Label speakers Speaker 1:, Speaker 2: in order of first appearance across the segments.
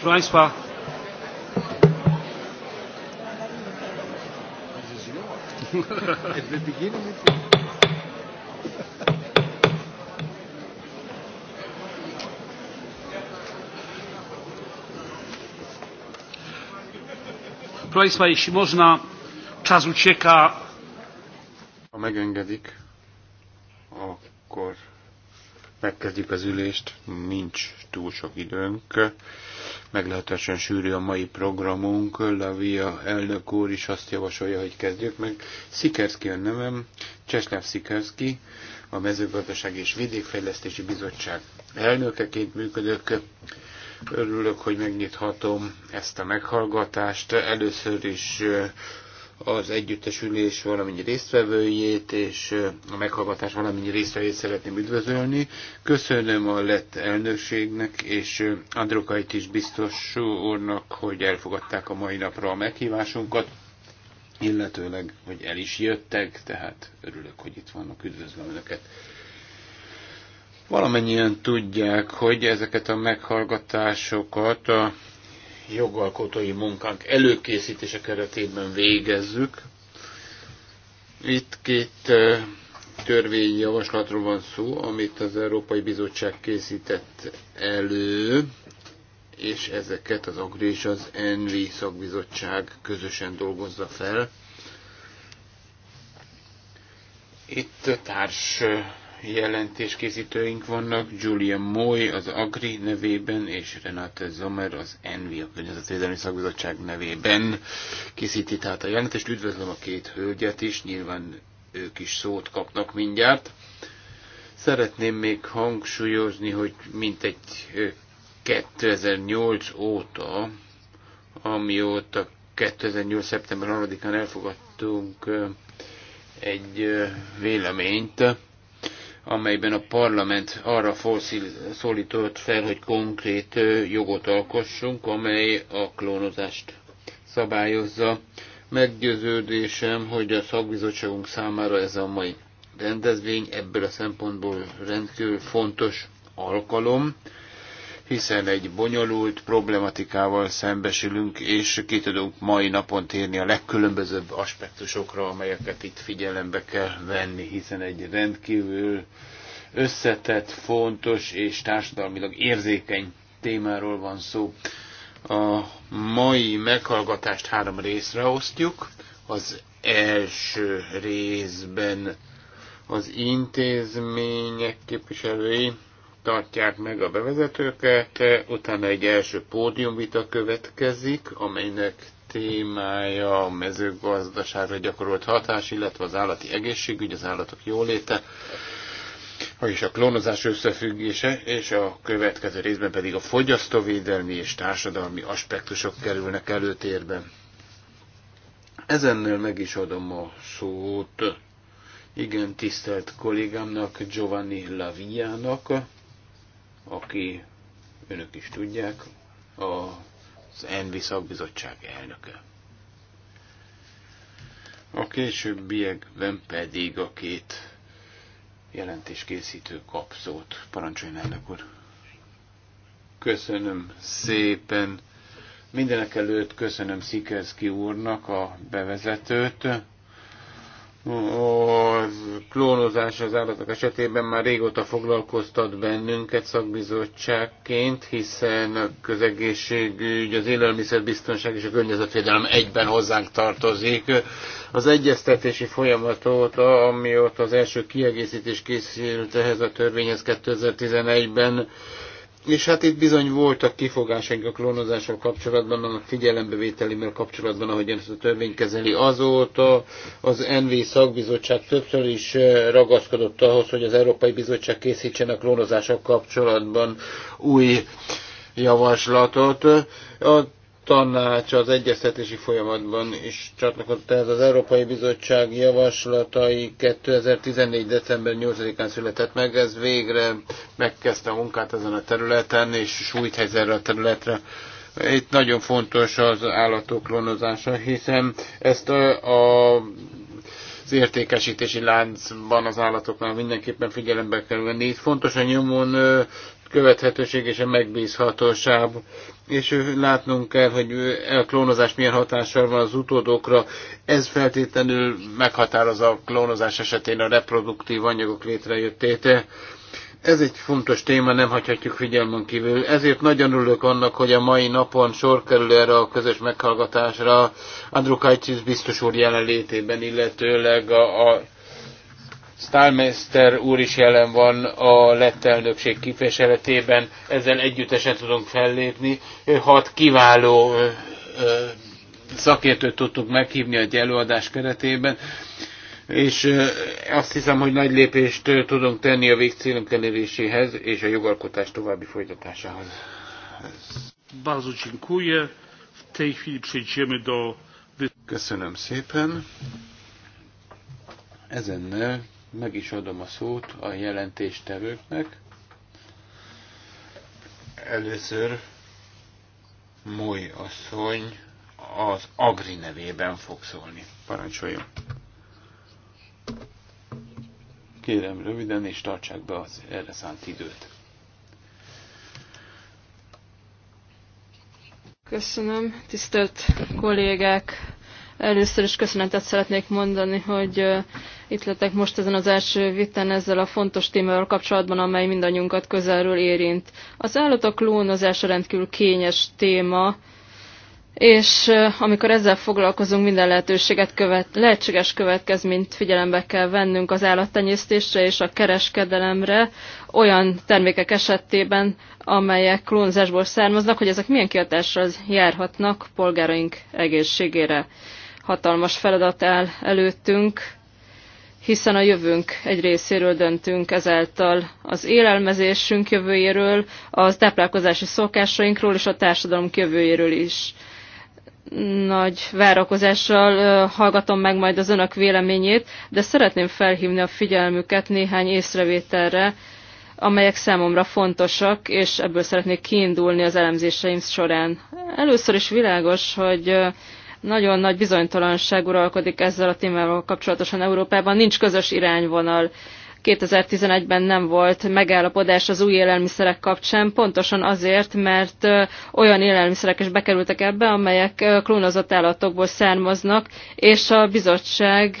Speaker 1: Proszę Państwa, Proszę Państwa, jeśli można,
Speaker 2: czas ucieka. Ha megengedik, akkor megkezdjük az ülést, nincs túl sok időnk meglehetősen sűrű a mai programunk. Lavia elnök úr is azt javasolja, hogy kezdjük meg. Szikerszki a nevem, Cseslev Szikerszki, a Mezőgazdaság és Vidékfejlesztési Bizottság elnökeként működök. Örülök, hogy megnyithatom ezt a meghallgatást. Először is az együttesülés valamennyi résztvevőjét és a meghallgatás valamennyi résztvevőjét szeretném üdvözölni. Köszönöm a lett elnökségnek és Androkait is biztos úrnak, hogy elfogadták a mai napra a meghívásunkat, illetőleg, hogy el is jöttek, tehát örülök, hogy itt vannak, üdvözlöm Önöket. Valamennyien tudják, hogy ezeket a meghallgatásokat a jogalkotói munkánk előkészítése keretében végezzük. Itt két törvényjavaslatról van szó, amit az Európai Bizottság készített elő, és ezeket az Agri és az Envi szakbizottság közösen dolgozza fel. Itt társ jelentéskészítőink vannak, Julia Moy az Agri nevében, és Renate Zomer az Envi, a Környezetvédelmi Szakbizottság nevében készíti tehát a jelentést. Üdvözlöm a két hölgyet is, nyilván ők is szót kapnak mindjárt. Szeretném még hangsúlyozni, hogy mintegy 2008 óta, amióta 2008. szeptember 3-án elfogadtunk egy véleményt, amelyben a parlament arra szólított fel, hogy konkrét jogot alkossunk, amely a klónozást szabályozza. Meggyőződésem, hogy a szakbizottságunk számára ez a mai rendezvény ebből a szempontból rendkívül fontos alkalom, hiszen egy bonyolult problematikával szembesülünk, és ki tudunk mai napon térni a legkülönbözőbb aspektusokra, amelyeket itt figyelembe kell venni, hiszen egy rendkívül összetett, fontos és társadalmilag érzékeny témáról van szó. A mai meghallgatást három részre osztjuk. Az első részben az intézmények képviselői, tartják meg a bevezetőket, utána egy első pódiumvita következik, amelynek témája a mezőgazdaságra gyakorolt hatás, illetve az állati egészségügy, az állatok jóléte, vagyis a klónozás összefüggése, és a következő részben pedig a fogyasztóvédelmi és társadalmi aspektusok kerülnek előtérbe. Ezennel meg is adom a szót igen tisztelt kollégámnak, Giovanni Laviának, aki, önök is tudják, az ENVI szakbizottság elnöke. A későbbiekben pedig a két jelentéskészítő készítő szót. Parancsoljon, elnök úr! Köszönöm szépen! Mindenek előtt köszönöm Szikerszki úrnak a bevezetőt. A klónozás az állatok esetében már régóta foglalkoztat bennünket szakbizottságként, hiszen a közegészségügy, az élelmiszerbiztonság és a környezetvédelem egyben hozzánk tartozik. Az egyeztetési folyamatot, ami amióta az első kiegészítés készült ehhez a törvényhez 2011-ben, és hát itt bizony voltak kifogásaink a klónozással kapcsolatban, a mert kapcsolatban, ahogyan ezt a törvény kezeli. Azóta az NV szakbizottság többször is eh, ragaszkodott ahhoz, hogy az Európai Bizottság készítsen a klónozással kapcsolatban új javaslatot. A tanács az egyeztetési folyamatban is csatlakozott ez az Európai Bizottság javaslatai 2014. december 8-án született meg, ez végre megkezdte a munkát ezen a területen, és súlyt helyzetre a területre. Itt nagyon fontos az állatok klónozása, hiszen ezt a, a az értékesítési láncban az állatoknál mindenképpen figyelembe kell venni. Itt fontos a nyomon követhetőség és a megbízhatóság. És látnunk kell, hogy a klónozás milyen hatással van az utódokra. Ez feltétlenül meghatározza a klónozás esetén a reproduktív anyagok létrejöttét. Ez egy fontos téma, nem hagyhatjuk figyelmen kívül. Ezért nagyon örülök annak, hogy a mai napon sor kerül erre a közös meghallgatásra Andrukaitis biztos úr jelenlétében, illetőleg a, a Stálmester úr is jelen van a lett elnökség képviseletében, ezzel együttesen tudunk fellépni. Hat kiváló szakértőt tudtuk meghívni egy előadás keretében, és azt hiszem, hogy nagy lépést tudunk tenni a végcélunk eléréséhez és a jogalkotás további folytatásához.
Speaker 1: Bardzo dziękuję. W tej chwili przejdziemy do... Köszönöm
Speaker 2: szépen. Ezennel meg is adom a szót a jelentéstevőknek. Először Moly asszony az Agri nevében fog szólni. Parancsoljon! Kérem röviden, és tartsák be az erre szánt időt.
Speaker 3: Köszönöm, tisztelt kollégák! Először is köszönetet szeretnék mondani, hogy itt lettek most ezen az első viten ezzel a fontos témával kapcsolatban, amely mindannyiunkat közelről érint. Az állatok klónozása rendkívül kényes téma, és amikor ezzel foglalkozunk, minden lehetőséget követ, lehetséges következményt figyelembe kell vennünk az állattenyésztésre és a kereskedelemre olyan termékek esetében, amelyek klónzásból származnak, hogy ezek milyen kihatással járhatnak polgáraink egészségére hatalmas feladat áll előttünk, hiszen a jövőnk egy részéről döntünk ezáltal az élelmezésünk jövőjéről, az táplálkozási szokásainkról és a társadalom jövőjéről is. Nagy várakozással hallgatom meg majd az önök véleményét, de szeretném felhívni a figyelmüket néhány észrevételre, amelyek számomra fontosak, és ebből szeretnék kiindulni az elemzéseim során. Először is világos, hogy nagyon nagy bizonytalanság uralkodik ezzel a témával kapcsolatosan Európában, nincs közös irányvonal. 2011-ben nem volt megállapodás az új élelmiszerek kapcsán, pontosan azért, mert olyan élelmiszerek is bekerültek ebbe, amelyek klónozott állatokból származnak, és a bizottság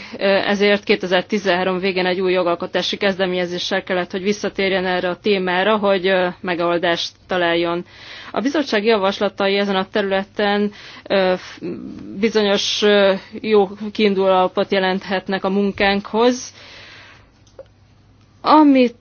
Speaker 3: ezért 2013 végén egy új jogalkotási kezdeményezéssel kellett, hogy visszatérjen erre a témára, hogy megoldást találjon. A bizottság javaslatai ezen a területen bizonyos jó kiindulapot jelenthetnek a munkánkhoz. Amit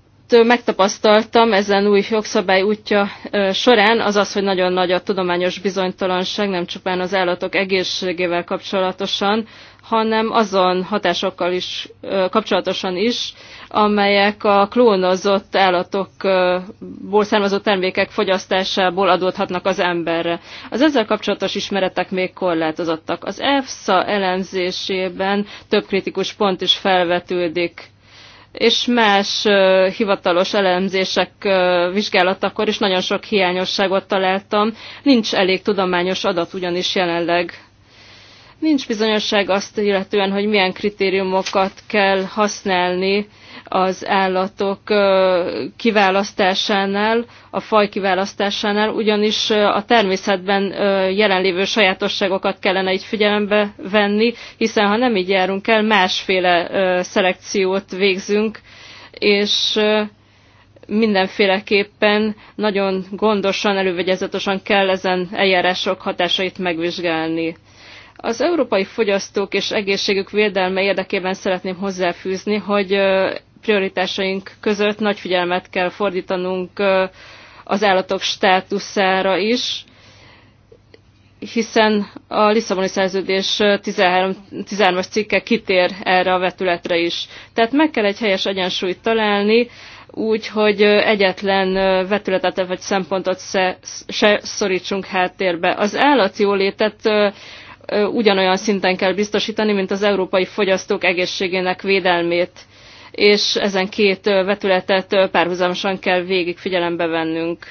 Speaker 3: megtapasztaltam ezen új jogszabály útja során, az az, hogy nagyon nagy a tudományos bizonytalanság, nem csupán az állatok egészségével kapcsolatosan, hanem azon hatásokkal is kapcsolatosan is, amelyek a klónozott állatokból származó termékek fogyasztásából adódhatnak az emberre. Az ezzel kapcsolatos ismeretek még korlátozottak. Az EFSA elemzésében több kritikus pont is felvetődik és más hivatalos elemzések vizsgálatakor is nagyon sok hiányosságot találtam. Nincs elég tudományos adat ugyanis jelenleg. Nincs bizonyosság azt illetően, hogy milyen kritériumokat kell használni az állatok kiválasztásánál, a faj kiválasztásánál, ugyanis a természetben jelenlévő sajátosságokat kellene így figyelembe venni, hiszen ha nem így járunk el, másféle szelekciót végzünk, és mindenféleképpen nagyon gondosan, elővegyezetosan kell ezen eljárások hatásait megvizsgálni. Az európai fogyasztók és egészségük védelme érdekében szeretném hozzáfűzni, hogy prioritásaink között nagy figyelmet kell fordítanunk az állatok státuszára is, hiszen a Lisszaboni szerződés 13, as cikke kitér erre a vetületre is. Tehát meg kell egy helyes egyensúlyt találni, úgy, hogy egyetlen vetületet vagy szempontot se, se szorítsunk háttérbe. Az jólétet ugyanolyan szinten kell biztosítani, mint az európai fogyasztók egészségének védelmét. És ezen két vetületet párhuzamosan kell végig figyelembe vennünk.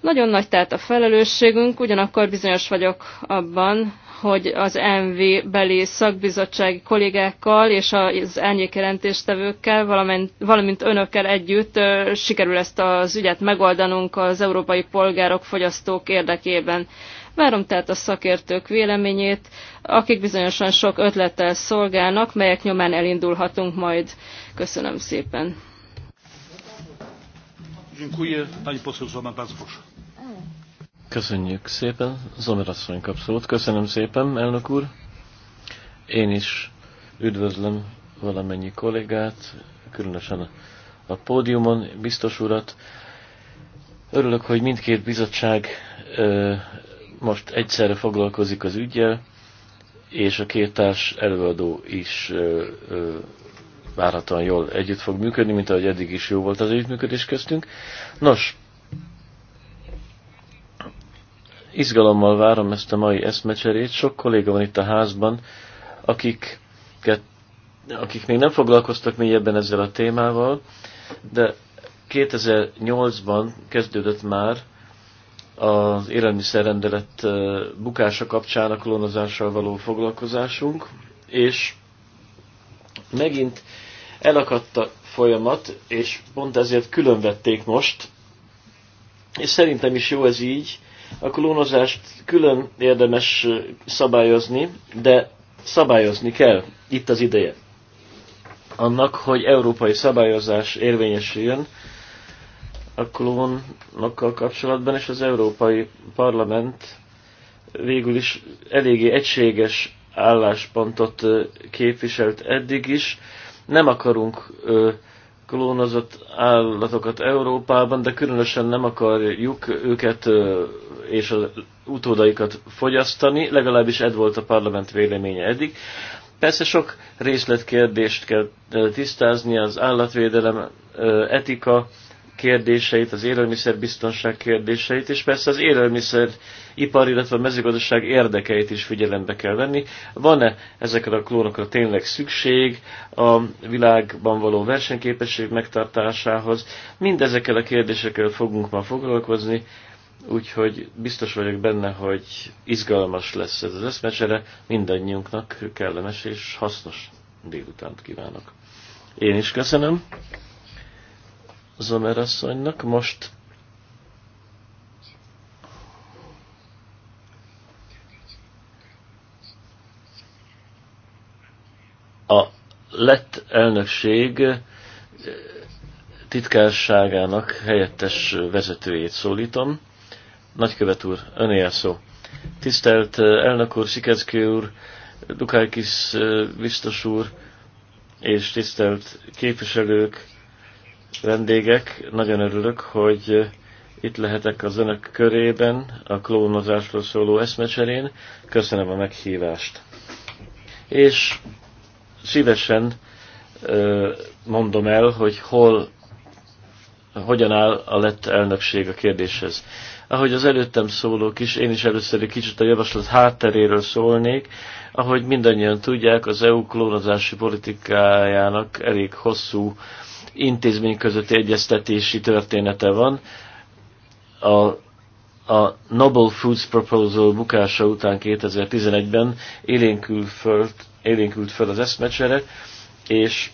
Speaker 3: Nagyon nagy tehát a felelősségünk, ugyanakkor bizonyos vagyok abban, hogy az MV beli szakbizottsági kollégákkal és az elnyékjelentéstevőkkel, valamint, valamint önökkel együtt sikerül ezt az ügyet megoldanunk az európai polgárok, fogyasztók érdekében. Várom tehát a szakértők véleményét, akik bizonyosan sok ötlettel szolgálnak, melyek nyomán elindulhatunk majd. Köszönöm szépen.
Speaker 4: Köszönjük szépen. Zomer asszony kapszolót. Köszönöm szépen, elnök úr. Én is üdvözlöm valamennyi kollégát, különösen a pódiumon, biztos urat. Örülök, hogy mindkét bizottság most egyszerre foglalkozik az ügyjel, és a két társ előadó is ö, ö, várhatóan jól együtt fog működni, mint ahogy eddig is jó volt az együttműködés köztünk. Nos, izgalommal várom ezt a mai eszmecserét. Sok kolléga van itt a házban, akik, akik még nem foglalkoztak mélyebben ezzel a témával, de 2008-ban kezdődött már az élelmiszerrendelet bukása kapcsán a klónozással való foglalkozásunk, és megint elakadt a folyamat, és pont ezért különvették most, és szerintem is jó ez így, a klónozást külön érdemes szabályozni, de szabályozni kell, itt az ideje. Annak, hogy európai szabályozás érvényesüljön, a klónokkal kapcsolatban, és az Európai Parlament végül is eléggé egységes álláspontot képviselt eddig is. Nem akarunk klónozott állatokat Európában, de különösen nem akarjuk őket és az utódaikat fogyasztani, legalábbis ez volt a parlament véleménye eddig. Persze sok részletkérdést kell tisztázni, az állatvédelem, etika, kérdéseit, az élelmiszerbiztonság kérdéseit, és persze az élelmiszer ipar, illetve a mezőgazdaság érdekeit is figyelembe kell venni. Van-e ezekre a klónokra tényleg szükség a világban való versenyképesség megtartásához? Mindezekkel a kérdésekkel fogunk ma foglalkozni, úgyhogy biztos vagyok benne, hogy izgalmas lesz ez az eszmecsere. Mindannyiunknak kellemes és hasznos délutánt kívánok. Én is köszönöm. Zomer asszonynak. Most a lett elnökség eh, titkárságának helyettes vezetőjét szólítom. Nagykövet úr, öné a szó. Tisztelt eh, elnök úr, Sikecki úr, Dukákis eh, biztos úr, és tisztelt képviselők, vendégek, nagyon örülök, hogy itt lehetek az önök körében a klónozásról szóló eszmecserén. Köszönöm a meghívást. És szívesen mondom el, hogy hol, hogyan áll a lett elnökség a kérdéshez. Ahogy az előttem szólók is, én is először egy kicsit a javaslat hátteréről szólnék. Ahogy mindannyian tudják, az EU klónozási politikájának elég hosszú intézmény között egyeztetési története van. A, a Noble Foods Proposal bukása után 2011-ben élénkült föl, élénkült föl az eszmecsere, és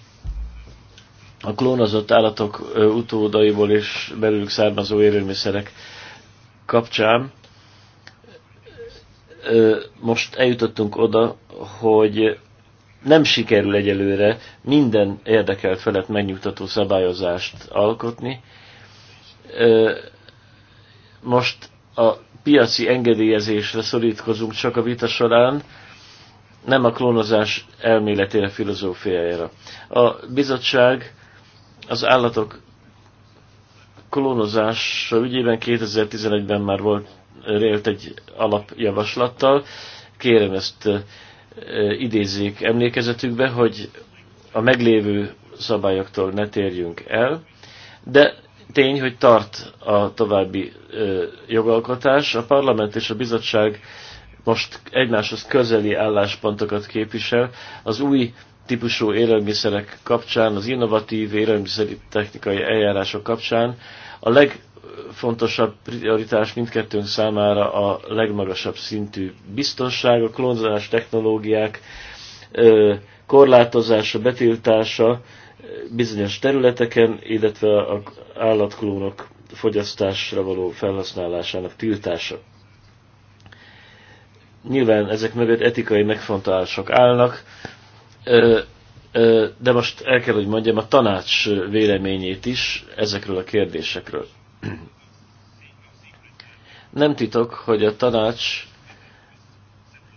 Speaker 4: a klónozott állatok utódaiból és belőlük származó élőmészerek kapcsán most eljutottunk oda, hogy nem sikerül egyelőre minden érdekelt felett megnyugtató szabályozást alkotni. Most a piaci engedélyezésre szorítkozunk csak a vita során, nem a klónozás elméletére, filozófiájára. A bizottság az állatok klónozása ügyében 2011-ben már volt, rélt egy alapjavaslattal. Kérem ezt idézzék emlékezetükbe, hogy a meglévő szabályoktól ne térjünk el, de tény, hogy tart a további jogalkotás. A parlament és a bizottság most egymáshoz közeli álláspontokat képvisel. Az új típusú élelmiszerek kapcsán, az innovatív élelmiszeri technikai eljárások kapcsán a leg fontosabb prioritás mindkettőnk számára a legmagasabb szintű biztonság, a klónzás technológiák korlátozása, betiltása bizonyos területeken, illetve az állatklónok fogyasztásra való felhasználásának tiltása. Nyilván ezek mögött etikai megfontolások állnak, de most el kell, hogy mondjam a tanács véleményét is ezekről a kérdésekről. Nem titok, hogy a tanács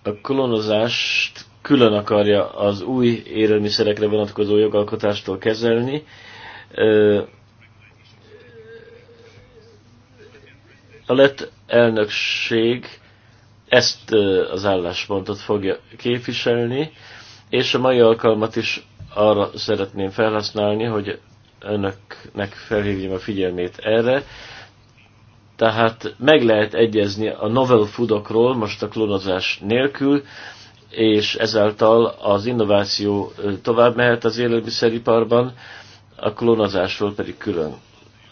Speaker 4: a klonozást külön akarja az új élelmiszerekre vonatkozó jogalkotástól kezelni. A lett elnökség ezt az álláspontot fogja képviselni, és a mai alkalmat is arra szeretném felhasználni, hogy önöknek felhívjam a figyelmét erre. Tehát meg lehet egyezni a novel foodokról, most a klónozás nélkül, és ezáltal az innováció tovább mehet az élelmiszeriparban, a klónozásról pedig külön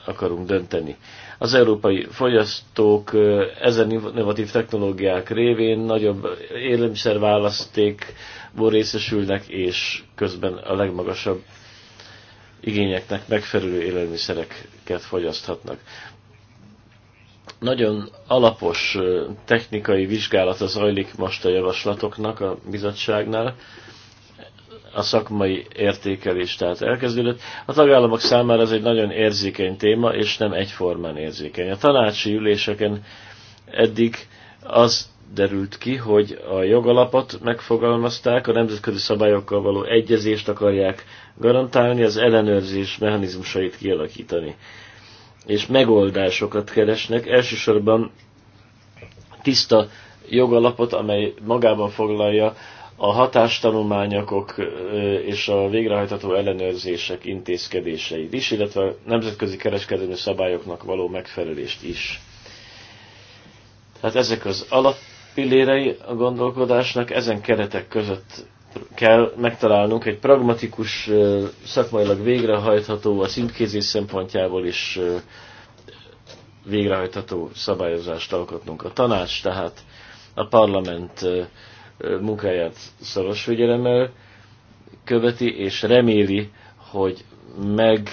Speaker 4: akarunk dönteni. Az európai fogyasztók ezen innovatív technológiák révén nagyobb élelmiszerválasztékból részesülnek, és közben a legmagasabb igényeknek megfelelő élelmiszereket fogyaszthatnak. Nagyon alapos technikai vizsgálat az zajlik most a javaslatoknak a bizottságnál. A szakmai értékelés tehát elkezdődött. A tagállamok számára ez egy nagyon érzékeny téma, és nem egyformán érzékeny. A tanácsi üléseken eddig az derült ki, hogy a jogalapot megfogalmazták, a nemzetközi szabályokkal való egyezést akarják garantálni, az ellenőrzés mechanizmusait kialakítani. És megoldásokat keresnek, elsősorban tiszta jogalapot, amely magában foglalja a hatástanulmányokok és a végrehajtató ellenőrzések intézkedéseit is, illetve a nemzetközi kereskedelmi szabályoknak való megfelelést is. Tehát ezek az alap pillérei a gondolkodásnak, ezen keretek között kell megtalálnunk egy pragmatikus, szakmailag végrehajtható, a szintkézés szempontjából is végrehajtható szabályozást alkotnunk. A tanács tehát a parlament munkáját szoros figyelemmel követi, és reméli, hogy meg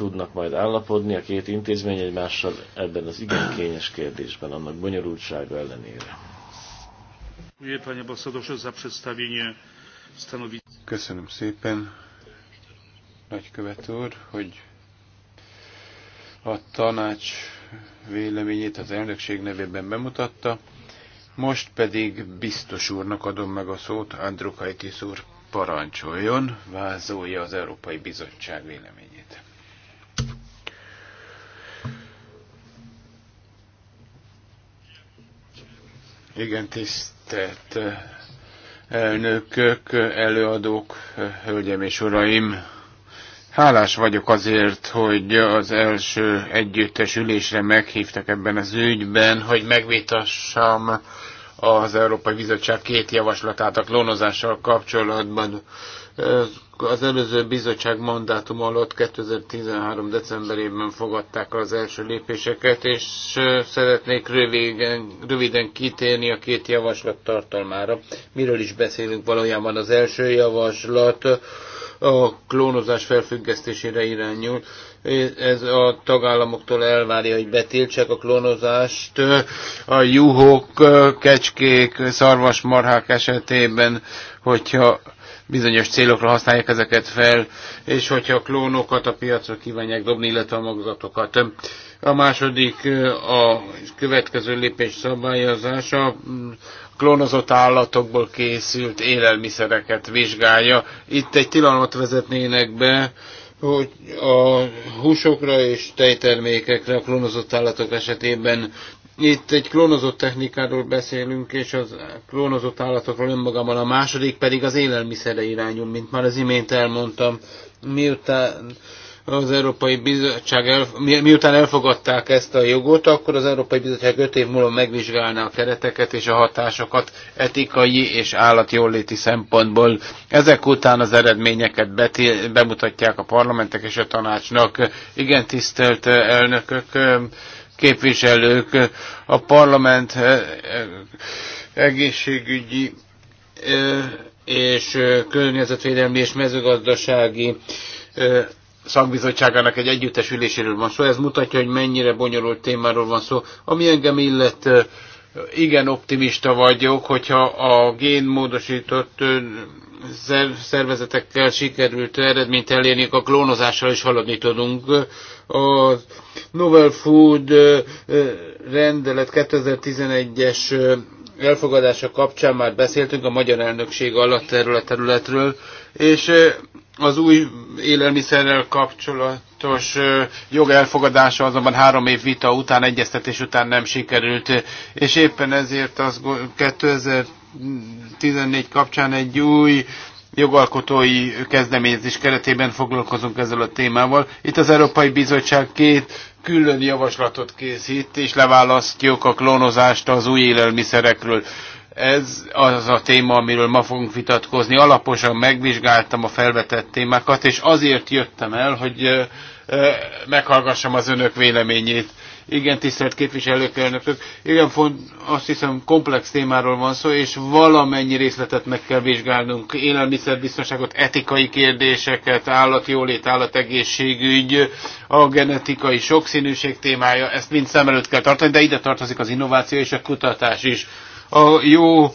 Speaker 4: tudnak majd állapodni a két intézmény egymással ebben az igen kényes kérdésben, annak bonyolultsága ellenére.
Speaker 2: Köszönöm szépen, nagykövet úr, hogy a tanács véleményét az elnökség nevében bemutatta. Most pedig biztos úrnak adom meg a szót, Andrukaitis úr parancsoljon, vázolja az Európai Bizottság véleményét. Igen, tisztelt eh, elnökök, előadók, eh, hölgyem és uraim! Hálás vagyok azért, hogy az első együttes ülésre meghívtak ebben az ügyben, hogy megvitassam az Európai Bizottság két javaslatát a klónozással kapcsolatban. Az előző bizottság mandátum alatt 2013. decemberében fogadták az első lépéseket, és szeretnék röviden, röviden kitérni a két javaslat tartalmára. Miről is beszélünk valójában az első javaslat? a klónozás felfüggesztésére irányul. Ez a tagállamoktól elvárja, hogy betiltsák a klónozást a juhok, kecskék, szarvasmarhák esetében, hogyha bizonyos célokra használják ezeket fel, és hogyha a klónokat a piacra kívánják dobni, illetve a magzatokat. A második a következő lépés szabályozása. A klónozott állatokból készült élelmiszereket vizsgálja. Itt egy tilalmat vezetnének be, hogy a húsokra és tejtermékekre a klónozott állatok esetében itt egy klónozott technikáról beszélünk, és az klónozott állatokról önmagában a második pedig az élelmiszere irányul, mint már az imént elmondtam. Miután az Európai Bizottság, el, miután elfogadták ezt a jogot, akkor az Európai Bizottság öt év múlva megvizsgálná a kereteket és a hatásokat etikai és állatjóléti szempontból. Ezek után az eredményeket beti, bemutatják a parlamentek és a tanácsnak. Igen, tisztelt elnökök, képviselők, a parlament eh, eh, egészségügyi eh, és környezetvédelmi és mezőgazdasági szakbizottságának egy együttes üléséről van szó. Ez mutatja, hogy mennyire bonyolult témáról van szó. Ami engem illet, igen optimista vagyok, hogyha a génmódosított szervezetekkel sikerült eredményt elérni, a klónozással is haladni tudunk. A Novel Food rendelet 2011-es elfogadása kapcsán már beszéltünk a magyar elnökség alatt erről a területről, és az új élelmiszerrel kapcsolatos jogelfogadása azonban három év vita után, egyeztetés után nem sikerült, és éppen ezért az 2014 kapcsán egy új jogalkotói kezdeményezés keretében foglalkozunk ezzel a témával. Itt az Európai Bizottság két külön javaslatot készít, és leválasztjuk a klónozást az új élelmiszerekről. Ez az a téma, amiről ma fogunk vitatkozni. Alaposan megvizsgáltam a felvetett témákat, és azért jöttem el, hogy meghallgassam az önök véleményét. Igen, tisztelt képviselők, elnökök. Igen, font, azt hiszem komplex témáról van szó, és valamennyi részletet meg kell vizsgálnunk. Élelmiszerbiztonságot, etikai kérdéseket, állatjólét, állategészségügy, a genetikai sokszínűség témája, ezt mind szem előtt kell tartani, de ide tartozik az innováció és a kutatás is. A jó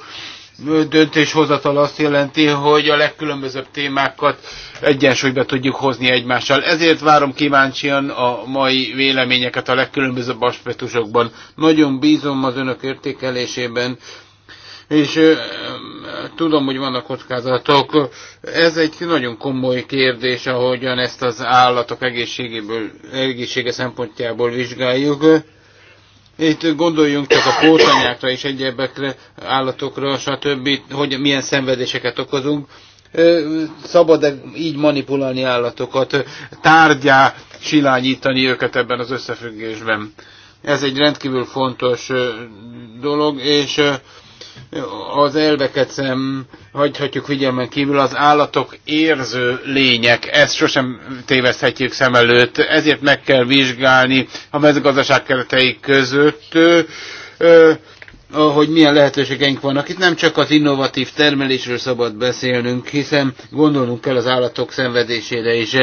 Speaker 2: döntéshozatal azt jelenti, hogy a legkülönbözőbb témákat egyensúlyba tudjuk hozni egymással. Ezért várom kíváncsian a mai véleményeket a legkülönbözőbb aspektusokban. Nagyon bízom az önök értékelésében, és tudom, hogy vannak kockázatok. Ez egy nagyon komoly kérdés, ahogyan ezt az állatok egészségéből, egészsége szempontjából vizsgáljuk itt gondoljunk csak a pótanyákra és egyebekre, állatokra, stb., hogy milyen szenvedéseket okozunk. Szabad -e így manipulálni állatokat, tárgyá silányítani őket ebben az összefüggésben. Ez egy rendkívül fontos dolog, és az elveket szem hagyhatjuk figyelmen kívül, az állatok érző lények, ezt sosem téveszthetjük szem előtt, ezért meg kell vizsgálni a mezőgazdaság keretei között, hogy milyen lehetőségeink vannak. Itt nem csak az innovatív termelésről szabad beszélnünk, hiszen gondolnunk kell az állatok szenvedésére is.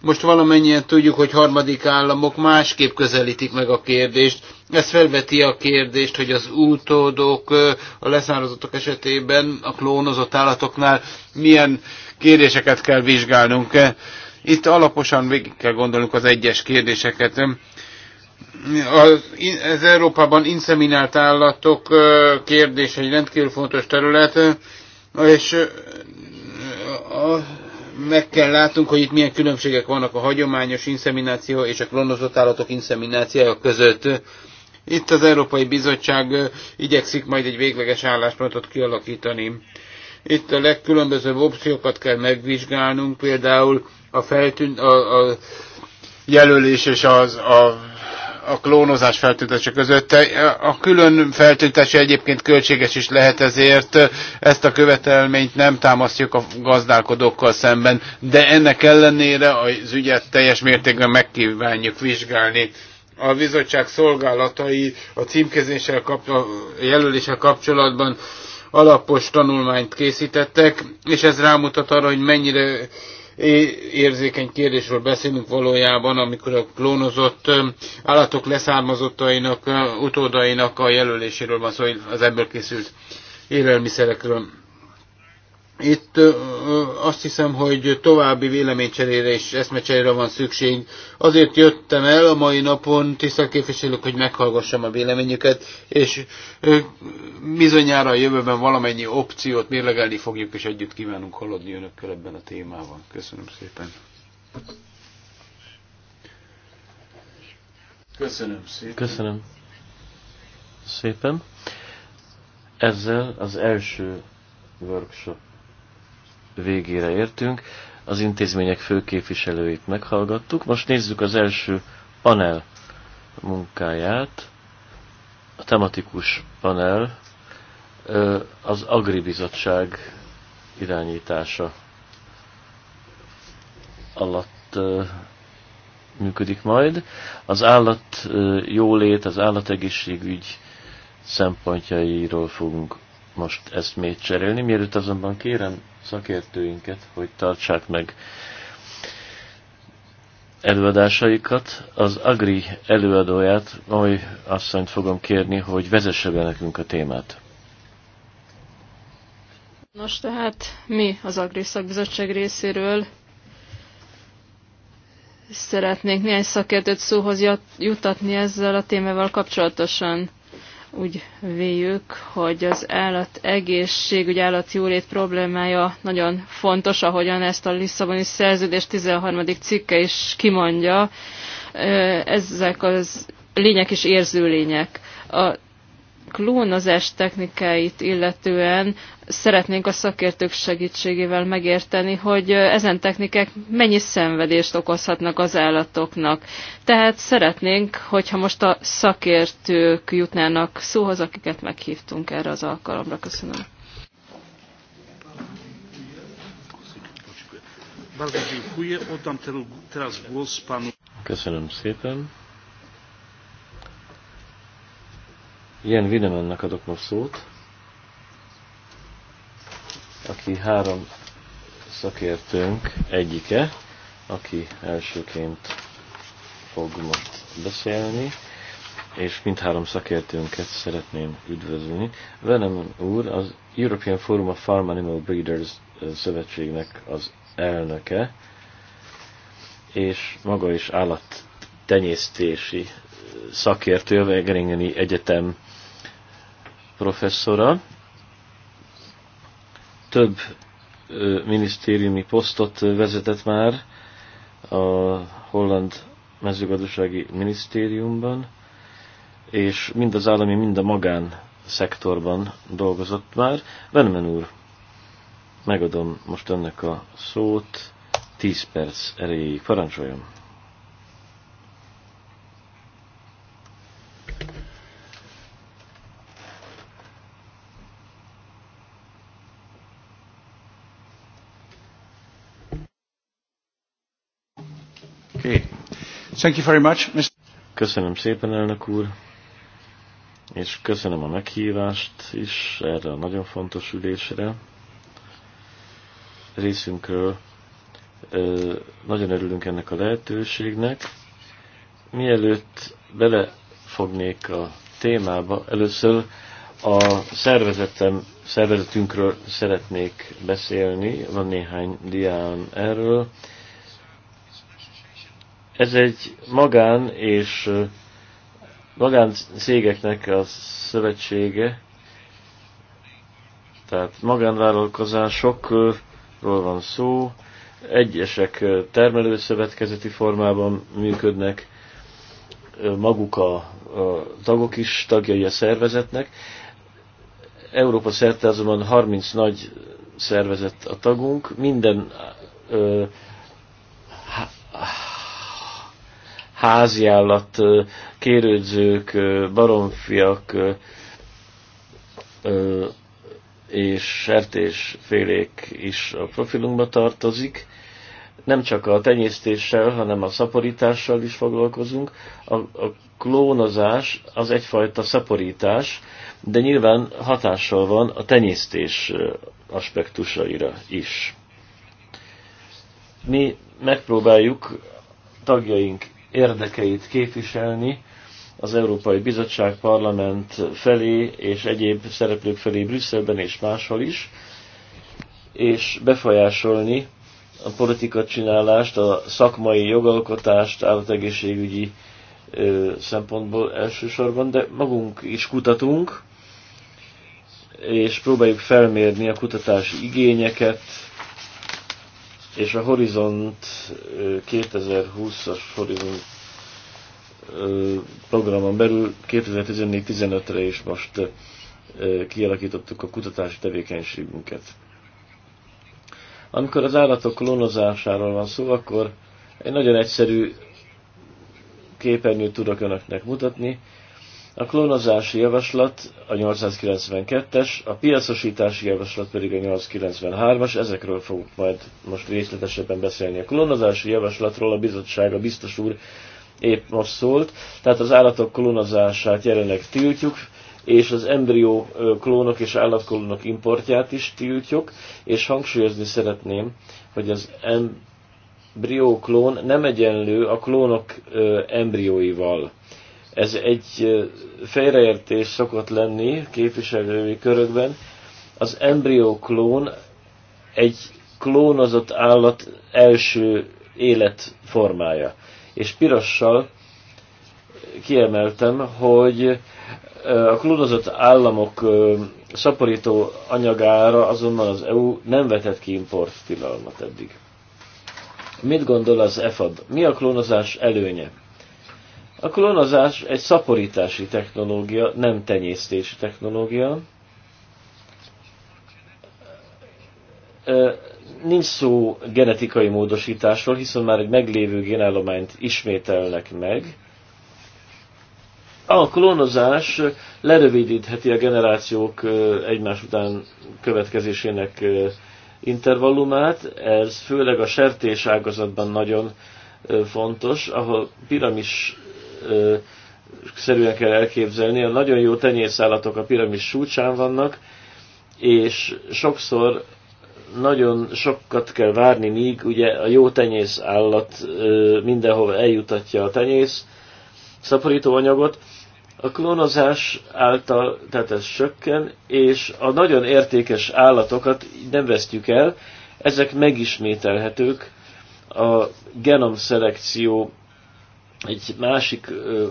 Speaker 2: Most valamennyien tudjuk, hogy harmadik államok másképp közelítik meg a kérdést, ez felveti a kérdést, hogy az utódok a leszározottak esetében, a klónozott állatoknál milyen kérdéseket kell vizsgálnunk. Itt alaposan végig kell gondolnunk az egyes kérdéseket. Az, az Európában inszeminált állatok kérdése egy rendkívül fontos terület, és meg kell látnunk, hogy itt milyen különbségek vannak a hagyományos inszemináció és a klónozott állatok inszeminációja között. Itt az Európai Bizottság igyekszik majd egy végleges álláspontot kialakítani. Itt a legkülönbözőbb opciókat kell megvizsgálnunk, például a, feltűn, a, a jelölés és az, a a klónozás feltüntetése között. A külön feltüntetése egyébként költséges is lehet, ezért ezt a követelményt nem támasztjuk a gazdálkodókkal szemben, de ennek ellenére az ügyet teljes mértékben megkívánjuk vizsgálni a bizottság szolgálatai a címkezéssel a jelöléssel kapcsolatban alapos tanulmányt készítettek, és ez rámutat arra, hogy mennyire érzékeny kérdésről beszélünk valójában, amikor a klónozott állatok leszármazottainak, utódainak a jelöléséről van szó, szóval az ebből készült élelmiszerekről. Itt azt hiszem, hogy további véleménycserére és eszmecserére van szükség. Azért jöttem el a mai napon, tisztelt képviselők, hogy meghallgassam a véleményüket, és bizonyára a jövőben valamennyi opciót mérlegelni fogjuk, és együtt kívánunk haladni önökkel ebben a témában.
Speaker 4: Köszönöm szépen.
Speaker 2: Köszönöm szépen. Köszönöm
Speaker 4: szépen. Ezzel az első workshop végére értünk. Az intézmények főképviselőit meghallgattuk. Most nézzük az első panel munkáját. A tematikus panel az Agribizottság irányítása alatt működik majd. Az állat jólét, az állategészségügy szempontjairól fogunk most ezt még cserélni. Mielőtt azonban kérem szakértőinket, hogy tartsák meg előadásaikat. Az Agri előadóját, azt asszonyt fogom kérni, hogy vezesse be nekünk a témát.
Speaker 3: Nos, tehát mi az Agri Szakbizottság részéről szeretnénk néhány szakértőt szóhoz jutatni ezzel a témával kapcsolatosan. Úgy véljük, hogy az állat állat jólét problémája nagyon fontos, ahogyan ezt a Lisszaboni szerződés 13. cikke is kimondja. Ezek az lények is érző lények. A klónozás technikáit illetően szeretnénk a szakértők segítségével megérteni, hogy ezen technikák mennyi szenvedést okozhatnak az állatoknak. Tehát szeretnénk, hogyha most a szakértők jutnának szóhoz, akiket meghívtunk erre az alkalomra. Köszönöm.
Speaker 4: Köszönöm szépen. Ilyen Vinemannak adok most szót, aki három szakértőnk egyike, aki elsőként fog most beszélni, és mindhárom szakértőnket szeretném üdvözölni. Venem úr az European Forum of Farm Animal Breeders szövetségnek az elnöke, és maga is állattenyésztési szakértő, a Egeringeni Egyetem professzora. Több minisztériumi posztot vezetett már a holland mezőgazdasági minisztériumban, és mind az állami, mind a magán szektorban dolgozott már. Venemen úr, megadom most önnek a szót, 10 perc erejéig parancsoljon. Thank you very much, Mr. Köszönöm szépen, elnök úr, és köszönöm a meghívást is erre a nagyon fontos ülésre. Részünkről nagyon örülünk ennek a lehetőségnek. Mielőtt belefognék a témába, először a szervezetem, szervezetünkről szeretnék beszélni, van néhány dián erről. Ez egy magán és magán cégeknek a szövetsége, tehát magánvállalkozásokról van szó, egyesek termelőszövetkezeti formában működnek, maguk a, a tagok is tagjai a szervezetnek. Európa szerte azonban 30 nagy szervezet a tagunk, minden háziállat, kérődzők, baromfiak és sertésfélék is a profilunkba tartozik. Nem csak a tenyésztéssel, hanem a szaporítással is foglalkozunk. A, a klónozás az egyfajta szaporítás, de nyilván hatással van a tenyésztés aspektusaira is. Mi megpróbáljuk tagjaink érdekeit képviselni az Európai Bizottság Parlament felé és egyéb szereplők felé Brüsszelben és máshol is, és befolyásolni a politika csinálást, a szakmai jogalkotást, állategészségügyi szempontból elsősorban, de magunk is kutatunk, és próbáljuk felmérni a kutatási igényeket, és a Horizont 2020-as Horizont programon belül 2014-15-re is most kialakítottuk a kutatási tevékenységünket. Amikor az állatok klónozásáról van szó, akkor egy nagyon egyszerű képernyőt tudok önöknek mutatni a klónozási javaslat a 892-es, a piacosítási javaslat pedig a 893-as, ezekről fogunk majd most részletesebben beszélni. A klónozási javaslatról a bizottság, a biztos úr épp most szólt, tehát az állatok klónozását jelenleg tiltjuk, és az embrió klónok és állatklónok importját is tiltjuk, és hangsúlyozni szeretném, hogy az embrió klón nem egyenlő a klónok embrióival ez egy félreértés szokott lenni képviselői körökben. Az embrió klón egy klónozott állat első életformája. És pirossal kiemeltem, hogy a klónozott államok szaporító anyagára azonban az EU nem vetett ki import tilalmat eddig. Mit gondol az EFAD? Mi a klónozás előnye? A klonozás egy szaporítási technológia, nem tenyésztési technológia. Nincs szó genetikai módosításról, hiszen már egy meglévő génállományt ismételnek meg. A klónozás lerövidítheti a generációk egymás után következésének intervallumát, ez főleg a sertés ágazatban nagyon fontos, ahol piramis szerűen kell elképzelni. A nagyon jó tenyészállatok a piramis súcsán vannak, és sokszor nagyon sokat kell várni, míg ugye a jó tenyész állat mindenhova eljutatja a tenyész szaporítóanyagot. A klónozás által, tehát ez sökken, és a nagyon értékes állatokat nem vesztjük el, ezek megismételhetők a genomszelekció egy másik ö,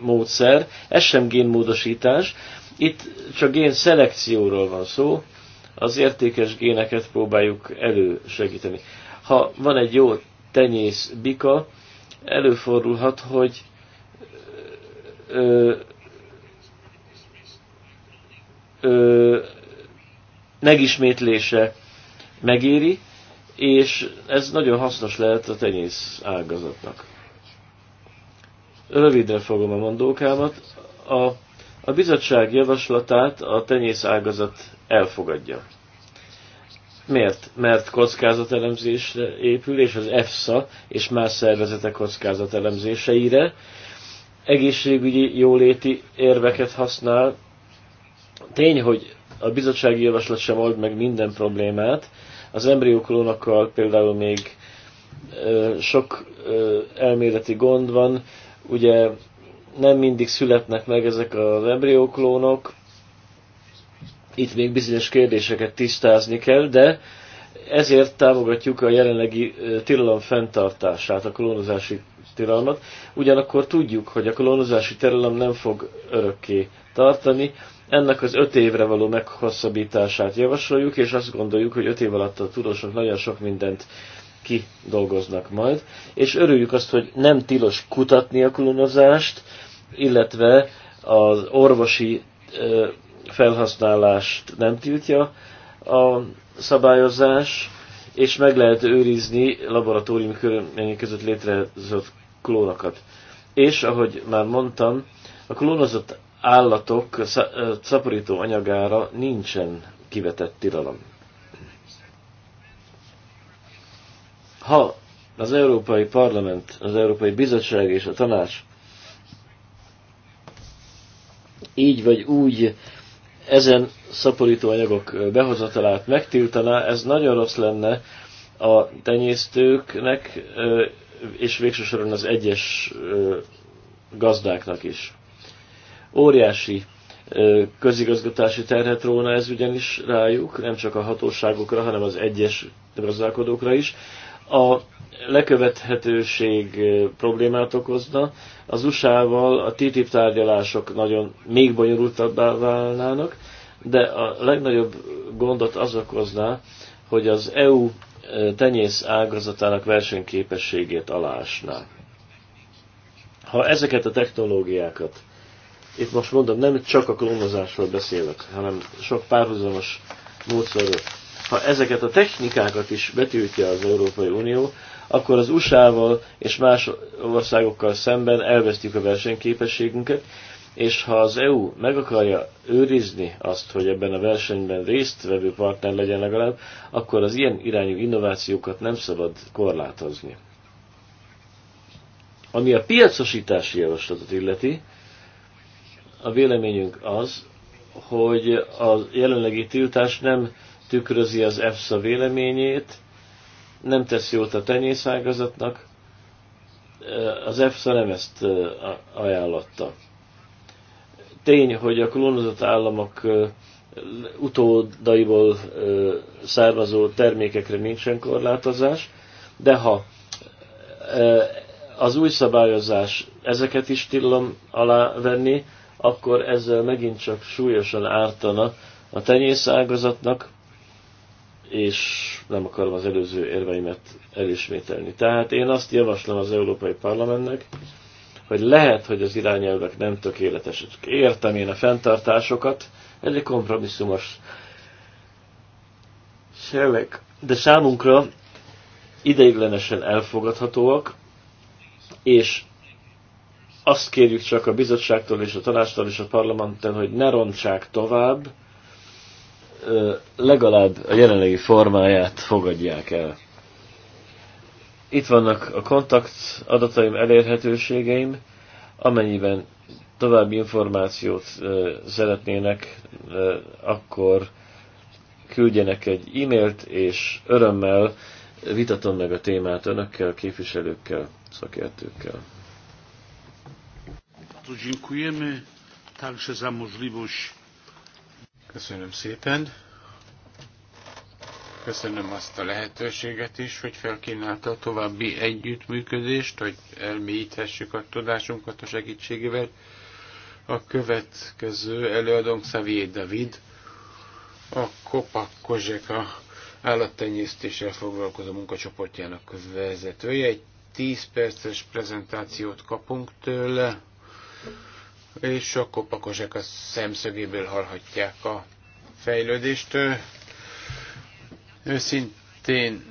Speaker 4: módszer, ez sem génmódosítás, itt csak gén szelekcióról van szó, az értékes géneket próbáljuk elősegíteni. Ha van egy jó tenyész bika, előfordulhat, hogy ö, ö, megismétlése megéri, és ez nagyon hasznos lehet a tenyész ágazatnak. Röviden fogom a mondókámat. A, a bizottság javaslatát a ágazat elfogadja. Miért? Mert kockázatelemzésre épül, és az EFSA és más szervezetek kockázatelemzéseire egészségügyi jóléti érveket használ. Tény, hogy a bizottsági javaslat sem old meg minden problémát. Az embriókolónakkal például még sok elméleti gond van, Ugye nem mindig születnek meg ezek az embrióklónok, itt még bizonyos kérdéseket tisztázni kell, de ezért támogatjuk a jelenlegi tilalom fenntartását, a klónozási tilalmat. Ugyanakkor tudjuk, hogy a klónozási tilalom nem fog örökké tartani. Ennek az öt évre való meghosszabbítását javasoljuk, és azt gondoljuk, hogy öt év alatt a tudósok nagyon sok mindent kidolgoznak majd, és örüljük azt, hogy nem tilos kutatni a klónozást, illetve az orvosi felhasználást nem tiltja a szabályozás, és meg lehet őrizni laboratóriumi körülmények között létrehozott klónokat. És, ahogy már mondtam, a klónozott állatok szaporító anyagára nincsen kivetett tilalom. Ha az Európai Parlament, az Európai Bizottság és a Tanács így vagy úgy ezen szaporító anyagok behozatalát megtiltaná, ez nagyon rossz lenne a tenyésztőknek, és végső soron az egyes gazdáknak is. Óriási közigazgatási terhet róna ez ugyanis rájuk, nem csak a hatóságokra, hanem az egyes gazdálkodókra is a lekövethetőség eh, problémát okozna. Az USA-val a TTIP tárgyalások nagyon még bonyolultabbá válnának, de a legnagyobb gondot az okozná, hogy az EU eh, tenyész ágazatának versenyképességét alásná. Ha ezeket a technológiákat, itt most mondom, nem csak a klónozásról beszélek, hanem sok párhuzamos módszerről, ha ezeket a technikákat is betiltja az Európai Unió, akkor az USA-val és más országokkal szemben elvesztjük a versenyképességünket, és ha az EU meg akarja őrizni azt, hogy ebben a versenyben résztvevő partner legyen legalább, akkor az ilyen irányú innovációkat nem szabad korlátozni. Ami a piacosítási javaslatot illeti, a véleményünk az, hogy a jelenlegi tiltás nem tükrözi az EFSA véleményét, nem tesz jót a tenyészágazatnak, az EFSA nem ezt ajánlotta. Tény, hogy a klónozott államok utódaiból származó termékekre nincsen korlátozás, de ha az új szabályozás ezeket is tillom alá venni, akkor ezzel megint csak súlyosan ártana a tenyészágazatnak, és nem akarom az előző érveimet elismételni. Tehát én azt javaslom az Európai Parlamentnek, hogy lehet, hogy az irányelvek nem tökéletesek. Értem én a fenntartásokat, ez egy kompromisszumos szöveg, de számunkra ideiglenesen elfogadhatóak, és azt kérjük csak a bizottságtól és a tanástól és a parlamenten, hogy ne rontsák tovább, legalább a jelenlegi formáját fogadják el. Itt vannak a kontakt adataim, elérhetőségeim, amennyiben további információt szeretnének, akkor küldjenek egy e-mailt, és örömmel vitatom meg a témát önökkel, képviselőkkel, szakértőkkel.
Speaker 1: Dziękujemy także za możliwość
Speaker 2: Köszönöm szépen. Köszönöm azt a lehetőséget is, hogy felkínálta a további együttműködést, hogy elmélyíthessük a tudásunkat a segítségével. A következő előadónk Xavier David, a Kozsek, a állattenyésztéssel foglalkozó munkacsoportjának vezetője. Egy 10 perces prezentációt kapunk tőle és a kopakosek a szemszögéből hallhatják a fejlődést. Őszintén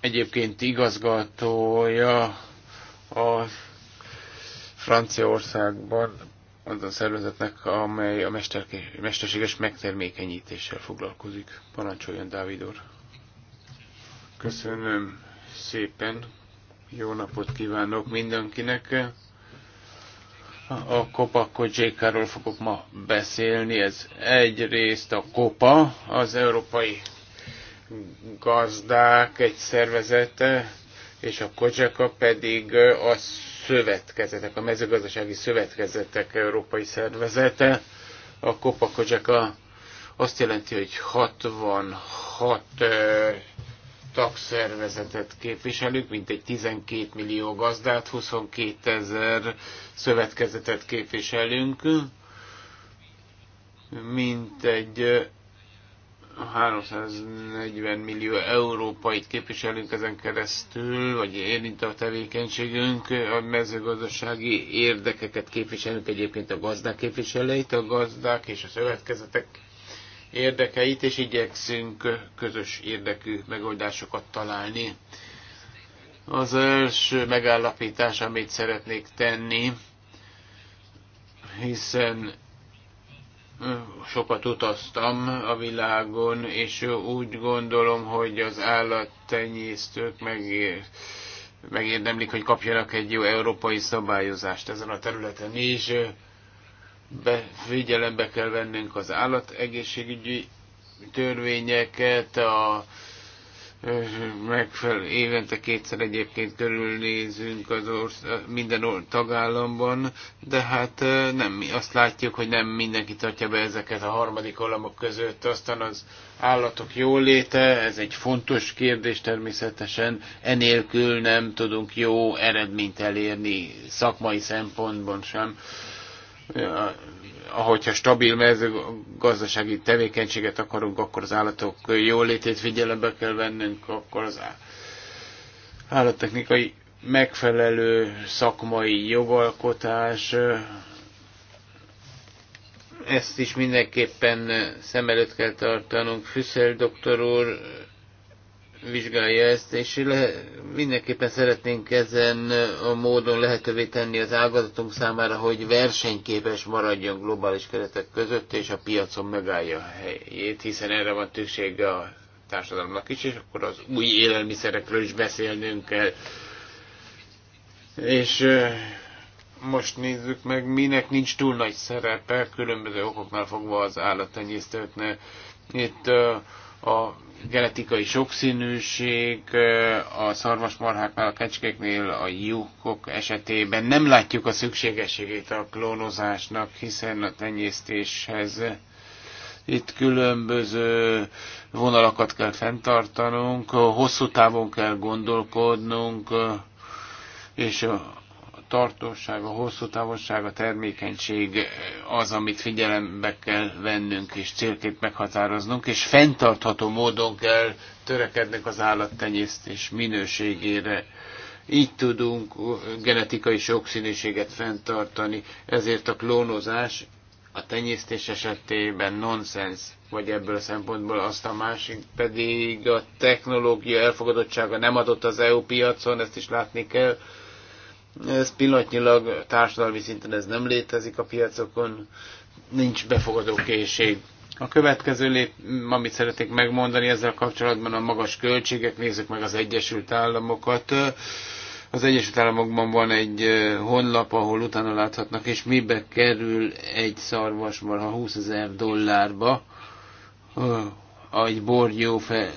Speaker 2: egyébként igazgatója a Franciaországban az a szervezetnek, amely a mesterséges megtermékenyítéssel foglalkozik. Parancsoljon, Dávid úr! Köszönöm szépen, jó napot kívánok mindenkinek! a COPA Kocsékáról fogok ma beszélni. Ez egyrészt a COPA, az Európai Gazdák egy szervezete, és a kocseka pedig a szövetkezetek, a mezőgazdasági szövetkezetek európai szervezete. A COPA kocseka azt jelenti, hogy 66 tagszervezetet képviselünk, mintegy 12 millió gazdát, 22 ezer szövetkezetet képviselünk, mintegy 340 millió európait képviselünk ezen keresztül, vagy érint a tevékenységünk, a mezőgazdasági érdekeket képviselünk egyébként a gazdák képviselőit, a gazdák és a szövetkezetek érdekeit, és igyekszünk közös érdekű megoldásokat találni. Az első megállapítás, amit szeretnék tenni, hiszen sokat utaztam a világon, és úgy gondolom, hogy az állattenyésztők megér, megérdemlik, hogy kapjanak egy jó európai szabályozást ezen a területen is be, figyelembe kell vennünk az állategészségügyi törvényeket, a megfelelő évente kétszer egyébként körülnézünk az orsz, minden tagállamban, de hát nem, azt látjuk, hogy nem mindenki tartja be ezeket a harmadik olamok között. Aztán az állatok jóléte, ez egy fontos kérdés természetesen, enélkül nem tudunk jó eredményt elérni szakmai szempontból sem hogyha stabil mezőgazdasági tevékenységet akarunk, akkor az állatok jólétét figyelembe kell vennünk, akkor az állattechnikai megfelelő szakmai jogalkotás, ezt is mindenképpen szem előtt kell tartanunk. Füszel doktor úr vizsgálja ezt, és le, mindenképpen szeretnénk ezen a módon lehetővé tenni az ágazatunk számára, hogy versenyképes maradjon globális keretek között, és a piacon megállja a helyét, hiszen erre van szüksége a társadalomnak is, és akkor az új élelmiszerekről is beszélnünk kell. És most nézzük meg, minek nincs túl nagy szerepe, különböző okoknál fogva az állattenyésztőknek. Itt uh, a genetikai sokszínűség a szarvasmarháknál, a kecskéknél, a lyukok esetében nem látjuk a szükségességét a klónozásnak, hiszen a tenyésztéshez itt különböző vonalakat kell fenntartanunk, hosszú távon kell gondolkodnunk, és tartóság, a hosszú távolság, a termékenység az, amit figyelembe kell vennünk és célként meghatároznunk, és fenntartható módon kell törekednek az állattenyésztés minőségére. Így tudunk genetikai sokszínűséget fenntartani, ezért a klónozás a tenyésztés esetében nonsens, vagy ebből a szempontból azt a másik pedig a technológia elfogadottsága nem adott az EU piacon, ezt is látni kell, ez pillanatnyilag társadalmi szinten ez nem létezik a piacokon, nincs készség. A következő lép, amit szeretnék megmondani ezzel kapcsolatban a magas költségek, nézzük meg az Egyesült Államokat. Az Egyesült Államokban van egy honlap, ahol utána láthatnak, és mibe kerül egy szarvasmarha 20 ezer dollárba, egy borgyó fe,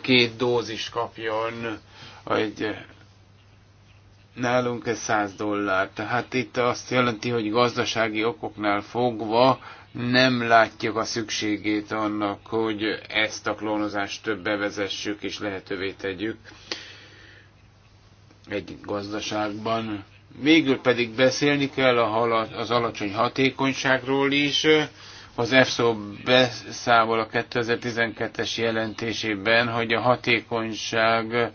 Speaker 2: két dózis kapjon, egy nálunk ez 100 dollár. Tehát itt azt jelenti, hogy gazdasági okoknál fogva nem látjuk a szükségét annak, hogy ezt a klónozást több bevezessük és lehetővé tegyük egy gazdaságban. Végül pedig beszélni kell a az alacsony hatékonyságról is. Az EFSO beszámol a 2012-es jelentésében, hogy a hatékonyság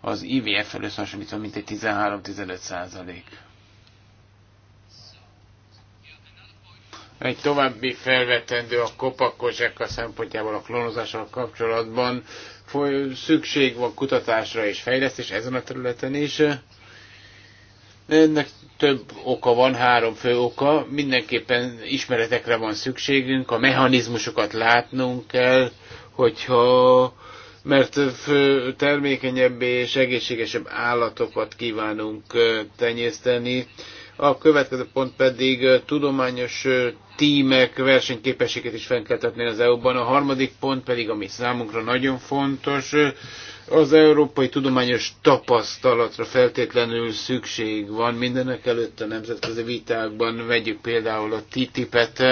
Speaker 2: az IVF-fel összehasonlítva mintegy 13-15 százalék. Egy további felvetendő a kopakozsek a szempontjából a klónozással kapcsolatban. Szükség van kutatásra és fejlesztés ezen a területen is. Ennek több oka van, három fő oka. Mindenképpen ismeretekre van szükségünk, a mechanizmusokat látnunk kell, hogyha mert fő termékenyebb és egészségesebb állatokat kívánunk tenyészteni. A következő pont pedig tudományos tímek versenyképességet is fenn kell az EU-ban. A harmadik pont pedig, ami számunkra nagyon fontos, az európai tudományos tapasztalatra feltétlenül szükség van. Mindenek előtt a nemzetközi vitákban vegyük például a TTIP-et,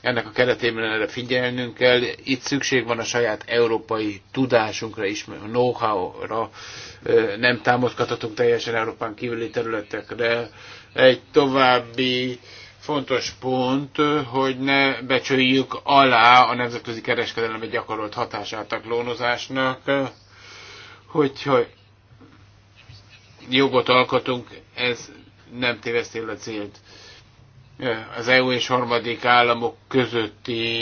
Speaker 2: ennek a keretében erre figyelnünk kell. Itt szükség van a saját európai tudásunkra is, know-how-ra. Nem támadhatunk teljesen Európán kívüli területekre. Egy további fontos pont, hogy ne becsüljük alá a nemzetközi egy gyakorolt hatását a klónozásnak, hogyha jogot alkotunk, ez nem tévesztél a célt az EU és harmadik államok közötti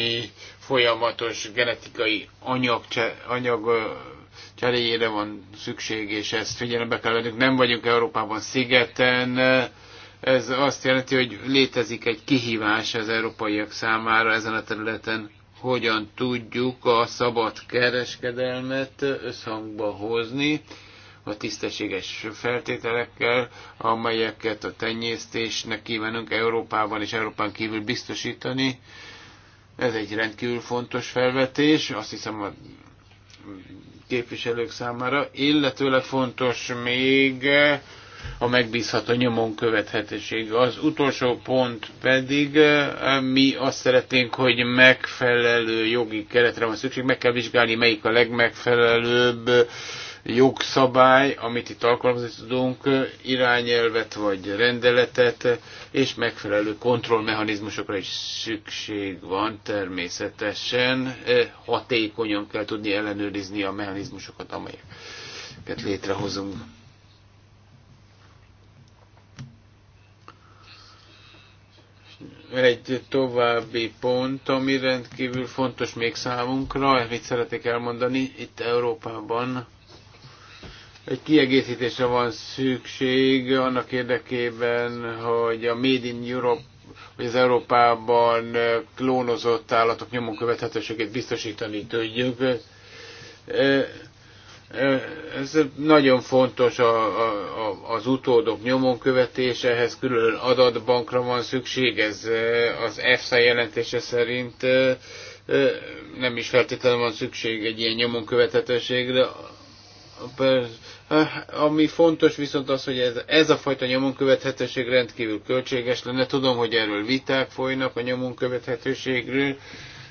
Speaker 2: folyamatos genetikai anyag, anyag cseréjére van szükség, és ezt figyelembe kell vennünk. Nem vagyunk Európában szigeten, ez azt jelenti, hogy létezik egy kihívás az európaiak számára ezen a területen, hogyan tudjuk a szabad kereskedelmet összhangba hozni a tisztességes feltételekkel, amelyeket a tenyésztésnek kívánunk Európában és Európán kívül biztosítani. Ez egy rendkívül fontos felvetés, azt hiszem a képviselők számára, illetőleg fontos még a megbízható nyomon követhetőség. Az utolsó pont pedig mi azt szeretnénk, hogy megfelelő jogi keretre van szükség, meg kell vizsgálni, melyik a legmegfelelőbb jogszabály, amit itt alkalmazni tudunk, irányelvet vagy rendeletet, és megfelelő kontrollmechanizmusokra is szükség van természetesen. E, hatékonyan kell tudni ellenőrizni a mechanizmusokat, amelyeket létrehozunk. egy további pont, ami rendkívül fontos még számunkra, amit szeretnék elmondani itt Európában egy kiegészítésre van szükség annak érdekében, hogy a Made in Europe hogy az Európában klónozott állatok nyomon követhetőségét biztosítani tudjuk. E, e, ez nagyon fontos a, a, az utódok nyomon követése, ehhez külön adatbankra van szükség, ez e, az EFSA jelentése szerint nem is feltétlenül van szükség egy ilyen nyomon követhetőségre. Eh, ami fontos viszont az, hogy ez, ez a fajta nyomon követhetőség rendkívül költséges lenne. Tudom, hogy erről viták folynak a nyomon követhetőségről.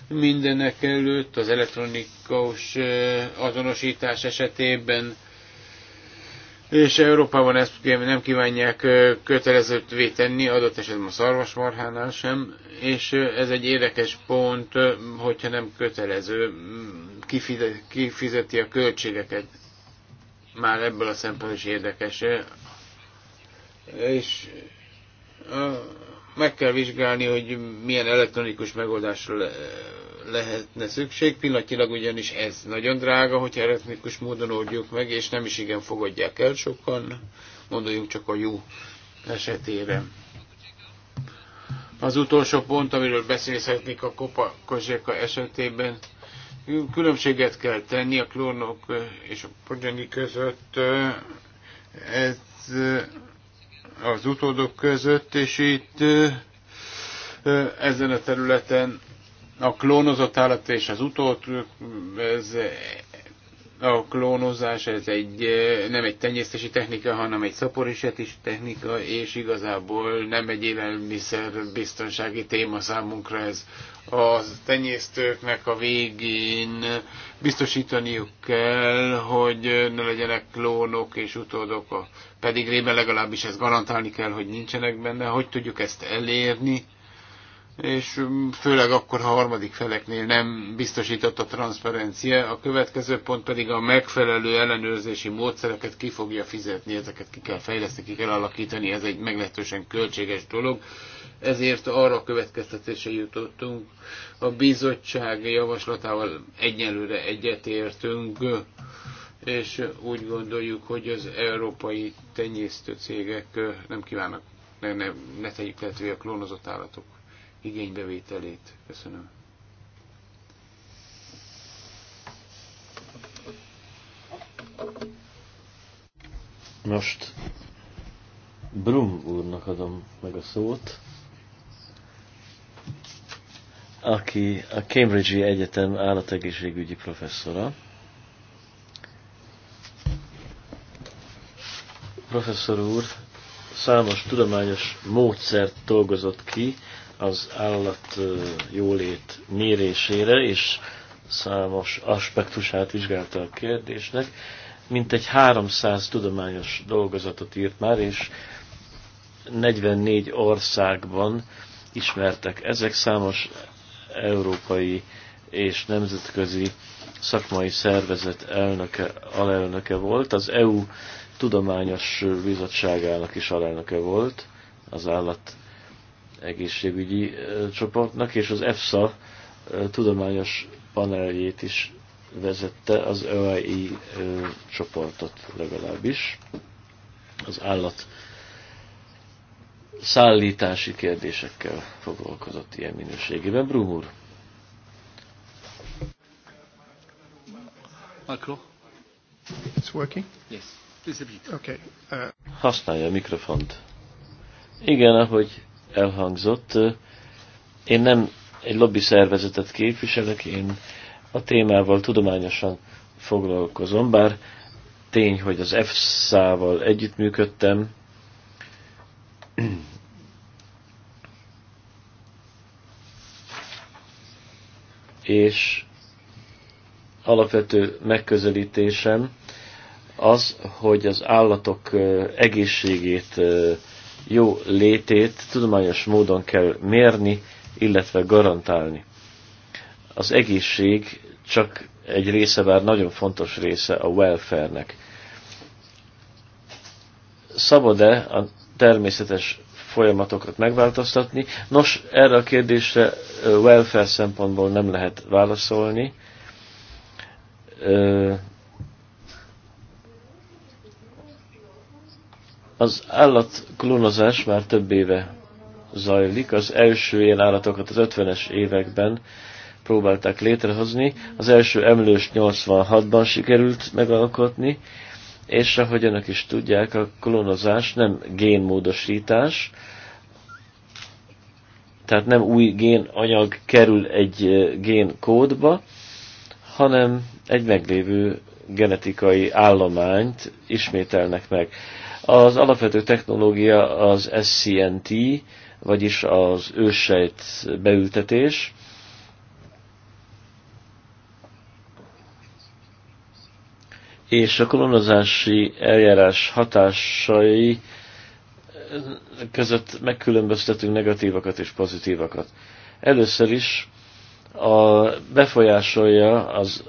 Speaker 2: Mindenek előtt az elektronikus eh, azonosítás esetében és Európában ezt nem kívánják eh, kötelezőt tenni, adott esetben a szarvasmarhánál sem, és ez egy érdekes pont, hogyha nem kötelező, mm, kifizeti a költségeket már ebből a szempontból is érdekes. És meg kell vizsgálni, hogy milyen elektronikus megoldásra lehetne szükség. Pillanatilag ugyanis ez nagyon drága, hogyha elektronikus módon oldjuk meg, és nem is igen fogadják el sokan. Gondoljunk csak a jó esetére. Az utolsó pont, amiről beszélhetnék a Kopa Kozséka esetében, Különbséget kell tenni a klónok és a progeny között, ez az utódok között, és itt ezen a területen a klónozott állat és az utód, ez a klónozás ez egy, eh, nem egy tenyésztési technika, hanem egy szaporiseti technika, és igazából nem egy élelmiszer biztonsági téma számunkra ez. A tenyésztőknek a végén biztosítaniuk kell, hogy ne legyenek klónok és utódok, pedig rében legalábbis ezt garantálni kell, hogy nincsenek benne. Hogy tudjuk ezt elérni? és mm, főleg akkor, ha a harmadik feleknél nem biztosított a transzparencia, a következő pont pedig a megfelelő ellenőrzési módszereket ki fogja fizetni, ezeket ki kell fejleszteni, ki kell alakítani, ez egy meglehetősen költséges dolog, ezért arra a következtetése jutottunk, a bizottság javaslatával egyelőre egyetértünk, és úgy gondoljuk, hogy az európai tenyésztő cégek nem kívánnak, ne, ne, ne tegyük lehetővé a klónozott állatok igénybevételét. Köszönöm.
Speaker 4: Most Brum úrnak adom meg a szót, aki a Cambridge-i Egyetem állategészségügyi professzora. Professzor úr számos tudományos módszert dolgozott ki az állat jólét mérésére, és számos aspektusát vizsgálta a kérdésnek. Mintegy 300 tudományos dolgozatot írt már, és 44 országban ismertek ezek számos európai és nemzetközi szakmai szervezet elnöke, alelnöke volt, az EU tudományos bizottságának is alelnöke volt, az állat egészségügyi csoportnak, és az EFSA tudományos paneljét is vezette, az OIE csoportot legalábbis, az állat szállítási kérdésekkel foglalkozott ilyen minőségében. Brum úr.
Speaker 1: It's working? Yes. Okay. Uh...
Speaker 4: Használja a mikrofont. Igen, ahogy elhangzott. Én nem egy lobby szervezetet képviselek, én a témával tudományosan foglalkozom, bár tény, hogy az EFSA-val együttműködtem, és alapvető megközelítésem az, hogy az állatok eh, egészségét eh, jó létét tudományos módon kell mérni, illetve garantálni. Az egészség csak egy része, bár nagyon fontos része a welfare-nek. Szabad-e a természetes folyamatokat megváltoztatni? Nos, erre a kérdésre welfare szempontból nem lehet válaszolni Az állatklónozás már több éve zajlik. Az első állatokat az 50-es években próbálták létrehozni. Az első emlős 86-ban sikerült megalkotni, és ahogy önök is tudják, a klónozás nem génmódosítás, tehát nem új génanyag kerül egy génkódba, hanem egy meglévő genetikai állományt ismételnek meg. Az alapvető technológia az SCNT, vagyis az őssejt beültetés. És a kolonozási eljárás hatásai között megkülönböztetünk negatívakat és pozitívakat. Először is a, befolyásolja az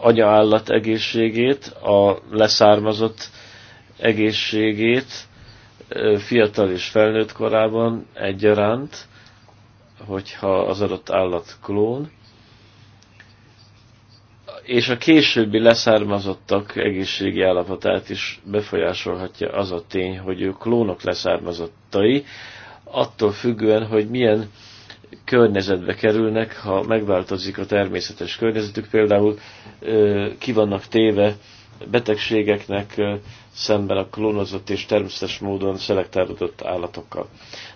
Speaker 4: anyaállat egészségét, a leszármazott egészségét fiatal és felnőtt korában egyaránt, hogyha az adott állat klón, és a későbbi leszármazottak egészségi állapotát is befolyásolhatja az a tény, hogy ők klónok leszármazottai, attól függően, hogy milyen környezetbe kerülnek, ha megváltozik a természetes környezetük, például ki vannak téve betegségeknek, szemben a klónozott és természetes módon szelektálódott állatokkal.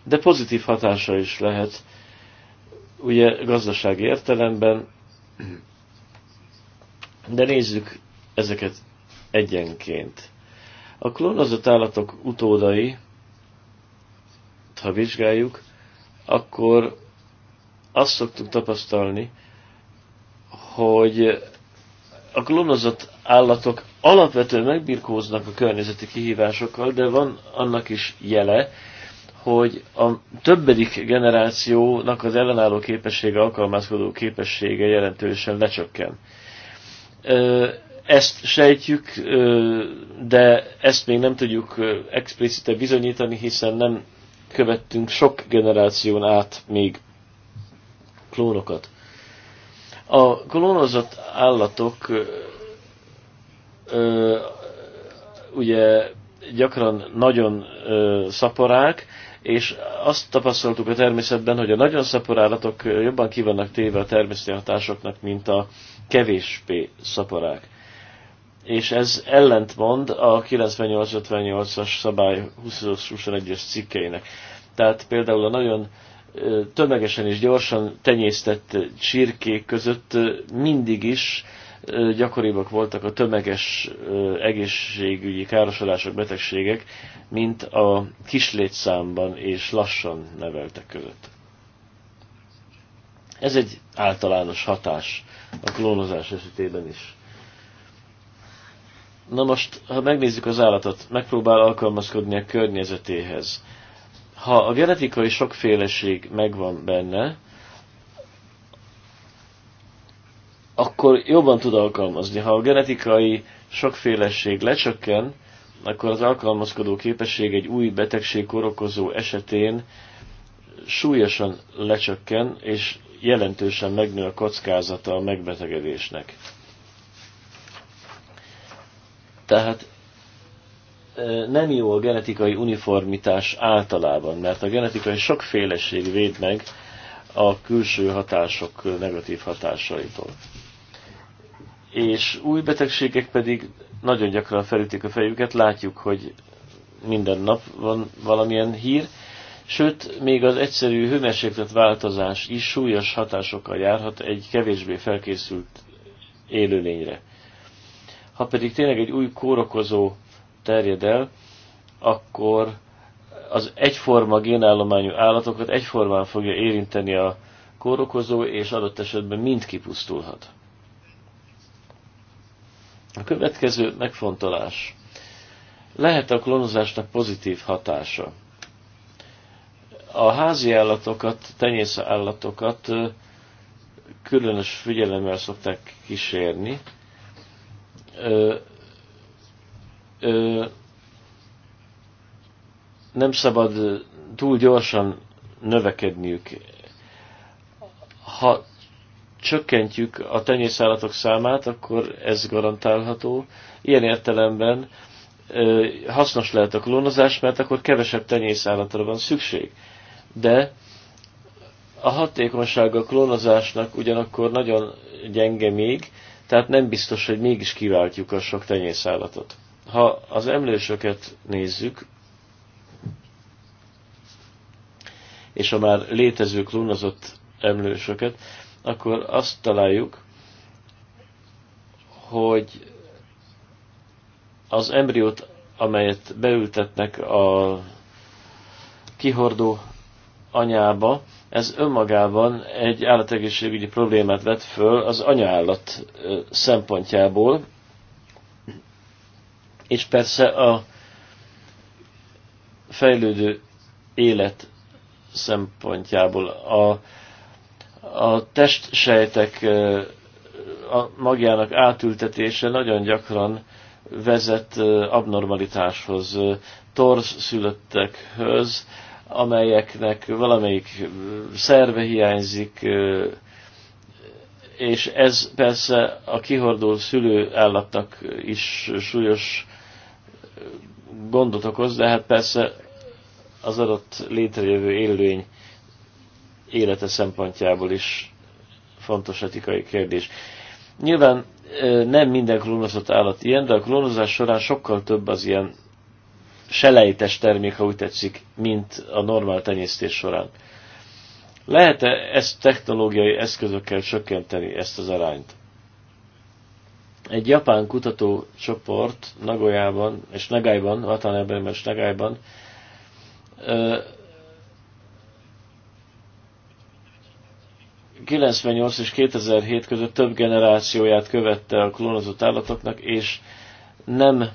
Speaker 4: De pozitív hatása is lehet, ugye gazdasági értelemben, de nézzük ezeket egyenként. A klónozott állatok utódai, ha vizsgáljuk, akkor azt szoktuk tapasztalni, hogy a klónozott állatok alapvetően megbirkóznak a környezeti kihívásokkal, de van annak is jele, hogy a többedik generációnak az ellenálló képessége, alkalmazkodó képessége jelentősen lecsökken. Ezt sejtjük, de ezt még nem tudjuk explicite bizonyítani, hiszen nem követtünk sok generáción át még klónokat. A klónozott állatok ö, ugye gyakran nagyon ö, szaporák, és azt tapasztaltuk a természetben, hogy a nagyon szaporálatok jobban kivannak téve a természeti hatásoknak, mint a kevésbé szaporák. És ez ellentmond a 98-58-as szabály 20-21-es cikkeinek. Tehát például a nagyon tömegesen és gyorsan tenyésztett csirkék között mindig is gyakoribbak voltak a tömeges egészségügyi károsodások, betegségek, mint a kislétszámban és lassan neveltek között. Ez egy általános hatás a klónozás esetében is. Na most, ha megnézzük az állatot, megpróbál alkalmazkodni a környezetéhez. Ha a genetikai sokféleség megvan benne, akkor jobban tud alkalmazni. Ha a genetikai sokféleség lecsökken, akkor az alkalmazkodó képesség egy új betegség korokozó esetén súlyosan lecsökken, és jelentősen megnő a kockázata a megbetegedésnek. Tehát nem jó a genetikai uniformitás általában, mert a genetikai sokféleség véd meg a külső hatások negatív hatásaitól és új betegségek pedig nagyon gyakran felütik a fejüket, látjuk, hogy minden nap van valamilyen hír, sőt, még az egyszerű hőmérséklet változás is súlyos hatásokkal járhat egy kevésbé felkészült élőlényre. Ha pedig tényleg egy új kórokozó terjed el, akkor az egyforma génállományú állatokat egyformán fogja érinteni a kórokozó, és adott esetben mind kipusztulhat. A következő megfontolás. Lehet a klónozásnak pozitív hatása. A házi állatokat, állatokat különös figyelemmel szokták kísérni. Ö, ö, nem szabad túl gyorsan növekedniük. Ha csökkentjük a tenyészállatok számát, akkor ez garantálható. Ilyen értelemben hasznos lehet a klónozás, mert akkor kevesebb tenyészállatra van szükség. De a hatékonysága a klónozásnak ugyanakkor nagyon gyenge még, tehát nem biztos, hogy mégis kiváltjuk a sok tenyészállatot. Ha az emlősöket nézzük, és a már létező klónozott emlősöket, akkor azt találjuk, hogy az embriót, amelyet beültetnek a kihordó anyába, ez önmagában egy állategészségügyi problémát vet föl az anyaállat szempontjából, és persze a fejlődő élet szempontjából. A a testsejtek a magjának átültetése nagyon gyakran vezet abnormalitáshoz, torz szülöttekhöz, amelyeknek valamelyik szerve hiányzik, és ez persze a kihordó szülő állatnak is súlyos gondot okoz, de hát persze az adott létrejövő élőlény élete szempontjából is fontos etikai kérdés. Nyilván nem minden klónozott állat ilyen, de a klónozás során sokkal több az ilyen selejtes termék, ha úgy tetszik, mint a normál tenyésztés során. Lehet-e ezt technológiai eszközökkel csökkenteni, ezt az arányt? Egy japán kutatócsoport Nagoyában és Nagályban, Watanabe és Nagályban 98 és 2007 között több generációját követte a klónozott állatoknak, és nem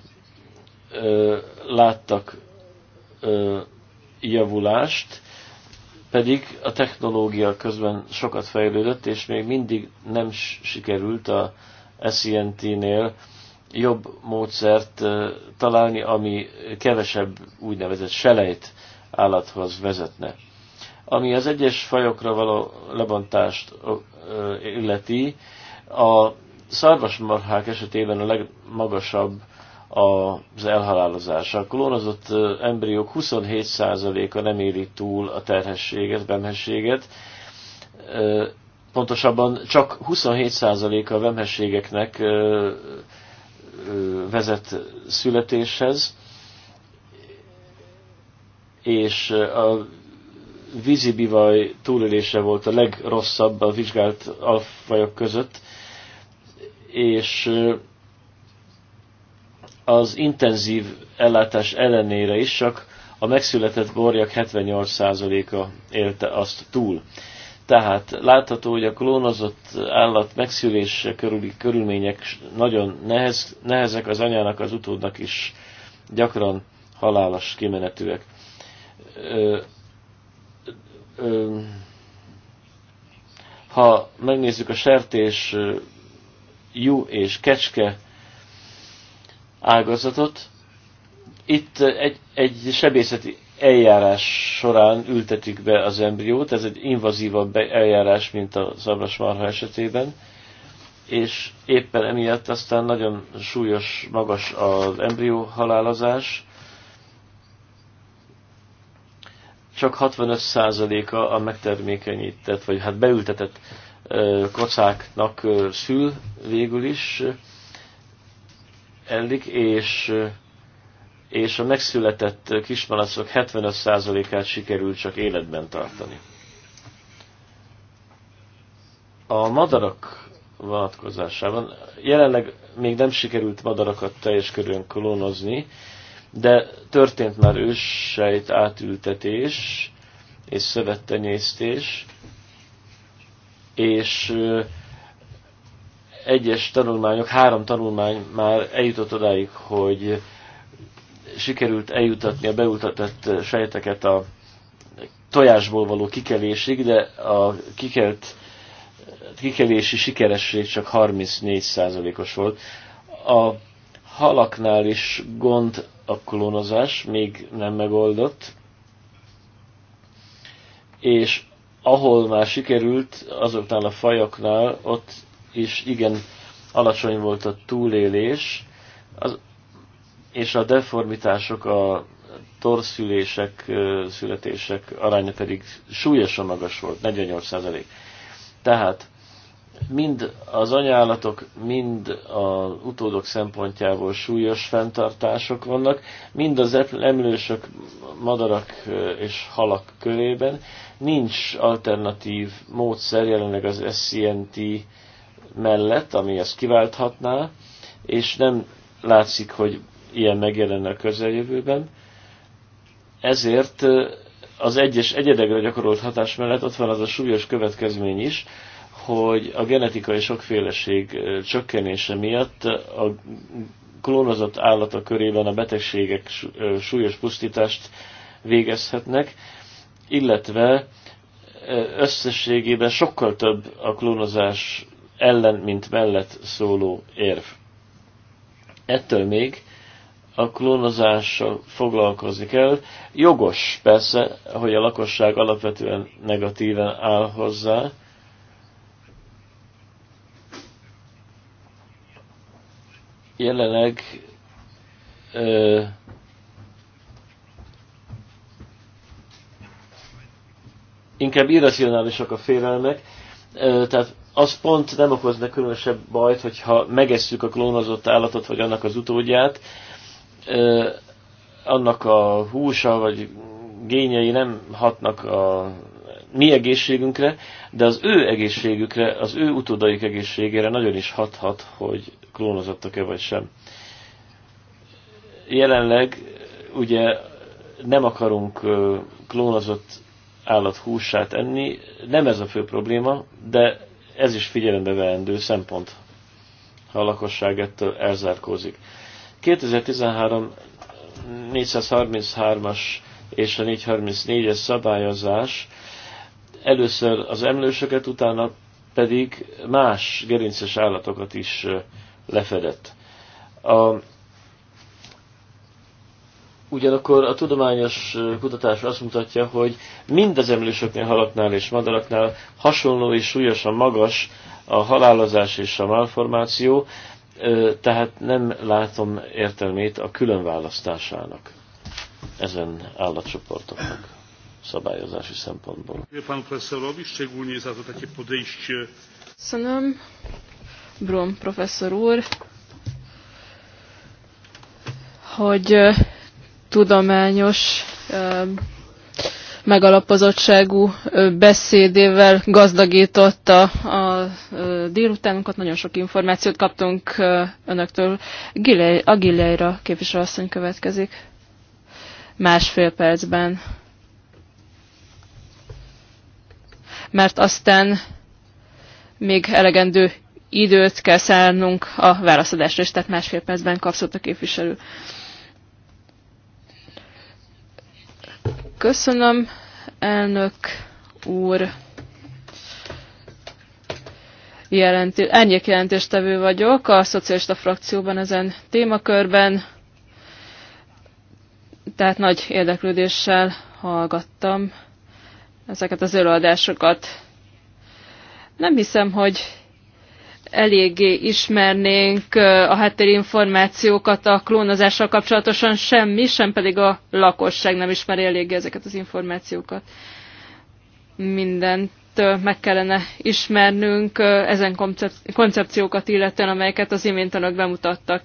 Speaker 4: ö, láttak ö, javulást, pedig a technológia közben sokat fejlődött, és még mindig nem sikerült a SCNT-nél e jobb módszert találni, ami kevesebb úgynevezett selejt állathoz vezetne. Ami az egyes fajokra való lebontást illeti, a szarvasmarhák esetében a legmagasabb az elhalálozása. A klónozott embriók 27%-a nem éri túl a terhességet, vemhességet. Pontosabban csak 27%-a a vemhességeknek vezet születéshez, és a vízibivaj túlélése volt a legrosszabb a vizsgált alfajok között, és az intenzív ellátás ellenére is csak a megszületett borjak 78%-a élte azt túl. Tehát látható, hogy a klónozott állat megszülése körüli körülmények nagyon nehez, nehezek, az anyának, az utódnak is gyakran halálos kimenetűek ha megnézzük a sertés, jú és kecske ágazatot, itt egy, egy sebészeti eljárás során ültetik be az embriót, ez egy invazívabb eljárás, mint a szablasmarha esetében, és éppen emiatt aztán nagyon súlyos, magas az embrió halálozás, csak 65%-a a megtermékenyített, vagy hát beültetett kocáknak szül végül is ellik, és, és a megszületett kismalacok 75%-át sikerül csak életben tartani. A madarak vonatkozásában jelenleg még nem sikerült madarakat teljes körülön klónozni, de történt már őssejt átültetés és szövettenyésztés, és egyes tanulmányok, három tanulmány már eljutott odáig, hogy sikerült eljutatni a beültetett sejteket a tojásból való kikelésig, de a kikelt kikelési sikeresség csak 34%-os volt. A halaknál is gond a klónozás még nem megoldott, és ahol már sikerült, azoknál a fajoknál ott is igen alacsony volt a túlélés, az, és a deformitások, a torszülések, születések aránya pedig súlyosan magas volt, 48%. Tehát mind az anyállatok, mind az utódok szempontjából súlyos fenntartások vannak, mind az emlősök, madarak és halak körében. Nincs alternatív módszer jelenleg az SCNT mellett, ami ezt kiválthatná, és nem látszik, hogy ilyen megjelenne a közeljövőben. Ezért az egyes egyedekre gyakorolt hatás mellett ott van az a súlyos következmény is, hogy a genetikai sokféleség csökkenése miatt a klónozott állatok körében a betegségek súlyos pusztítást végezhetnek, illetve összességében sokkal több a klónozás ellen, mint mellett szóló érv. Ettől még a klónozással foglalkozni kell. Jogos persze, hogy a lakosság alapvetően negatíven áll hozzá, jelenleg ö, inkább irracionálisak a félelmek, ö, tehát az pont nem okozna különösebb bajt, hogyha megesszük a klónozott állatot, vagy annak az utódját, ö, annak a húsa, vagy gényei nem hatnak a mi egészségünkre, de az ő egészségükre, az ő utódaik egészségére nagyon is hathat, hogy klónozottak-e vagy sem. Jelenleg ugye nem akarunk klónozott állat húsát enni, nem ez a fő probléma, de ez is figyelembe veendő szempont, ha a lakosság ettől elzárkózik. 2013 433-as és a 434-es szabályozás először az emlősöket, utána pedig más gerinces állatokat is lefedett. A, ugyanakkor a tudományos kutatás azt mutatja, hogy mind az emlősöknél, halaknál és madaraknál hasonló és súlyosan magas a halálozás és a malformáció, tehát nem látom értelmét a különválasztásának ezen állatcsoportoknak szabályozási szempontból.
Speaker 3: Köszönöm. Brom professzor úr, hogy tudományos megalapozottságú beszédével gazdagította a délutánunkat. Nagyon sok információt kaptunk önöktől. a Gileira képviselőasszony következik. Másfél percben. Mert aztán még elegendő időt kell szállnunk a válaszadásra, és tehát másfél percben kapsz a képviselő. Köszönöm, elnök úr. Jelenti, ennyi jelentéstevő vagyok a szocialista frakcióban ezen témakörben, tehát nagy érdeklődéssel hallgattam ezeket az előadásokat. Nem hiszem, hogy eléggé ismernénk a háttérinformációkat a klónozással kapcsolatosan, semmi, sem pedig a lakosság nem ismeri eléggé ezeket az információkat. Mindent meg kellene ismernünk ezen koncepciókat illetően, amelyeket az imént önök bemutattak.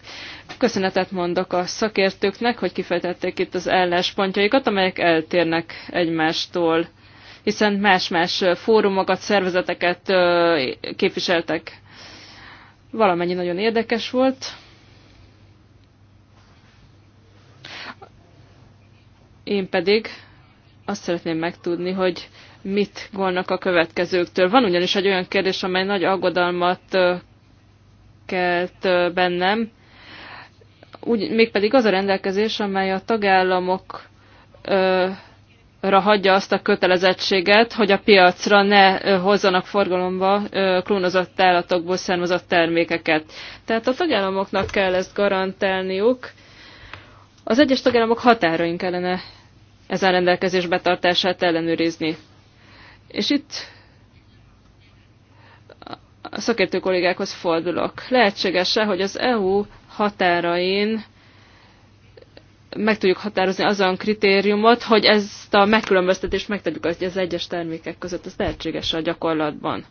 Speaker 3: Köszönetet mondok a szakértőknek, hogy kifejtették itt az álláspontjaikat, amelyek eltérnek egymástól, hiszen más-más fórumokat, szervezeteket képviseltek. Valamennyi nagyon érdekes volt. Én pedig azt szeretném megtudni, hogy mit gondolnak a következőktől. Van ugyanis egy olyan kérdés, amely nagy aggodalmat kelt bennem, úgy, mégpedig az a rendelkezés, amely a tagállamok hagyja azt a kötelezettséget, hogy a piacra ne hozzanak forgalomba klónozott állatokból származott termékeket. Tehát a tagállamoknak kell ezt garantálniuk. Az egyes tagállamok határain kellene ezen rendelkezés betartását ellenőrizni. És itt a szakértő kollégákhoz fordulok. Lehetséges-e, hogy az EU határain meg tudjuk határozni azon kritériumot, hogy ezt a megkülönböztetést megtegyük az egyes termékek között. az lehetséges a gyakorlatban.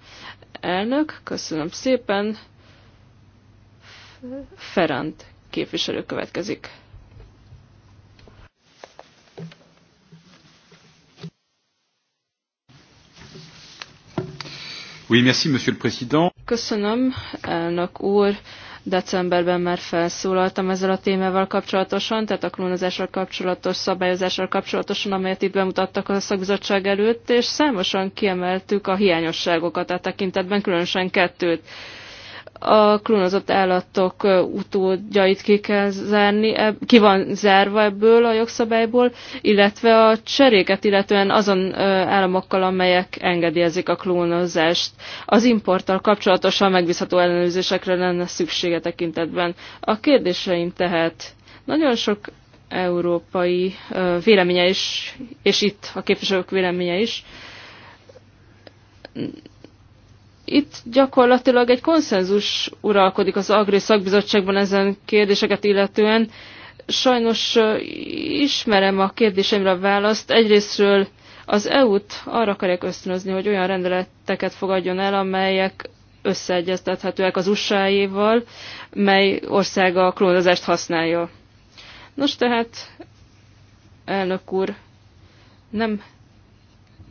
Speaker 3: Elnök, köszönöm szépen. Ferrand képviselő következik.
Speaker 1: Oui, merci, Monsieur le Président.
Speaker 3: Köszönöm, elnök úr decemberben már felszólaltam ezzel a témával kapcsolatosan, tehát a klónozással kapcsolatos szabályozással kapcsolatosan, amelyet itt bemutattak a szakbizottság előtt, és számosan kiemeltük a hiányosságokat a tekintetben, különösen kettőt a klónozott állatok utódjait ki kell zárni, ki van zárva ebből a jogszabályból, illetve a cseréket, illetően azon államokkal, amelyek engedélyezik a klónozást. Az importtal kapcsolatosan megbízható ellenőrzésekre lenne szüksége tekintetben. A kérdéseim tehát nagyon sok európai véleménye is, és itt a képviselők véleménye is, itt gyakorlatilag egy konszenzus uralkodik az Agri szakbizottságban ezen kérdéseket illetően. Sajnos ismerem a kérdésemre a választ. Egyrésztről az EU-t arra akarják ösztönözni, hogy olyan rendeleteket fogadjon el, amelyek összeegyeztethetőek az usa mely ország a klónozást használja. Nos tehát, elnök úr, nem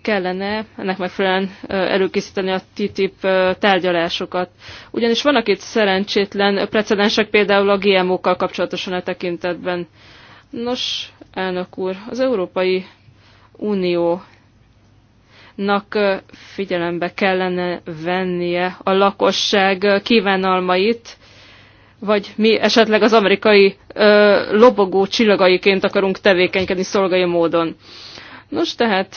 Speaker 3: kellene ennek megfelelően előkészíteni a TTIP tárgyalásokat. Ugyanis vannak itt szerencsétlen precedensek, például a GMO-kkal kapcsolatosan a e tekintetben. Nos, elnök úr, az Európai Uniónak figyelembe kellene vennie a lakosság kívánalmait, vagy mi esetleg az amerikai ö, lobogó csillagaiként akarunk tevékenykedni szolgai módon. Nos, tehát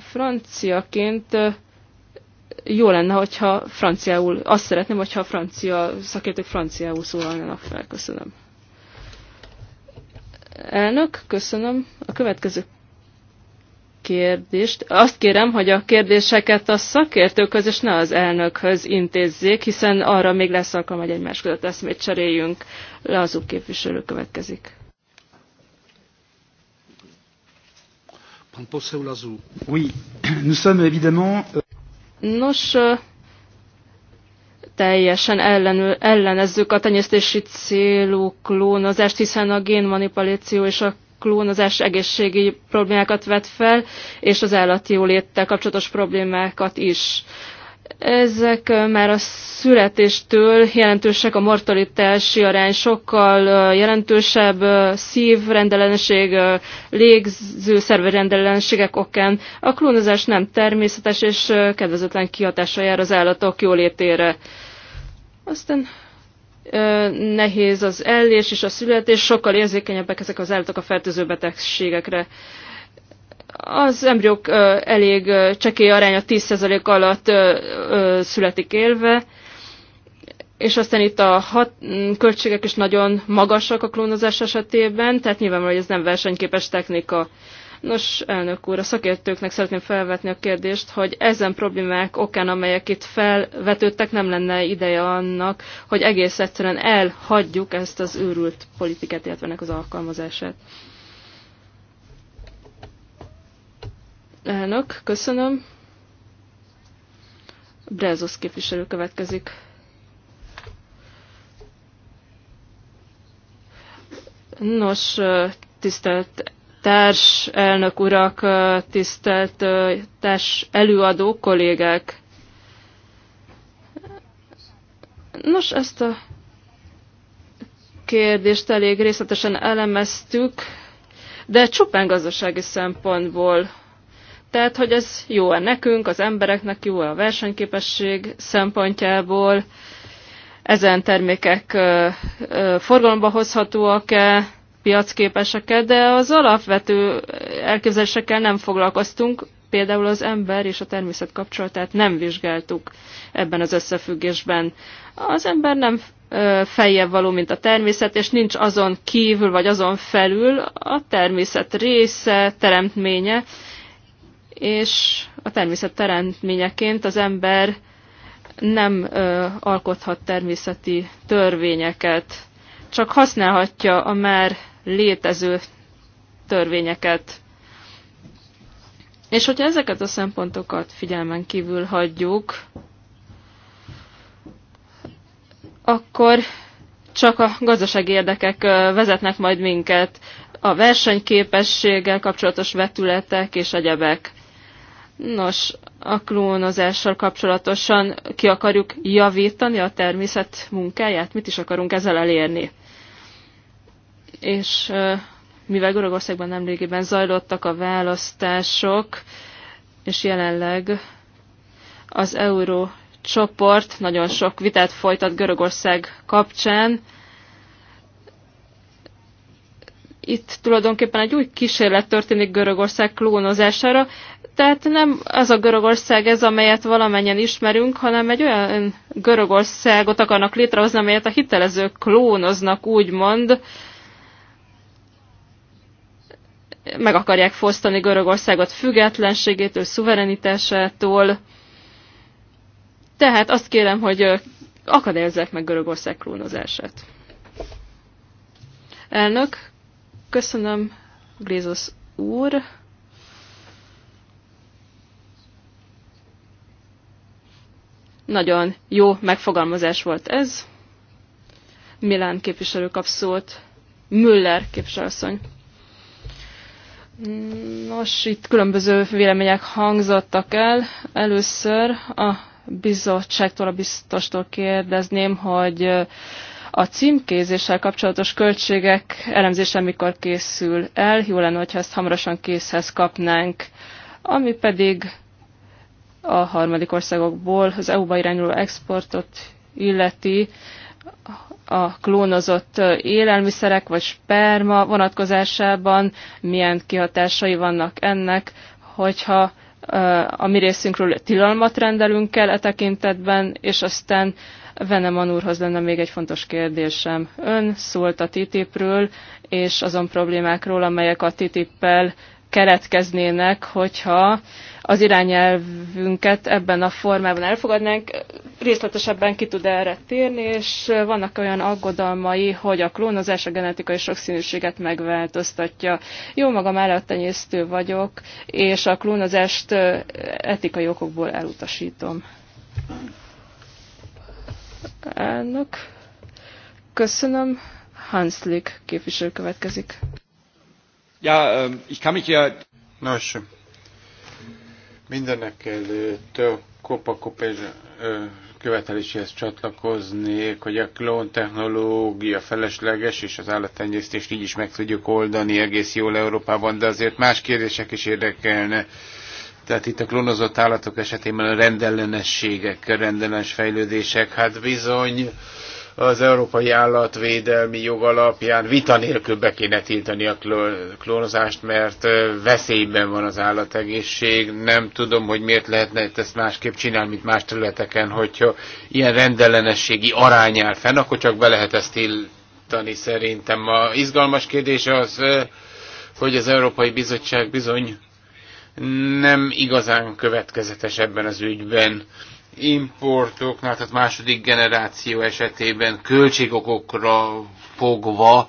Speaker 3: franciaként jó lenne, hogyha franciául, azt szeretném, hogyha a francia szakértők franciául szólalnának fel. Köszönöm. Elnök, köszönöm. A következő kérdést. Azt kérem, hogy a kérdéseket a szakértőkhöz és ne az elnökhöz intézzék, hiszen arra még lesz alkalom, hogy egymás között eszmét cseréljünk. Lazú képviselő következik. Euh, Nos, teljesen ellenül, ellenezzük a tenyésztési célú klónozást, hiszen a génmanipuláció és a klónozás egészségi problémákat vet fel, és az állati jóléttel kapcsolatos problémákat is. Ezek már a születéstől jelentősek a mortalitási arány, sokkal jelentősebb szívrendellenesség, légzőszerverendellenségek okán. A klónozás nem természetes és kedvezőtlen kihatása jár az állatok jólétére. Aztán nehéz az ellés és a születés, sokkal érzékenyebbek ezek az állatok a fertőző betegségekre az embriók elég csekély aránya 10% alatt születik élve, és aztán itt a hat, költségek is nagyon magasak a klónozás esetében, tehát nyilvánvalóan ez nem versenyképes technika. Nos, elnök úr, a szakértőknek szeretném felvetni a kérdést, hogy ezen problémák okán, amelyek itt felvetődtek, nem lenne ideje annak, hogy egész egyszerűen elhagyjuk ezt az őrült politikát, illetve ennek az alkalmazását. Elnök, köszönöm. Brezos képviselő következik. Nos, tisztelt társ elnök urak, tisztelt társ előadó kollégák. Nos, ezt a kérdést elég részletesen elemeztük, de csupán gazdasági szempontból tehát, hogy ez jó-e nekünk, az embereknek jó-e a versenyképesség szempontjából, ezen termékek forgalomba hozhatóak-e, piacképesek-e, de az alapvető elképzelésekkel nem foglalkoztunk, például az ember és a természet kapcsolatát nem vizsgáltuk ebben az összefüggésben. Az ember nem feljebb való, mint a természet, és nincs azon kívül vagy azon felül a természet része, teremtménye, és a természet teremtményeként az ember nem ö, alkothat természeti törvényeket, csak használhatja a már létező törvényeket. És hogyha ezeket a szempontokat figyelmen kívül hagyjuk, akkor csak a gazdasági érdekek vezetnek majd minket, a versenyképességgel kapcsolatos vetületek és egyebek. Nos, a klónozással kapcsolatosan ki akarjuk javítani a természet munkáját? Mit is akarunk ezzel elérni? És mivel Görögországban nemrégiben zajlottak a választások, és jelenleg az euró csoport nagyon sok vitát folytat Görögország kapcsán, Itt tulajdonképpen egy új kísérlet történik Görögország klónozására, tehát nem az a Görögország ez, amelyet valamennyien ismerünk, hanem egy olyan Görögországot akarnak létrehozni, amelyet a hitelezők klónoznak, úgymond. Meg akarják fosztani Görögországot függetlenségétől, szuverenitásától. Tehát azt kérem, hogy akadályozzák meg Görögország klónozását. Elnök, Köszönöm, Glézos úr. Nagyon jó megfogalmazás volt ez. Milán képviselő kap szót. Müller képviselőasszony. Nos, itt különböző vélemények hangzottak el. Először a bizottságtól, a biztostól kérdezném, hogy a címkézéssel kapcsolatos költségek elemzése mikor készül el, jó lenne, hogyha ezt hamarosan készhez kapnánk, ami pedig a harmadik országokból az EU-ba irányuló exportot illeti a klónozott élelmiszerek vagy sperma vonatkozásában, milyen kihatásai vannak ennek, hogyha a mi részünkről tilalmat rendelünk el e tekintetben, és aztán Venem Anúrhoz lenne még egy fontos kérdésem. Ön szólt a TTIP-ről és azon problémákról, amelyek a TTIP-pel keretkeznének, hogyha az irányelvünket ebben a formában elfogadnánk. Részletesebben ki tud erre térni, és vannak olyan aggodalmai, hogy a klónozás a genetikai sokszínűséget megváltoztatja. Jó magam állattenyésztő vagyok, és a klónozást eh, etikai okokból elutasítom. Elnök. Köszönöm. Hanslik képviselő következik.
Speaker 2: Ja, ähm, ich kann mich ja... Nos, mindenek előtt a Copa követeléséhez csatlakoznék, hogy a klón technológia felesleges, és az állattenyésztést így is meg tudjuk oldani egész jól Európában, de azért más kérdések is érdekelne tehát itt a klónozott állatok esetében a rendellenességek, rendellenes fejlődések, hát bizony az európai állatvédelmi jog alapján vita nélkül be kéne tiltani a klónozást, mert veszélyben van az állategészség. Nem tudom, hogy miért lehetne ezt másképp csinálni, mint más területeken, hogyha ilyen rendellenességi arányál fenn, akkor csak be lehet ezt tiltani szerintem. A izgalmas kérdés az, hogy az Európai Bizottság bizony nem igazán következetes ebben az ügyben. Importoknál, tehát második generáció esetében költségokokra fogva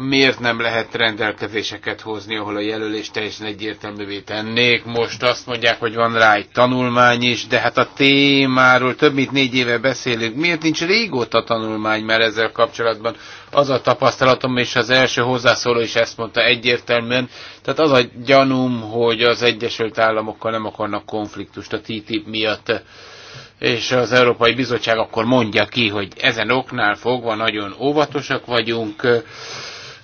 Speaker 2: miért nem lehet rendelkezéseket hozni, ahol a jelölést teljesen egyértelművé tennék. Most azt mondják, hogy van rá egy tanulmány is, de hát a témáról több mint négy éve beszélünk. Miért nincs régóta tanulmány már ezzel kapcsolatban? Az a tapasztalatom, és az első hozzászóló is ezt mondta egyértelműen. Tehát az a gyanúm, hogy az Egyesült Államokkal nem akarnak konfliktust a TTIP miatt és az Európai Bizottság akkor mondja ki, hogy ezen oknál fogva nagyon óvatosak vagyunk,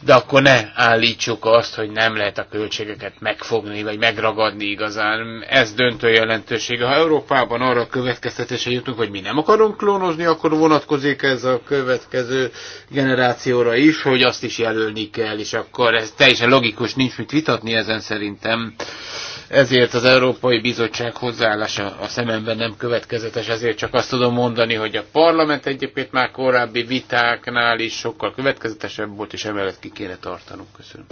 Speaker 2: de akkor ne állítsuk azt, hogy nem lehet a költségeket megfogni, vagy megragadni igazán. Ez döntő jelentősége. Ha Európában arra a következtetése jutunk, hogy mi nem akarunk klónozni, akkor vonatkozik ez a következő generációra is, hogy azt is jelölni kell, és akkor ez teljesen logikus, nincs mit vitatni ezen szerintem. Ezért az Európai Bizottság hozzáállása a szememben nem következetes, ezért csak azt tudom mondani, hogy a parlament egyébként már korábbi vitáknál is sokkal következetesebb volt, és emellett ki kéne tartanunk. Köszönöm.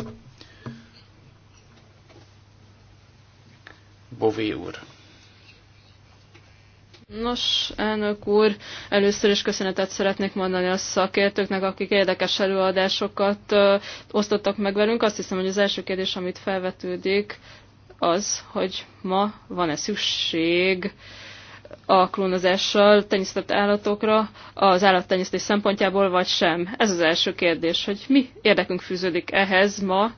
Speaker 2: Bové úr.
Speaker 3: Nos, elnök úr, először is köszönetet szeretnék mondani a szakértőknek, akik érdekes előadásokat ö, osztottak meg velünk. Azt hiszem, hogy az első kérdés, amit felvetődik, az, hogy ma van-e szükség a klónozással tenyésztett állatokra az állattenyésztés szempontjából, vagy sem? Ez az első kérdés, hogy mi érdekünk fűződik ehhez ma.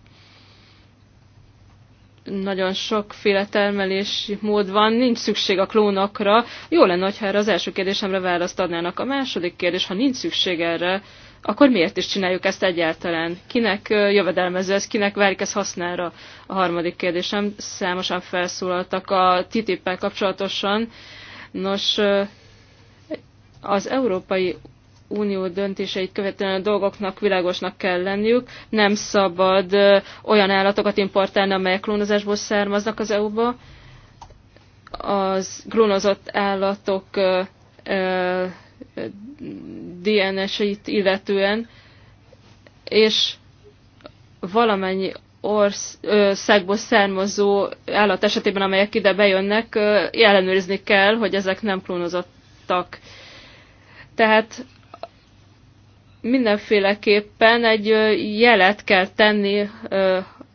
Speaker 3: Nagyon sokféle termelési mód van, nincs szükség a klónokra. Jó lenne, ha erre az első kérdésemre választ adnának. A második kérdés, ha nincs szükség erre, akkor miért is csináljuk ezt egyáltalán? Kinek jövedelmező ez, kinek várjuk ez hasznára? A harmadik kérdésem, számosan felszólaltak a ttip el kapcsolatosan. Nos, az Európai Unió döntéseit követően a dolgoknak világosnak kell lenniük. Nem szabad olyan állatokat importálni, amelyek klónozásból származnak az EU-ba. Az klónozott állatok DNS-eit illetően, és valamennyi országból származó állat esetében, amelyek ide bejönnek, ellenőrizni kell, hogy ezek nem klónozottak. Tehát mindenféleképpen egy jelet kell tenni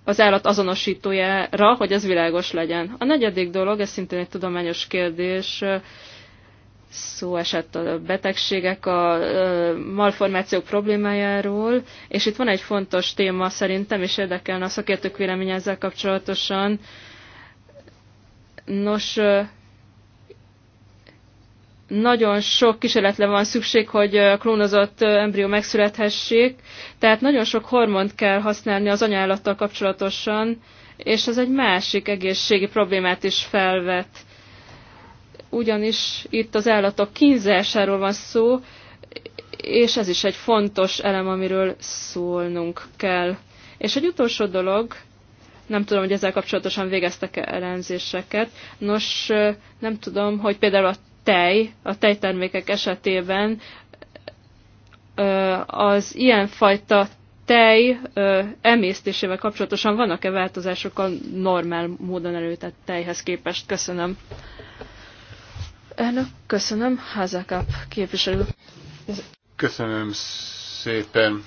Speaker 3: az állat azonosítójára, hogy ez világos legyen. A negyedik dolog, ez szintén egy tudományos kérdés, szó esett a betegségek, a malformációk problémájáról, és itt van egy fontos téma szerintem, és érdekelne a szakértők véleménye ezzel kapcsolatosan. Nos, nagyon sok kísérletre van szükség, hogy klónozott embrió megszülethessék, tehát nagyon sok hormont kell használni az anyállattal kapcsolatosan, és ez egy másik egészségi problémát is felvet ugyanis itt az állatok kínzásáról van szó, és ez is egy fontos elem, amiről szólnunk kell. És egy utolsó dolog, nem tudom, hogy ezzel kapcsolatosan végeztek-e ellenzéseket. Nos, nem tudom, hogy például a tej, a tejtermékek esetében az ilyenfajta tej emésztésével kapcsolatosan vannak-e változások a normál módon előtett tejhez képest? Köszönöm. Elnök, köszönöm. Házakap képviselő.
Speaker 2: Köszönöm szépen.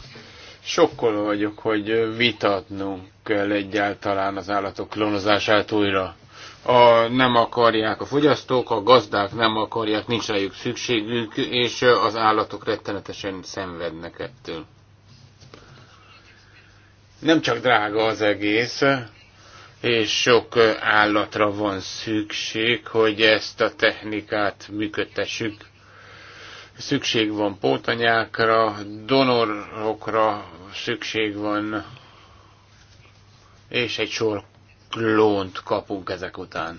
Speaker 2: Sokkoló vagyok, hogy vitatnunk kell egyáltalán az állatok klónozását újra. A, nem akarják a fogyasztók, a gazdák nem akarják, nincs rájuk szükségük, és az állatok rettenetesen szenvednek ettől. Nem csak drága az egész, és sok állatra van szükség, hogy ezt a technikát működtessük. Szükség van pótanyákra, donorokra szükség van, és egy sor klónt kapunk ezek után.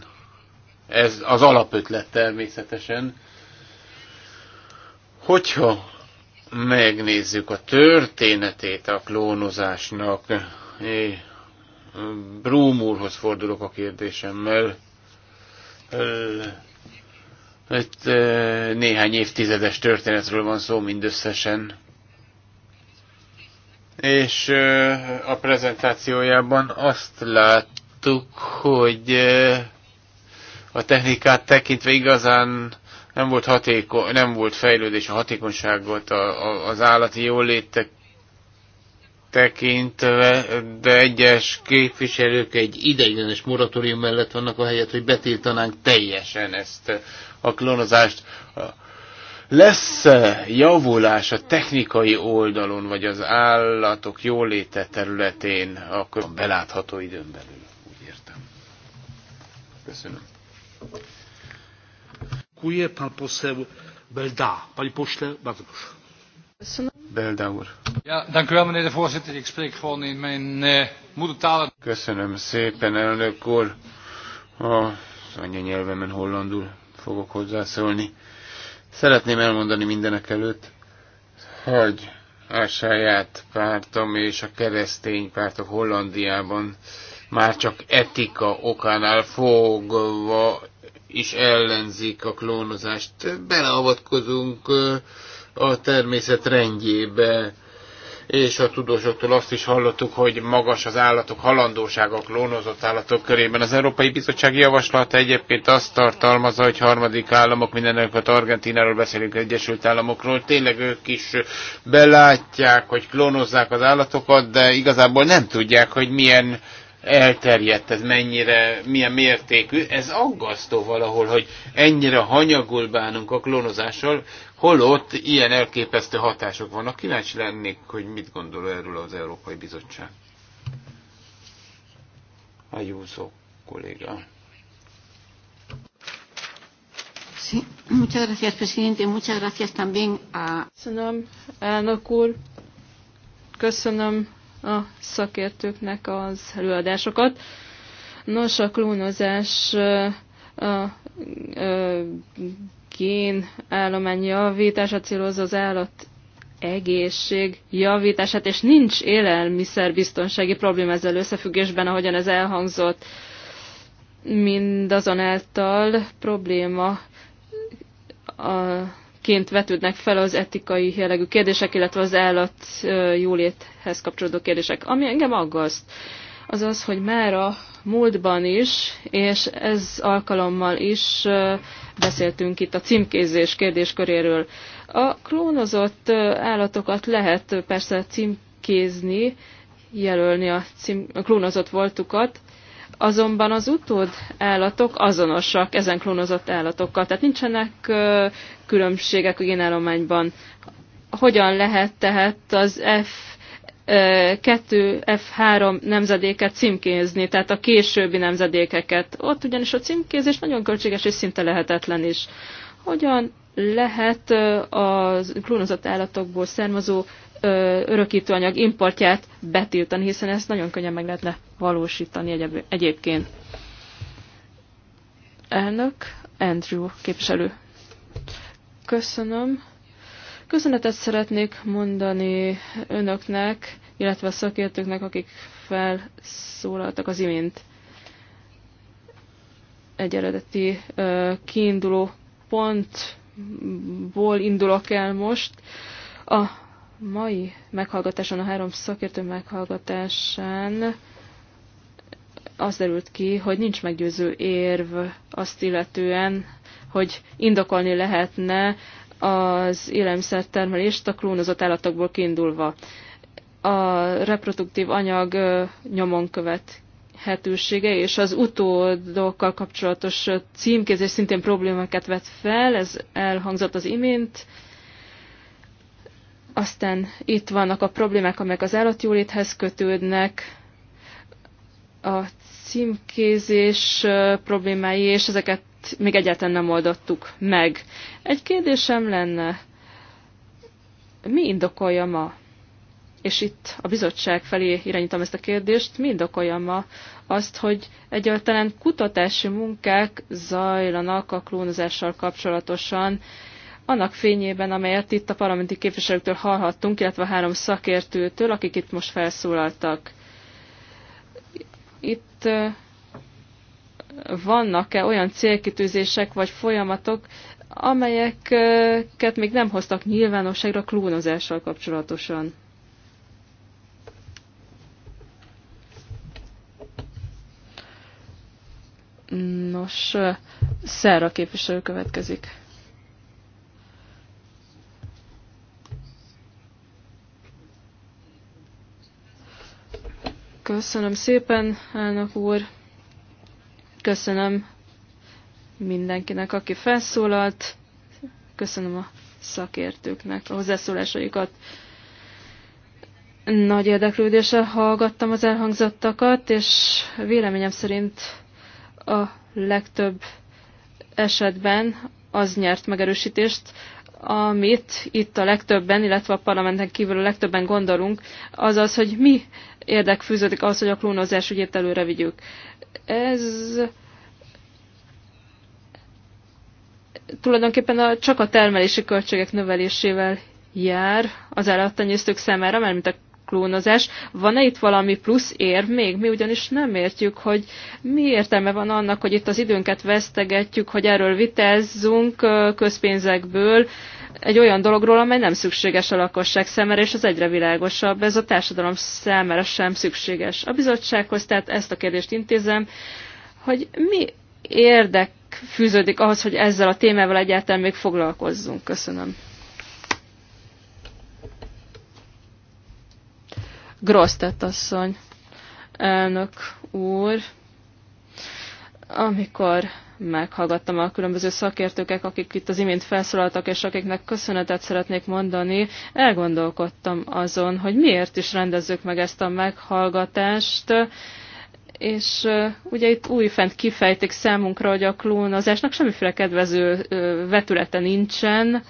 Speaker 2: Ez az alapötlet természetesen. Hogyha megnézzük a történetét a klónozásnak, Brúm úrhoz fordulok a kérdésemmel. Itt néhány évtizedes történetről van szó mindösszesen. És a prezentációjában azt láttuk, hogy a technikát tekintve igazán nem volt, hatéko, nem volt fejlődés a hatékonyságot, a, az állati jólétek tekintve, de egyes képviselők egy ideiglenes moratórium mellett vannak a helyet, hogy betiltanánk teljesen ezt a klonozást. Lesz -e javulás a technikai oldalon, vagy az állatok jóléte területén, akkor belátható időn belül, úgy értem. Köszönöm. Dziękuję
Speaker 1: pan poseł Belda. Panie pośle, bardzo
Speaker 2: proszę. Belda Ja, dank u wel, meneer de voorzitter. Ik spreek gewoon in mijn uh, eh, moedertaal. Köszönöm szépen, elnök úr. Az nyelvemen hollandul fogok hozzászólni. Szeretném elmondani mindenek előtt, hogy a saját pártom és a keresztény pártok Hollandiában már csak etika okánál fogva is ellenzik a klónozást. Beleavatkozunk eh, a természet rendjébe. És a tudósoktól azt is hallottuk, hogy magas az állatok halandósága a klónozott állatok körében. Az Európai Bizottság javaslata egyébként azt tartalmazza, hogy harmadik államok, mindenekot Argentináról beszélünk, Egyesült Államokról, tényleg ők is belátják, hogy klónozzák az állatokat, de igazából nem tudják, hogy milyen elterjedt, ez mennyire, milyen mértékű. Ez aggasztó valahol, hogy ennyire hanyagul bánunk a klónozással, holott ilyen elképesztő hatások vannak. Kíváncsi lennék, hogy mit gondol erről az Európai Bizottság. A Júzó kolléga.
Speaker 3: muchas gracias, presidente. Muchas gracias también a... Köszönöm, elnök úr. Köszönöm a szakértőknek az előadásokat. Nos, a klónozás a, a, a gén állomány javítása célozza az állat egészség javítását, és nincs élelmiszerbiztonsági probléma ezzel összefüggésben, ahogyan ez elhangzott. Mindazonáltal probléma a ként vetődnek fel az etikai jellegű kérdések, illetve az állat jóléthez kapcsolódó kérdések. Ami engem aggaszt, az az, hogy már a múltban is, és ez alkalommal is beszéltünk itt a címkézés kérdésköréről. A klónozott állatokat lehet persze címkézni, jelölni a, cím, a klónozott voltukat, azonban az utód állatok azonosak ezen klónozott állatokkal, tehát nincsenek különbségek a génállományban. Hogyan lehet tehát az F 2F3 nemzedéket címkézni, tehát a későbbi nemzedékeket. Ott ugyanis a címkézés nagyon költséges és szinte lehetetlen is. Hogyan lehet a klónozott állatokból származó örökítőanyag importját betiltani, hiszen ezt nagyon könnyen meg lehetne valósítani egyébként. Elnök, Andrew képviselő. Köszönöm. Köszönetet szeretnék mondani önöknek, illetve a szakértőknek, akik felszólaltak az imént. Egy eredeti kiinduló pontból indulok el most. A mai meghallgatáson, a három szakértő meghallgatásán az derült ki, hogy nincs meggyőző érv azt illetően, hogy indokolni lehetne az élelmiszertermelést a klónozott állatokból kiindulva. A reproduktív anyag nyomon követ és az utódokkal kapcsolatos címkézés szintén problémákat vet fel, ez elhangzott az imént. Aztán itt vannak a problémák, amelyek az állatjóléthez kötődnek, a címkézés problémái, és ezeket még egyáltalán nem oldottuk meg. Egy kérdésem lenne, mi indokolja ma, és itt a bizottság felé irányítom ezt a kérdést, mi indokolja ma azt, hogy egyáltalán kutatási munkák zajlanak a klónozással kapcsolatosan, annak fényében, amelyet itt a parlamenti képviselőktől hallhattunk, illetve a három szakértőtől, akik itt most felszólaltak. Itt vannak-e olyan célkitűzések vagy folyamatok, amelyeket még nem hoztak nyilvánosságra klónozással kapcsolatosan? Nos, Szerra képviselő következik. Köszönöm szépen, elnök úr. Köszönöm mindenkinek, aki felszólalt. Köszönöm a szakértőknek a hozzászólásaikat. Nagy érdeklődéssel hallgattam az elhangzottakat, és véleményem szerint a legtöbb esetben az nyert megerősítést, amit itt a legtöbben, illetve a parlamenten kívül a legtöbben gondolunk, az az, hogy mi érdek fűződik az hogy a klónozás ügyét előre vigyük. Ez tulajdonképpen a, csak a termelési költségek növelésével jár az állattenyésztők számára, mert mint a klónozás. Van-e itt valami plusz ér még? Mi ugyanis nem értjük, hogy mi értelme van annak, hogy itt az időnket vesztegetjük, hogy erről vitezzünk közpénzekből, egy olyan dologról, amely nem szükséges a lakosság számára, és az egyre világosabb, ez a társadalom számára sem szükséges. A bizottsághoz tehát ezt a kérdést intézem, hogy mi érdek fűződik ahhoz, hogy ezzel a témával egyáltalán még foglalkozzunk. Köszönöm. Grosztett asszony, elnök úr, amikor meghallgattam a különböző szakértőkek, akik itt az imént felszólaltak, és akiknek köszönetet szeretnék mondani, elgondolkodtam azon, hogy miért is rendezzük meg ezt a meghallgatást, és ugye itt újfent kifejtik számunkra, hogy a klónozásnak semmiféle kedvező vetülete nincsen,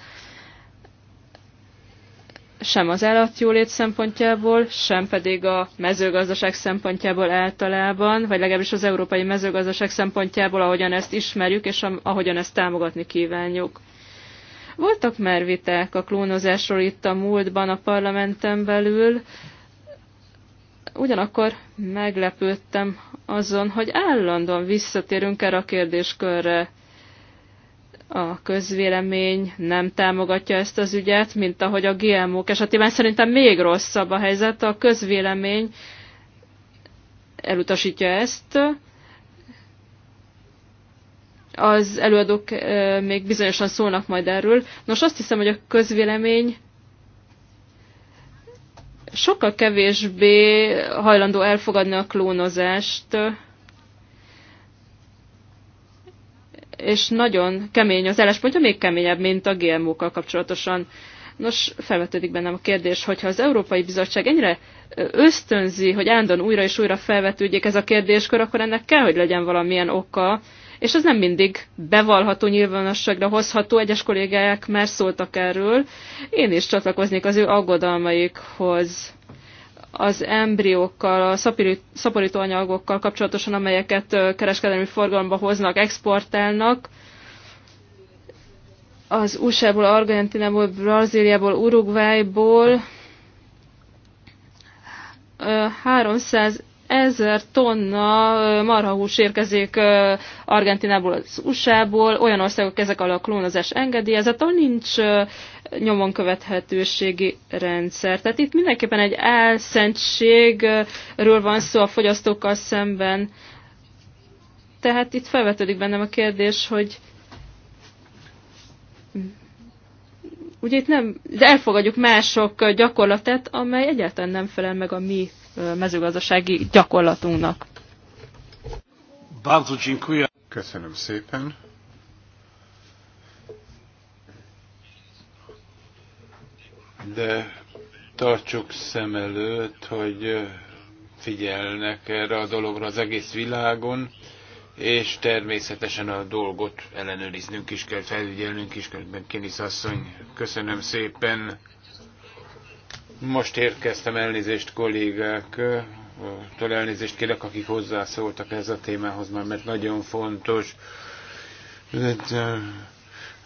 Speaker 3: sem az állatjólét szempontjából, sem pedig a mezőgazdaság szempontjából általában, vagy legalábbis az európai mezőgazdaság szempontjából, ahogyan ezt ismerjük, és ahogyan ezt támogatni kívánjuk. Voltak már viták a klónozásról itt a múltban a parlamenten belül, ugyanakkor meglepődtem azon, hogy állandóan visszatérünk erre a kérdéskörre a közvélemény nem támogatja ezt az ügyet, mint ahogy a GMO-k esetében szerintem még rosszabb a helyzet. A közvélemény elutasítja ezt. Az előadók eh, még bizonyosan szólnak majd erről. Nos, azt hiszem, hogy a közvélemény sokkal kevésbé hajlandó elfogadni a klónozást, és nagyon kemény az álláspontja, még keményebb, mint a GMO-kkal kapcsolatosan. Nos, felvetődik bennem a kérdés, hogyha az Európai Bizottság ennyire ösztönzi, hogy állandóan újra és újra felvetődjék ez a kérdéskör, akkor ennek kell, hogy legyen valamilyen oka, és ez nem mindig bevallható, nyilvánosságra hozható, egyes kollégák már szóltak erről. Én is csatlakoznék az ő aggodalmaikhoz az embriókkal, a szaporítóanyagokkal kapcsolatosan, amelyeket kereskedelmi forgalomba hoznak, exportálnak. Az USA-ból, Argentinából, Brazíliából, Uruguayból 300 ezer tonna marhahús érkezik Argentinából, az USA-ból, olyan országok ezek alól a klónozás engedélyezett, ahol nincs nyomon követhetőségi rendszer. Tehát itt mindenképpen egy elszentségről van szó a fogyasztókkal szemben. Tehát itt felvetődik bennem a kérdés, hogy ugye itt nem, de elfogadjuk mások gyakorlatát, amely egyáltalán nem felel meg a mi mezőgazdasági gyakorlatunknak.
Speaker 2: Köszönöm szépen. de tartsuk szem előtt, hogy figyelnek erre a dologra az egész világon, és természetesen a dolgot ellenőriznünk is kell, felügyelnünk is kell. Kinisz asszony, köszönöm szépen. Most érkeztem, elnézést kollégák, től elnézést kérek, akik hozzászóltak ez a témához, már mert nagyon fontos. De,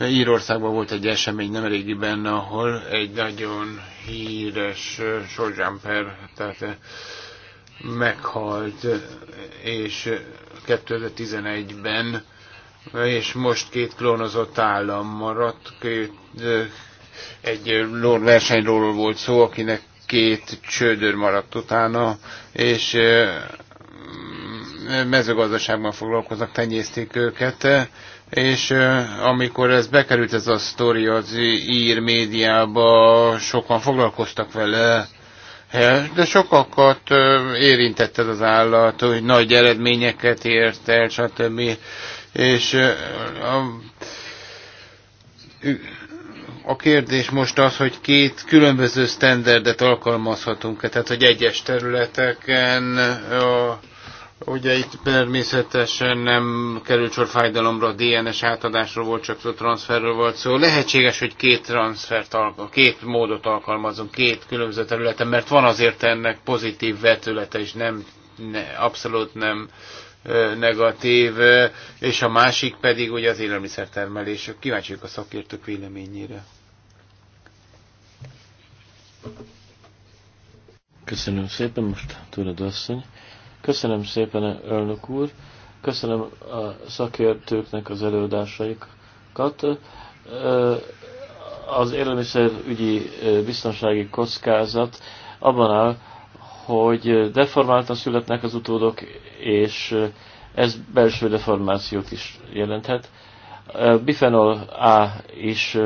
Speaker 2: Írországban volt egy esemény nem régiben, ahol egy nagyon híres showjumper, tehát meghalt, és 2011-ben, és most két klónozott állam maradt, két, egy versenyról volt szó, akinek két csődör maradt utána, és mezőgazdaságban foglalkoznak, tenyészték őket, és amikor ez bekerült ez a sztori az ír médiába, sokan foglalkoztak vele, de sokakat érintett ez az állat, hogy nagy eredményeket ért el, stb. És a, a kérdés most az, hogy két különböző standardet alkalmazhatunk-e, tehát hogy egyes területeken a, Ugye itt természetesen nem került sor fájdalomra, DNS átadásról volt, csak a transferről volt szó. Lehetséges, hogy két transfert, két módot alkalmazunk, két különböző területen, mert van azért ennek pozitív vetülete, és nem, ne, abszolút nem negatív, és a másik pedig ugye az élelmiszertermelés. Kíváncsiak a szakértők véleményére.
Speaker 4: Köszönöm szépen, most tudod asszony. Köszönöm szépen, elnök úr. Köszönöm a szakértőknek az előadásaikat. Az élelmiszerügyi biztonsági kockázat abban áll, hogy deformáltan születnek az utódok, és ez belső deformációt is jelenthet. Bifenol A is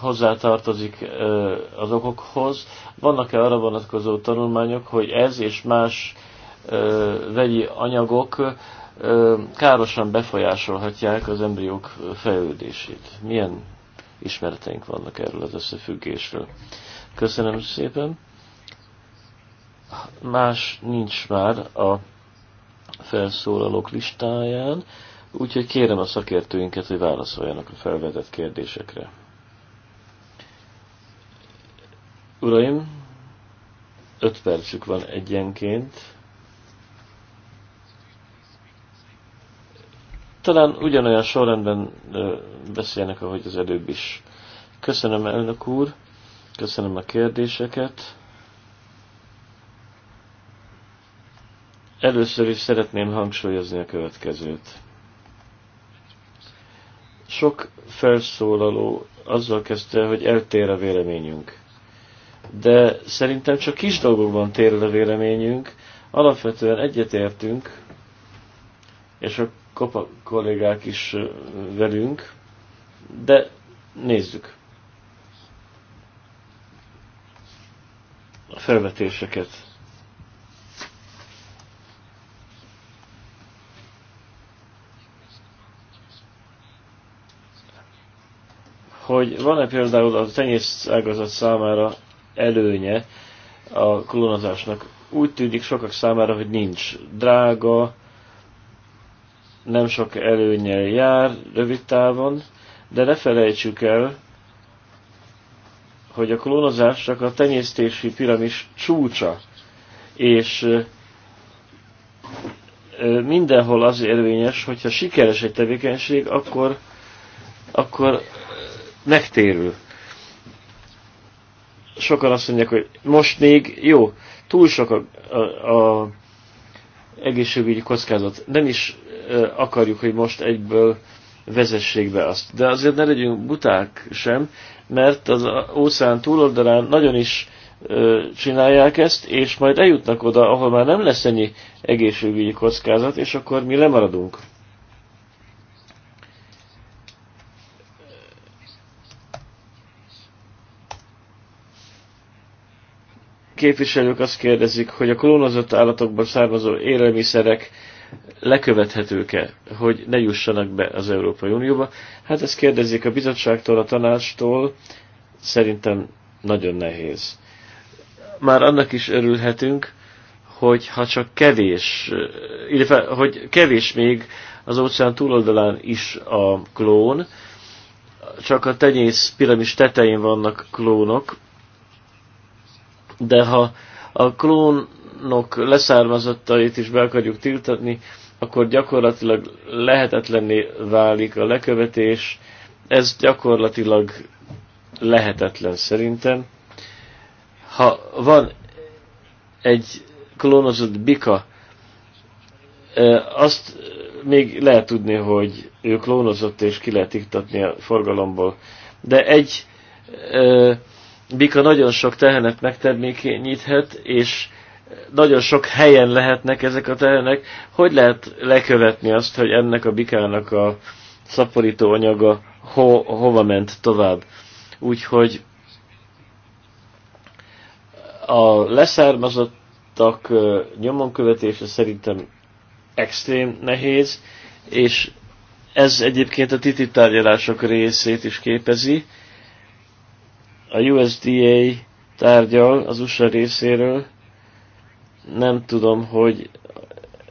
Speaker 4: hozzátartozik az okokhoz. Vannak-e arra vonatkozó tanulmányok, hogy ez és más vegyi anyagok károsan befolyásolhatják az embriók fejlődését? Milyen ismereteink vannak erről az összefüggésről? Köszönöm szépen. Más nincs már a felszólalók listáján, úgyhogy kérem a szakértőinket, hogy válaszoljanak a felvetett kérdésekre. Uraim, öt percük van egyenként. Talán ugyanolyan sorrendben beszélnek, ahogy az előbb is. Köszönöm, elnök úr, köszönöm a kérdéseket. Először is szeretném hangsúlyozni a következőt. Sok felszólaló azzal kezdte, hogy eltér a véleményünk de szerintem csak kis dolgokban tér a véleményünk, alapvetően egyetértünk, és a kopa kollégák is velünk, de nézzük a felvetéseket. Hogy van-e például a ágazat számára előnye a klónozásnak. Úgy tűnik sokak számára, hogy nincs. Drága, nem sok előnye jár rövid távon, de ne felejtsük el, hogy a klónozás csak a tenyésztési piramis csúcsa, és mindenhol az érvényes, hogyha sikeres egy tevékenység, akkor, akkor megtérül sokan azt mondják, hogy most még jó, túl sok a, a, a egészségügyi kockázat. Nem is akarjuk, hogy most egyből vezessék be azt. De azért ne legyünk buták sem, mert az óceán túloldalán nagyon is csinálják ezt, és majd eljutnak oda, ahol már nem lesz ennyi egészségügyi kockázat, és akkor mi lemaradunk. képviselők azt kérdezik, hogy a klónozott állatokból származó élelmiszerek lekövethetők-e, hogy ne jussanak be az Európai Unióba. Hát ezt kérdezik a bizottságtól, a tanácstól, szerintem nagyon nehéz. Már annak is örülhetünk, hogy ha csak kevés, illetve hogy kevés még az óceán túloldalán is a klón, csak a tenyész piramis tetején vannak klónok, de ha a klónok leszármazottait is be akarjuk tiltatni, akkor gyakorlatilag lehetetlenné válik a lekövetés. Ez gyakorlatilag lehetetlen szerintem. Ha van egy klónozott bika, azt még lehet tudni, hogy ő klónozott és ki lehet iktatni a forgalomból. De egy ö, bika nagyon sok tehenet megtermékenyíthet, és nagyon sok helyen lehetnek ezek a tehenek. Hogy lehet lekövetni azt, hogy ennek a bikának a szaporító anyaga ho, hova ment tovább? Úgyhogy a leszármazottak nyomon követése szerintem extrém nehéz, és ez egyébként a titi tárgyalások részét is képezi a USDA tárgyal az USA részéről, nem tudom, hogy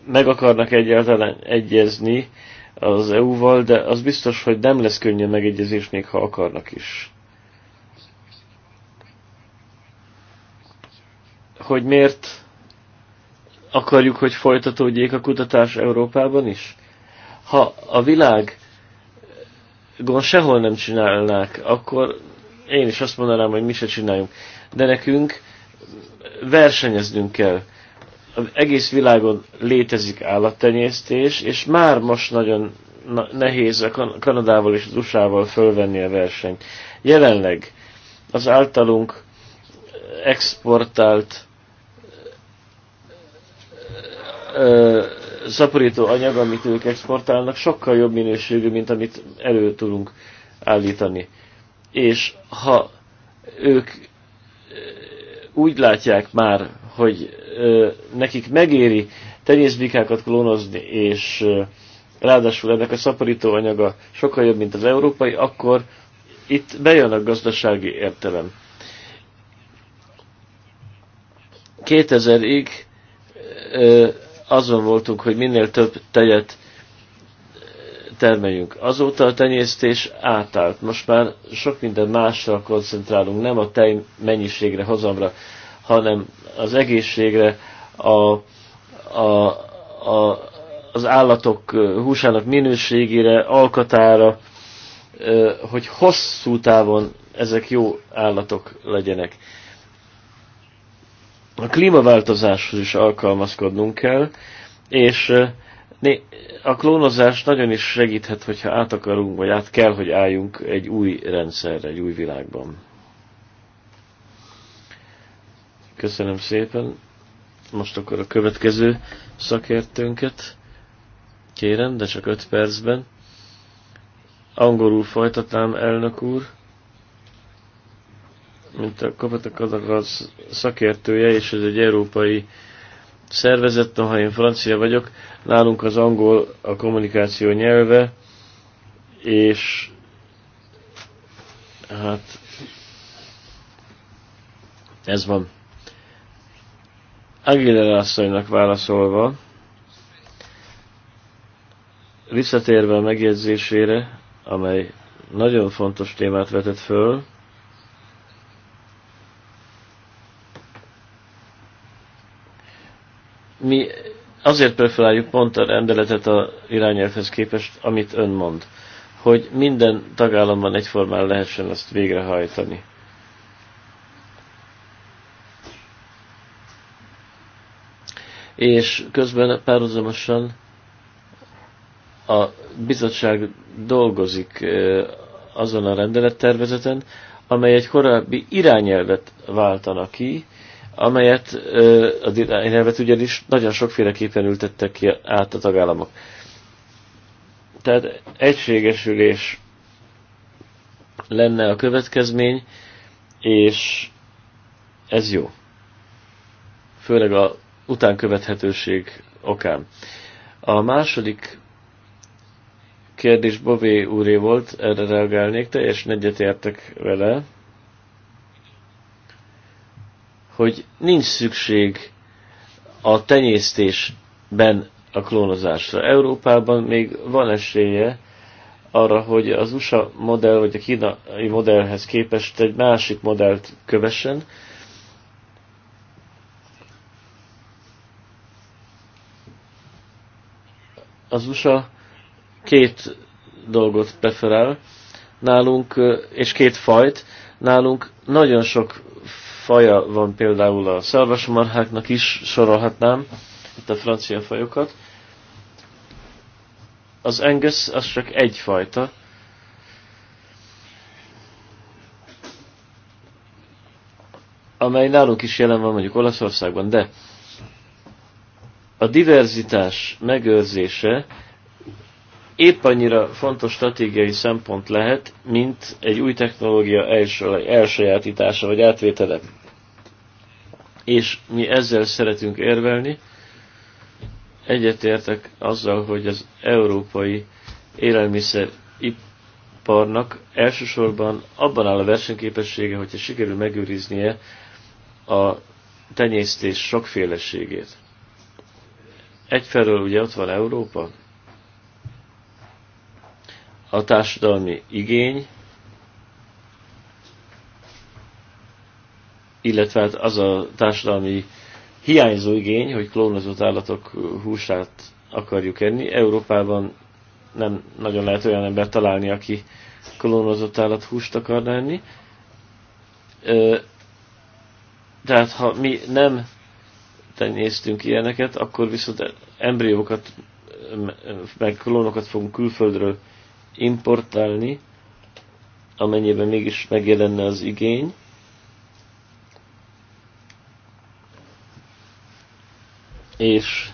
Speaker 4: meg akarnak egyáltalán egyezni az EU-val, de az biztos, hogy nem lesz könnyű megegyezés, még ha akarnak is. Hogy miért akarjuk, hogy folytatódjék a kutatás Európában is? Ha a világ gond sehol nem csinálnák, akkor én is azt mondanám, hogy mi se csináljunk. De nekünk versenyeznünk kell. Az egész világon létezik állattenyésztés, és már most nagyon nehéz a Kanadával és az USA-val fölvenni a versenyt. Jelenleg az általunk exportált ö, szaporító anyag, amit ők exportálnak, sokkal jobb minőségű, mint amit elő tudunk állítani és ha ők úgy látják már, hogy nekik megéri tenyészbikákat klónozni, és ráadásul ennek a szaporító anyaga sokkal jobb, mint az európai, akkor itt bejön a gazdasági értelem. 2000-ig azon voltunk, hogy minél több tejet termeljünk. Azóta a tenyésztés átállt. Most már sok minden másra koncentrálunk, nem a tej mennyiségre, hozamra, hanem az egészségre, a, a, a, az állatok húsának minőségére, alkatára, hogy hosszú távon ezek jó állatok legyenek. A klímaváltozáshoz is alkalmazkodnunk kell, és a klónozás nagyon is segíthet, hogyha át akarunk, vagy át kell, hogy álljunk egy új rendszerre, egy új világban. Köszönöm szépen. Most akkor a következő szakértőnket kérem, de csak 5 percben. Angolul folytatnám, elnök úr, mint a Kopatak szakértője, és ez egy európai szervezett, ha én francia vagyok, nálunk az angol a kommunikáció nyelve, és hát ez van. Aguilera asszonynak válaszolva, visszatérve a megjegyzésére, amely nagyon fontos témát vetett föl, mi azért preferáljuk pont a rendeletet a irányelvhez képest, amit ön mond, hogy minden tagállamban egyformán lehessen ezt végrehajtani. És közben párhuzamosan a bizottság dolgozik azon a rendelettervezeten, amely egy korábbi irányelvet váltana ki, amelyet a irányelvet ugyanis nagyon sokféleképpen ültettek ki át a tagállamok. Tehát egységesülés lenne a következmény, és ez jó. Főleg a utánkövethetőség okán. A második kérdés Bové úré volt, erre reagálnék, teljesen egyetértek vele hogy nincs szükség a tenyésztésben a klónozásra. Európában még van esélye arra, hogy az USA modell vagy a kínai modellhez képest egy másik modellt kövessen, az USA két dolgot preferál nálunk, és két fajt. Nálunk nagyon sok faja van például a szarvasmarháknak is, sorolhatnám itt a francia fajokat. Az Angus az csak egy fajta. amely nálunk is jelen van mondjuk Olaszországban, de a diverzitás megőrzése épp annyira fontos stratégiai szempont lehet, mint egy új technológia elsajátítása vagy átvétele. És mi ezzel szeretünk érvelni. Egyetértek azzal, hogy az európai élelmiszeriparnak elsősorban abban áll a versenyképessége, hogyha sikerül megőriznie a tenyésztés sokféleségét. Egyfelől ugye ott van Európa, a társadalmi igény, illetve hát az a társadalmi hiányzó igény, hogy klónozott állatok húsát akarjuk enni. Európában nem nagyon lehet olyan embert találni, aki klónozott állat húst akar enni. Tehát ha mi nem tenyésztünk ilyeneket, akkor viszont embriókat meg klónokat fogunk külföldről importálni, amennyiben mégis megjelenne az igény. És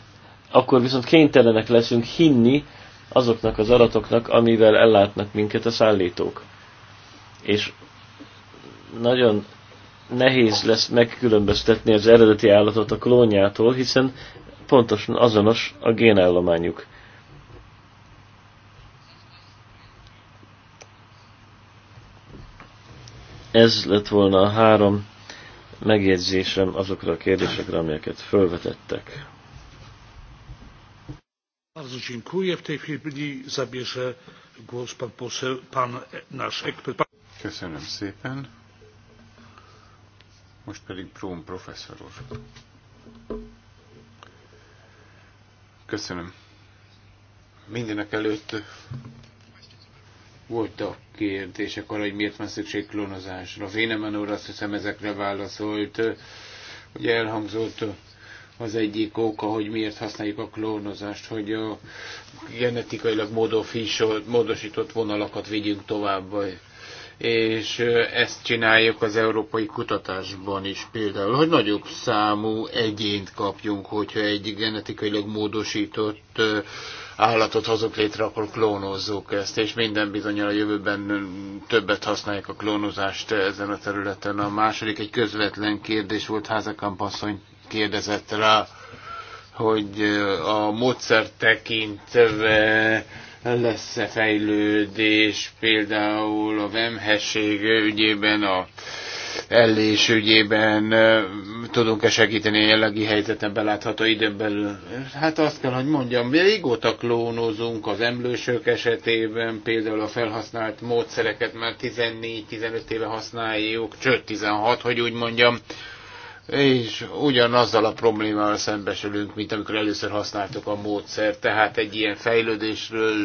Speaker 4: akkor viszont kénytelenek leszünk hinni azoknak az adatoknak, amivel ellátnak minket a szállítók. És nagyon nehéz lesz megkülönböztetni az eredeti állatot a klónjától, hiszen pontosan azonos a génállományuk. Ez lett volna a három megjegyzésem azokra a kérdésekre, amelyeket felvetettek.
Speaker 1: Bardzo dziękuję. W tej chwili zabierze głos pan poseł, pan nasz
Speaker 2: ekspert. Köszönöm szépen. Most pedig Brun professzor úr. Köszönöm. Mindenek előtt voltak kérdések arra, hogy miért van szükség klónozásra. Vénemen úr azt hiszem ezekre válaszolt, hogy elhangzott az egyik oka, hogy miért használjuk a klónozást, hogy a genetikailag módosított vonalakat vigyünk tovább, és ezt csináljuk az európai kutatásban is például, hogy nagyobb számú egyént kapjunk, hogyha egy genetikailag módosított állatot hozunk létre, akkor klónozzuk ezt, és minden bizonyal a jövőben többet használják a klónozást ezen a területen. A második egy közvetlen kérdés volt, házakampasszony kérdezett rá, hogy a módszer tekintve lesz-e fejlődés, például a vemhesség ügyében a ellés ügyében tudunk-e segíteni a jellegi helyzeten belátható időn belül? Hát azt kell, hogy mondjam, régóta klónozunk az emlősök esetében, például a felhasznált módszereket már 14-15 éve használjuk, sőt 16, hogy úgy mondjam, és ugyanazzal a problémával szembesülünk, mint amikor először használtuk a módszert, tehát egy ilyen fejlődésről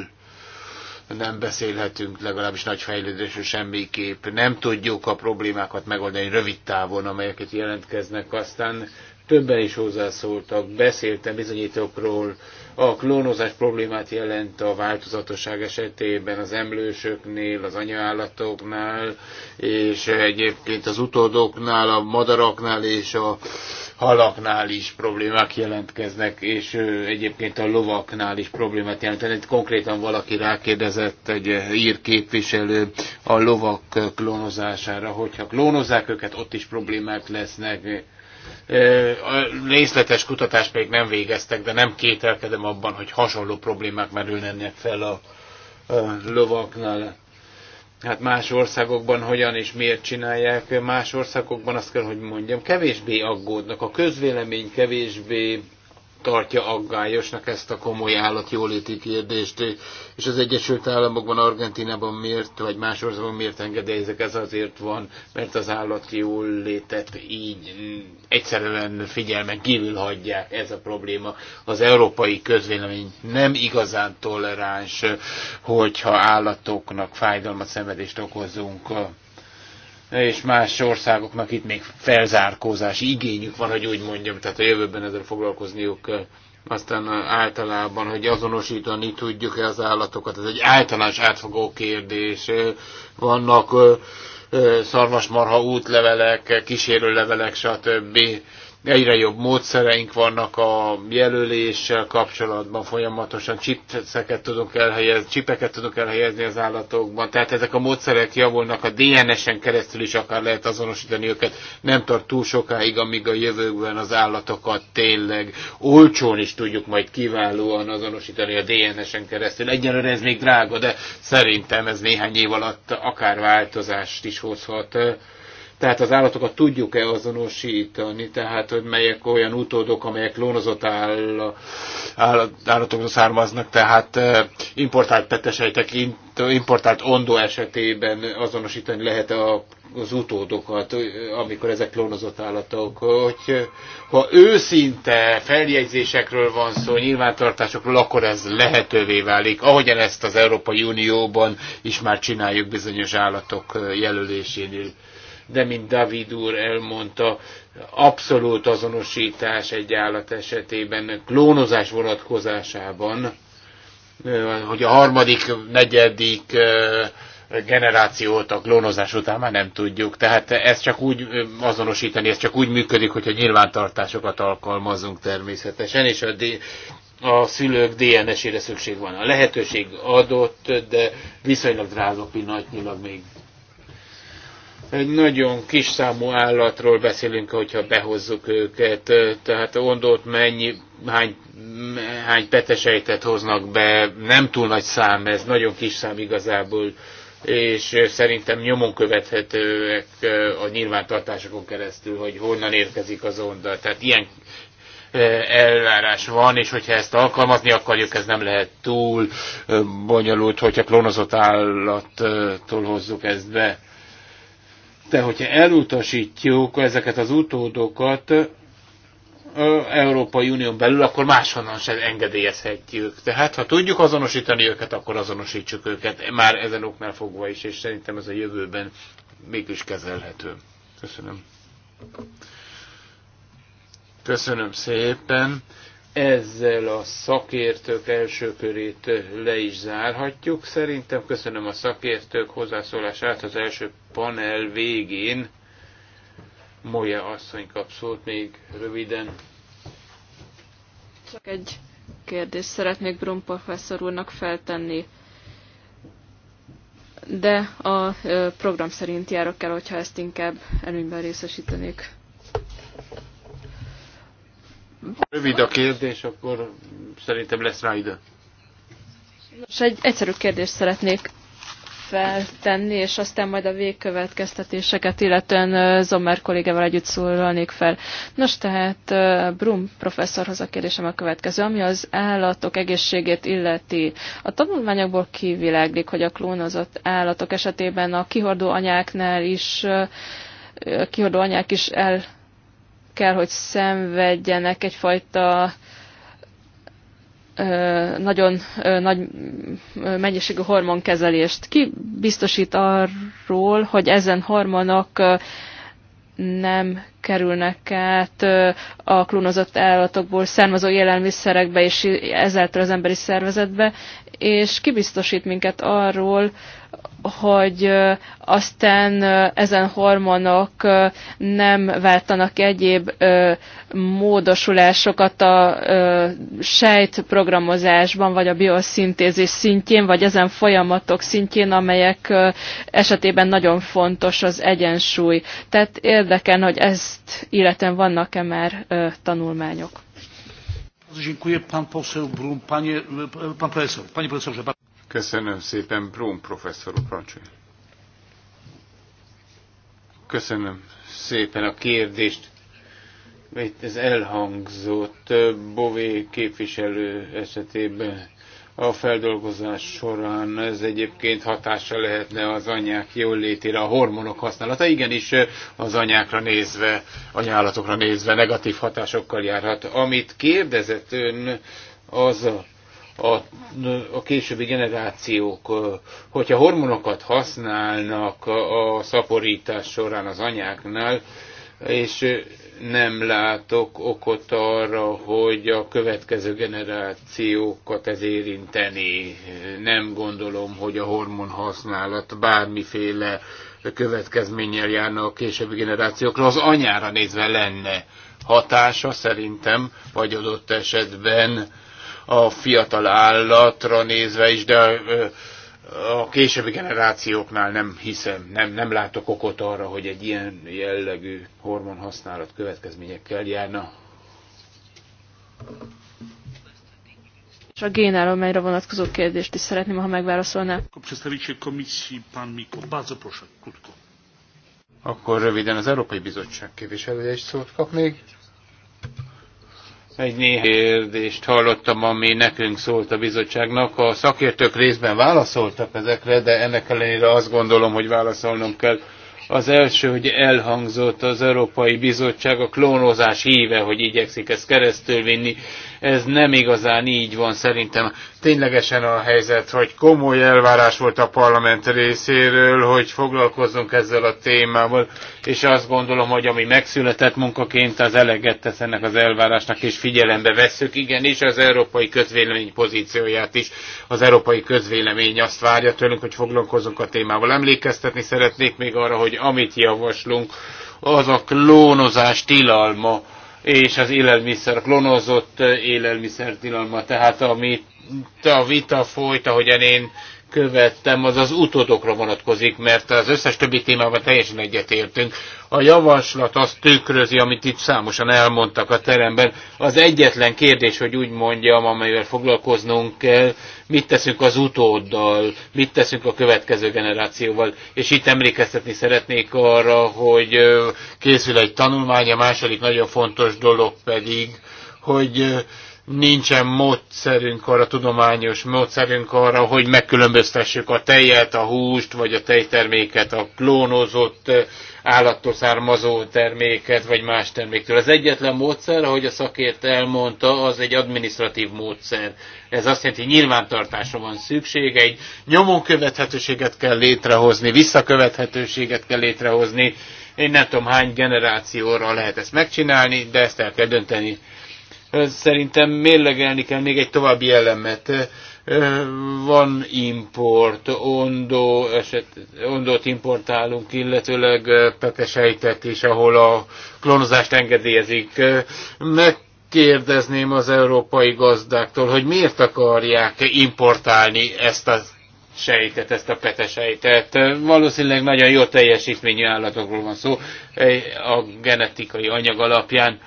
Speaker 2: nem beszélhetünk legalábbis nagy fejlődésről semmiképp. Nem tudjuk a problémákat megoldani rövid távon, amelyeket jelentkeznek. Aztán többen is hozzászóltak, beszéltem bizonyítókról, a klónozás problémát jelent a változatosság esetében, az emlősöknél, az anyaállatoknál, és egyébként az utódoknál, a madaraknál és a halaknál is problémák jelentkeznek, és egyébként a lovaknál is problémát jelentenek. Konkrétan valaki rákérdezett, egy ír képviselő a lovak klónozására, hogyha klónozzák őket, ott is problémák lesznek. A részletes kutatást még nem végeztek, de nem kételkedem abban, hogy hasonló problémák merülnek fel a lovaknál. Hát más országokban hogyan és miért csinálják, más országokban azt kell, hogy mondjam, kevésbé aggódnak, a közvélemény kevésbé tartja aggályosnak ezt a komoly állatjóléti kérdést, és az Egyesült Államokban, Argentinában miért, vagy más országban miért engedélyezek ez azért van, mert az állatjólétet így mm, egyszerűen figyelmen kívül hagyják, ez a probléma. Az európai közvélemény nem igazán toleráns, hogyha állatoknak fájdalmat, szenvedést okozunk és más országoknak itt még felzárkózási igényük van, hogy úgy mondjam, tehát a jövőben ezzel foglalkozniuk kell. Aztán uh, általában, hogy azonosítani tudjuk-e az állatokat, ez egy általános átfogó kérdés. Vannak uh, uh, szarvasmarha útlevelek, kísérőlevelek, stb. Egyre jobb módszereink vannak a jelöléssel kapcsolatban folyamatosan, csipeket tudunk elhelyez, csipeket tudunk elhelyezni az állatokban, tehát ezek a módszerek javulnak, a DNS-en keresztül is akár lehet azonosítani őket, nem tart túl sokáig, amíg a jövőben az állatokat tényleg olcsón is tudjuk majd kiválóan azonosítani a DNS-en keresztül. Egyelőre ez még drága, de szerintem ez néhány év alatt akár változást is hozhat tehát az állatokat tudjuk-e azonosítani, tehát hogy melyek olyan utódok, amelyek klónozott áll, áll, állatokra származnak, tehát importált petesejtek, importált ondó esetében azonosítani lehet a az utódokat, amikor ezek klónozott állatok. Hogy, ha őszinte feljegyzésekről van szó, nyilvántartásokról, akkor ez lehetővé válik, ahogyan ezt az Európai Unióban is már csináljuk bizonyos állatok jelölésénél de mint David úr elmondta, abszolút azonosítás egy állat esetében, klónozás vonatkozásában, hogy a harmadik, negyedik generációt a klónozás után már nem tudjuk. Tehát ezt csak úgy azonosítani, ez csak úgy működik, hogyha nyilvántartásokat alkalmazunk természetesen, és a, a szülők DNS-ére szükség van. A lehetőség adott, de viszonylag drága pillanatnyilag még egy nagyon kis számú állatról beszélünk, hogyha behozzuk őket, tehát ondolt mennyi, hány, hány petesejtet hoznak be, nem túl nagy szám, ez nagyon kis szám igazából, és szerintem nyomon követhetőek eh, a nyilvántartásokon keresztül, hogy honnan érkezik az onda. Tehát ilyen eh, elvárás van, és hogyha ezt alkalmazni akarjuk, ez nem lehet túl eh, bonyolult, hogyha klónozott állattól hozzuk ezt be de hogyha elutasítjuk ezeket az utódokat Európai Unión belül, akkor máshonnan sem engedélyezhetjük. Tehát, ha tudjuk azonosítani őket, akkor azonosítsuk őket, már ezen oknál fogva is, és szerintem ez a jövőben mégis kezelhető. Köszönöm. Köszönöm szépen ezzel a szakértők első körét le is zárhatjuk. Szerintem köszönöm a szakértők hozzászólását az első panel végén. Moja asszony kap szót még röviden.
Speaker 3: Csak egy kérdést szeretnék Brum professzor úrnak feltenni. De a program szerint járok el, hogyha ezt inkább előnyben részesítenék.
Speaker 2: Rövid a kérdés, akkor szerintem lesz rá idő.
Speaker 3: Nos, egy egyszerű kérdést szeretnék feltenni, és aztán majd a végkövetkeztetéseket, illetően Zommer kollégával együtt szólalnék fel. Nos, tehát Brum professzorhoz a kérdésem a következő, ami az állatok egészségét illeti. A tanulmányokból kiviláglik, hogy a klónozott állatok esetében a kihordó anyáknál is kihordó anyák is el kell, hogy szenvedjenek egyfajta nagyon nagy mennyiségű hormonkezelést. Ki biztosít arról, hogy ezen hormonok nem kerülnek át a klónozott állatokból származó élelmiszerekbe és ezáltal az emberi szervezetbe, és kibiztosít minket arról, hogy aztán ezen hormonok nem váltanak egyéb módosulásokat a sejtprogramozásban, vagy a bioszintézis szintjén, vagy ezen folyamatok szintjén, amelyek esetében nagyon fontos az egyensúly. Tehát érdekel, hogy ezt illetően vannak-e már tanulmányok.
Speaker 1: Dziękuję pan poseł Brum. Panie,
Speaker 2: pan profesor, panie profesorze, Köszönöm szépen, Brun professzor parancsolja. Köszönöm szépen a kérdést. Itt ez elhangzott Bové képviselő esetében a feldolgozás során ez egyébként hatása lehetne az anyák jólétére, a hormonok használata. Igenis az anyákra nézve, anyállatokra nézve negatív hatásokkal járhat. Amit kérdezett ön, az a a, a későbbi generációk, hogyha hormonokat használnak a szaporítás során az anyáknál, és nem látok okot arra, hogy a következő generációkat ez érinteni. Nem gondolom, hogy a hormon használat bármiféle következménnyel járna a későbbi generációkra. Az anyára nézve lenne hatása szerintem, vagy adott esetben a fiatal állatra nézve is, de a későbbi generációknál nem hiszem, nem, nem látok okot arra, hogy egy ilyen jellegű hormonhasználat következményekkel járna.
Speaker 3: És a génállományra vonatkozó kérdést is szeretném, ha megválaszolná.
Speaker 2: Akkor röviden az Európai Bizottság képviselője is szót kap még. Egy néhány kérdést hallottam, ami nekünk szólt a bizottságnak. A szakértők részben válaszoltak ezekre, de ennek ellenére azt gondolom, hogy válaszolnom kell. Az első, hogy elhangzott az Európai Bizottság a klónozás híve, hogy igyekszik ezt vinni ez nem igazán így van szerintem. Ténylegesen a helyzet, hogy komoly elvárás volt a parlament részéről, hogy foglalkozzunk ezzel a témával, és azt gondolom, hogy ami megszületett munkaként, az eleget tesz ennek az elvárásnak, és figyelembe vesszük, igen, és az európai közvélemény pozícióját is. Az európai közvélemény azt várja tőlünk, hogy foglalkozunk a témával. Emlékeztetni szeretnék még arra, hogy amit javaslunk, az a klónozás tilalma, és az élelmiszer, klonozott élelmiszer tilalma. Tehát amit a vita folyt, ahogyan én követtem, az az utódokra vonatkozik, mert az összes többi témában teljesen egyetértünk. A javaslat azt tükrözi, amit itt számosan elmondtak a teremben. Az egyetlen kérdés, hogy úgy mondjam, amelyvel foglalkoznunk kell, mit teszünk az utóddal, mit teszünk a következő generációval. És itt emlékeztetni szeretnék arra, hogy készül egy tanulmány, a második nagyon fontos dolog pedig, hogy nincsen módszerünk arra, tudományos módszerünk arra, hogy megkülönböztessük a tejet, a húst, vagy a tejterméket, a klónozott állattól származó terméket, vagy más terméktől. Az egyetlen módszer, ahogy a szakért elmondta, az egy administratív módszer. Ez azt jelenti, hogy nyilvántartásra van szükség, egy nyomon követhetőséget kell létrehozni, visszakövethetőséget kell létrehozni. Én nem tudom hány generációra lehet ezt megcsinálni, de ezt el kell dönteni Szerintem mérlegelni kell még egy további elemet. Van import, ondó eset, ondót importálunk, illetőleg pepesejtet is, ahol a klónozást engedélyezik. Megkérdezném az európai gazdáktól, hogy miért akarják importálni ezt a sejtet, ezt a petesejtet. Valószínűleg nagyon jó teljesítményű állatokról van szó a genetikai anyag alapján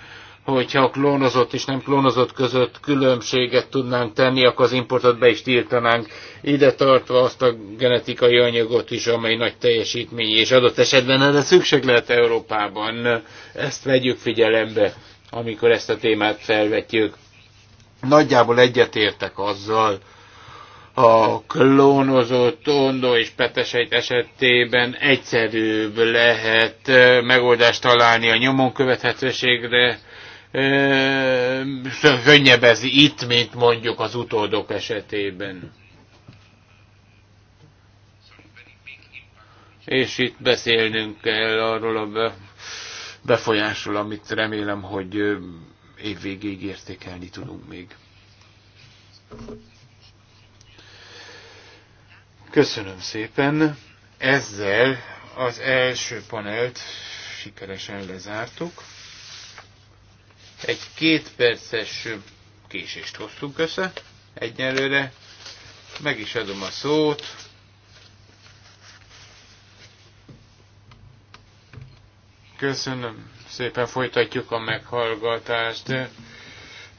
Speaker 2: hogyha a klónozott és nem klónozott között különbséget tudnánk tenni, akkor az importot be is tiltanánk, ide tartva azt a genetikai anyagot is, amely nagy teljesítmény, és adott esetben erre szükség lehet Európában. Ezt vegyük figyelembe, amikor ezt a témát felvetjük. Nagyjából egyetértek azzal, a klónozott ondó és petesejt esetében egyszerűbb lehet eh, megoldást találni a nyomon követhetőségre, könnyebb ez itt, mint mondjuk az utódok esetében. És itt beszélnünk kell arról a befolyásról, amit remélem, hogy évvégéig értékelni tudunk még. Köszönöm szépen. Ezzel az első panelt sikeresen lezártuk. Egy két perces késést hoztunk össze egyelőre. Meg is adom a szót. Köszönöm szépen, folytatjuk a meghallgatást.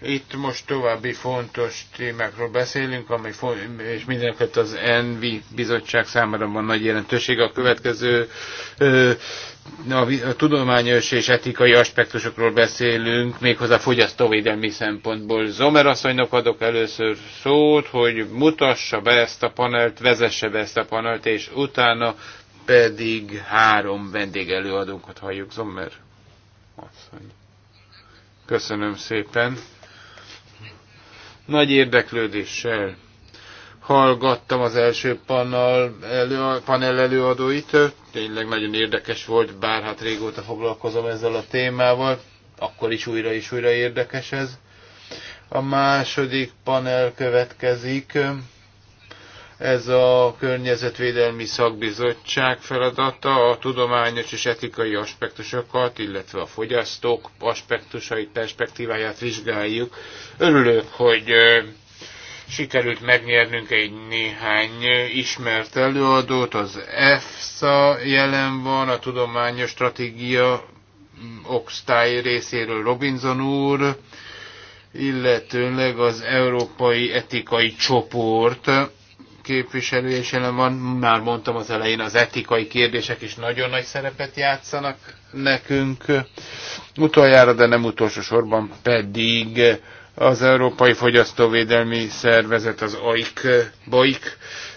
Speaker 2: Itt most további fontos témákról beszélünk, ami és mindenket az ENVI bizottság számára van nagy jelentőség. A következő a tudományos és etikai aspektusokról beszélünk, méghozzá fogyasztóvédelmi szempontból. Zomer asszonynak adok először szót, hogy mutassa be ezt a panelt, vezesse be ezt a panelt, és utána pedig három vendégelőadónkat halljuk. Zomer asszony. Köszönöm szépen. Nagy érdeklődéssel hallgattam az első panel, elő, panel előadóit, tényleg nagyon érdekes volt, bár hát régóta foglalkozom ezzel a témával, akkor is újra és újra érdekes ez. A második panel következik. Ez a Környezetvédelmi Szakbizottság feladata a tudományos és etikai aspektusokat, illetve a fogyasztók aspektusait, perspektíváját vizsgáljuk. Örülök, hogy sikerült megnyernünk egy néhány ismert előadót, az EFSA jelen van, a Tudományos Stratégia osztály részéről Robinson úr, illetőleg az Európai Etikai Csoport, képviselő, és jelen van. Már mondtam az elején, az etikai kérdések is nagyon nagy szerepet játszanak nekünk. Utoljára, de nem utolsó sorban pedig az Európai Fogyasztóvédelmi Szervezet, az AIK, BAIK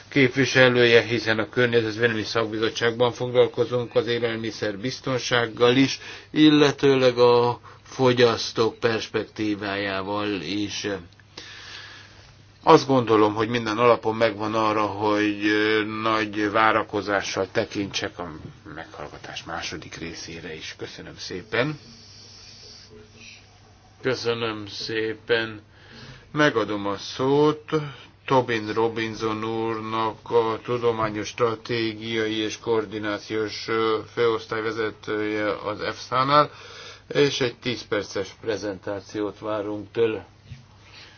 Speaker 2: képviselője, hiszen a Környezetvédelmi Szakbizottságban foglalkozunk az élelmiszer biztonsággal is, illetőleg a fogyasztók perspektívájával is. Azt gondolom, hogy minden alapon megvan arra, hogy nagy várakozással tekintsek a meghallgatás második részére is. Köszönöm szépen. Köszönöm szépen. Megadom a szót Tobin Robinson úrnak, a Tudományos Stratégiai és Koordinációs főosztályvezetője az EFSA-nál, és egy 10 perces prezentációt várunk tőle.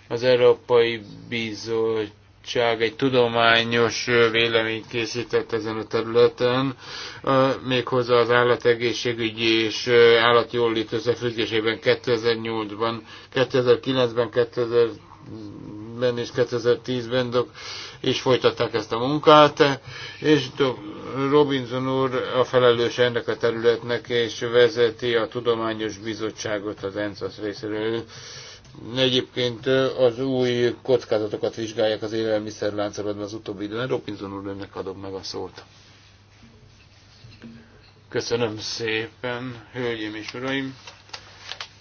Speaker 2: Az Európai Bizottság egy tudományos véleményt készített ezen a területen, méghozzá az állategészségügyi és állatjólét összefüggésében 2008-ban, 2009-ben, 2000 ben és 2010-ben dok, és folytatták ezt a munkát, és Robinson úr a felelős ennek a területnek, és vezeti a Tudományos Bizottságot az ENSZASZ részéről. Egyébként az új kockázatokat vizsgálják az élelmiszerláncolatban az utóbbi időben. Robinson úr, önnek adom meg a szót. Köszönöm szépen, hölgyeim és uraim!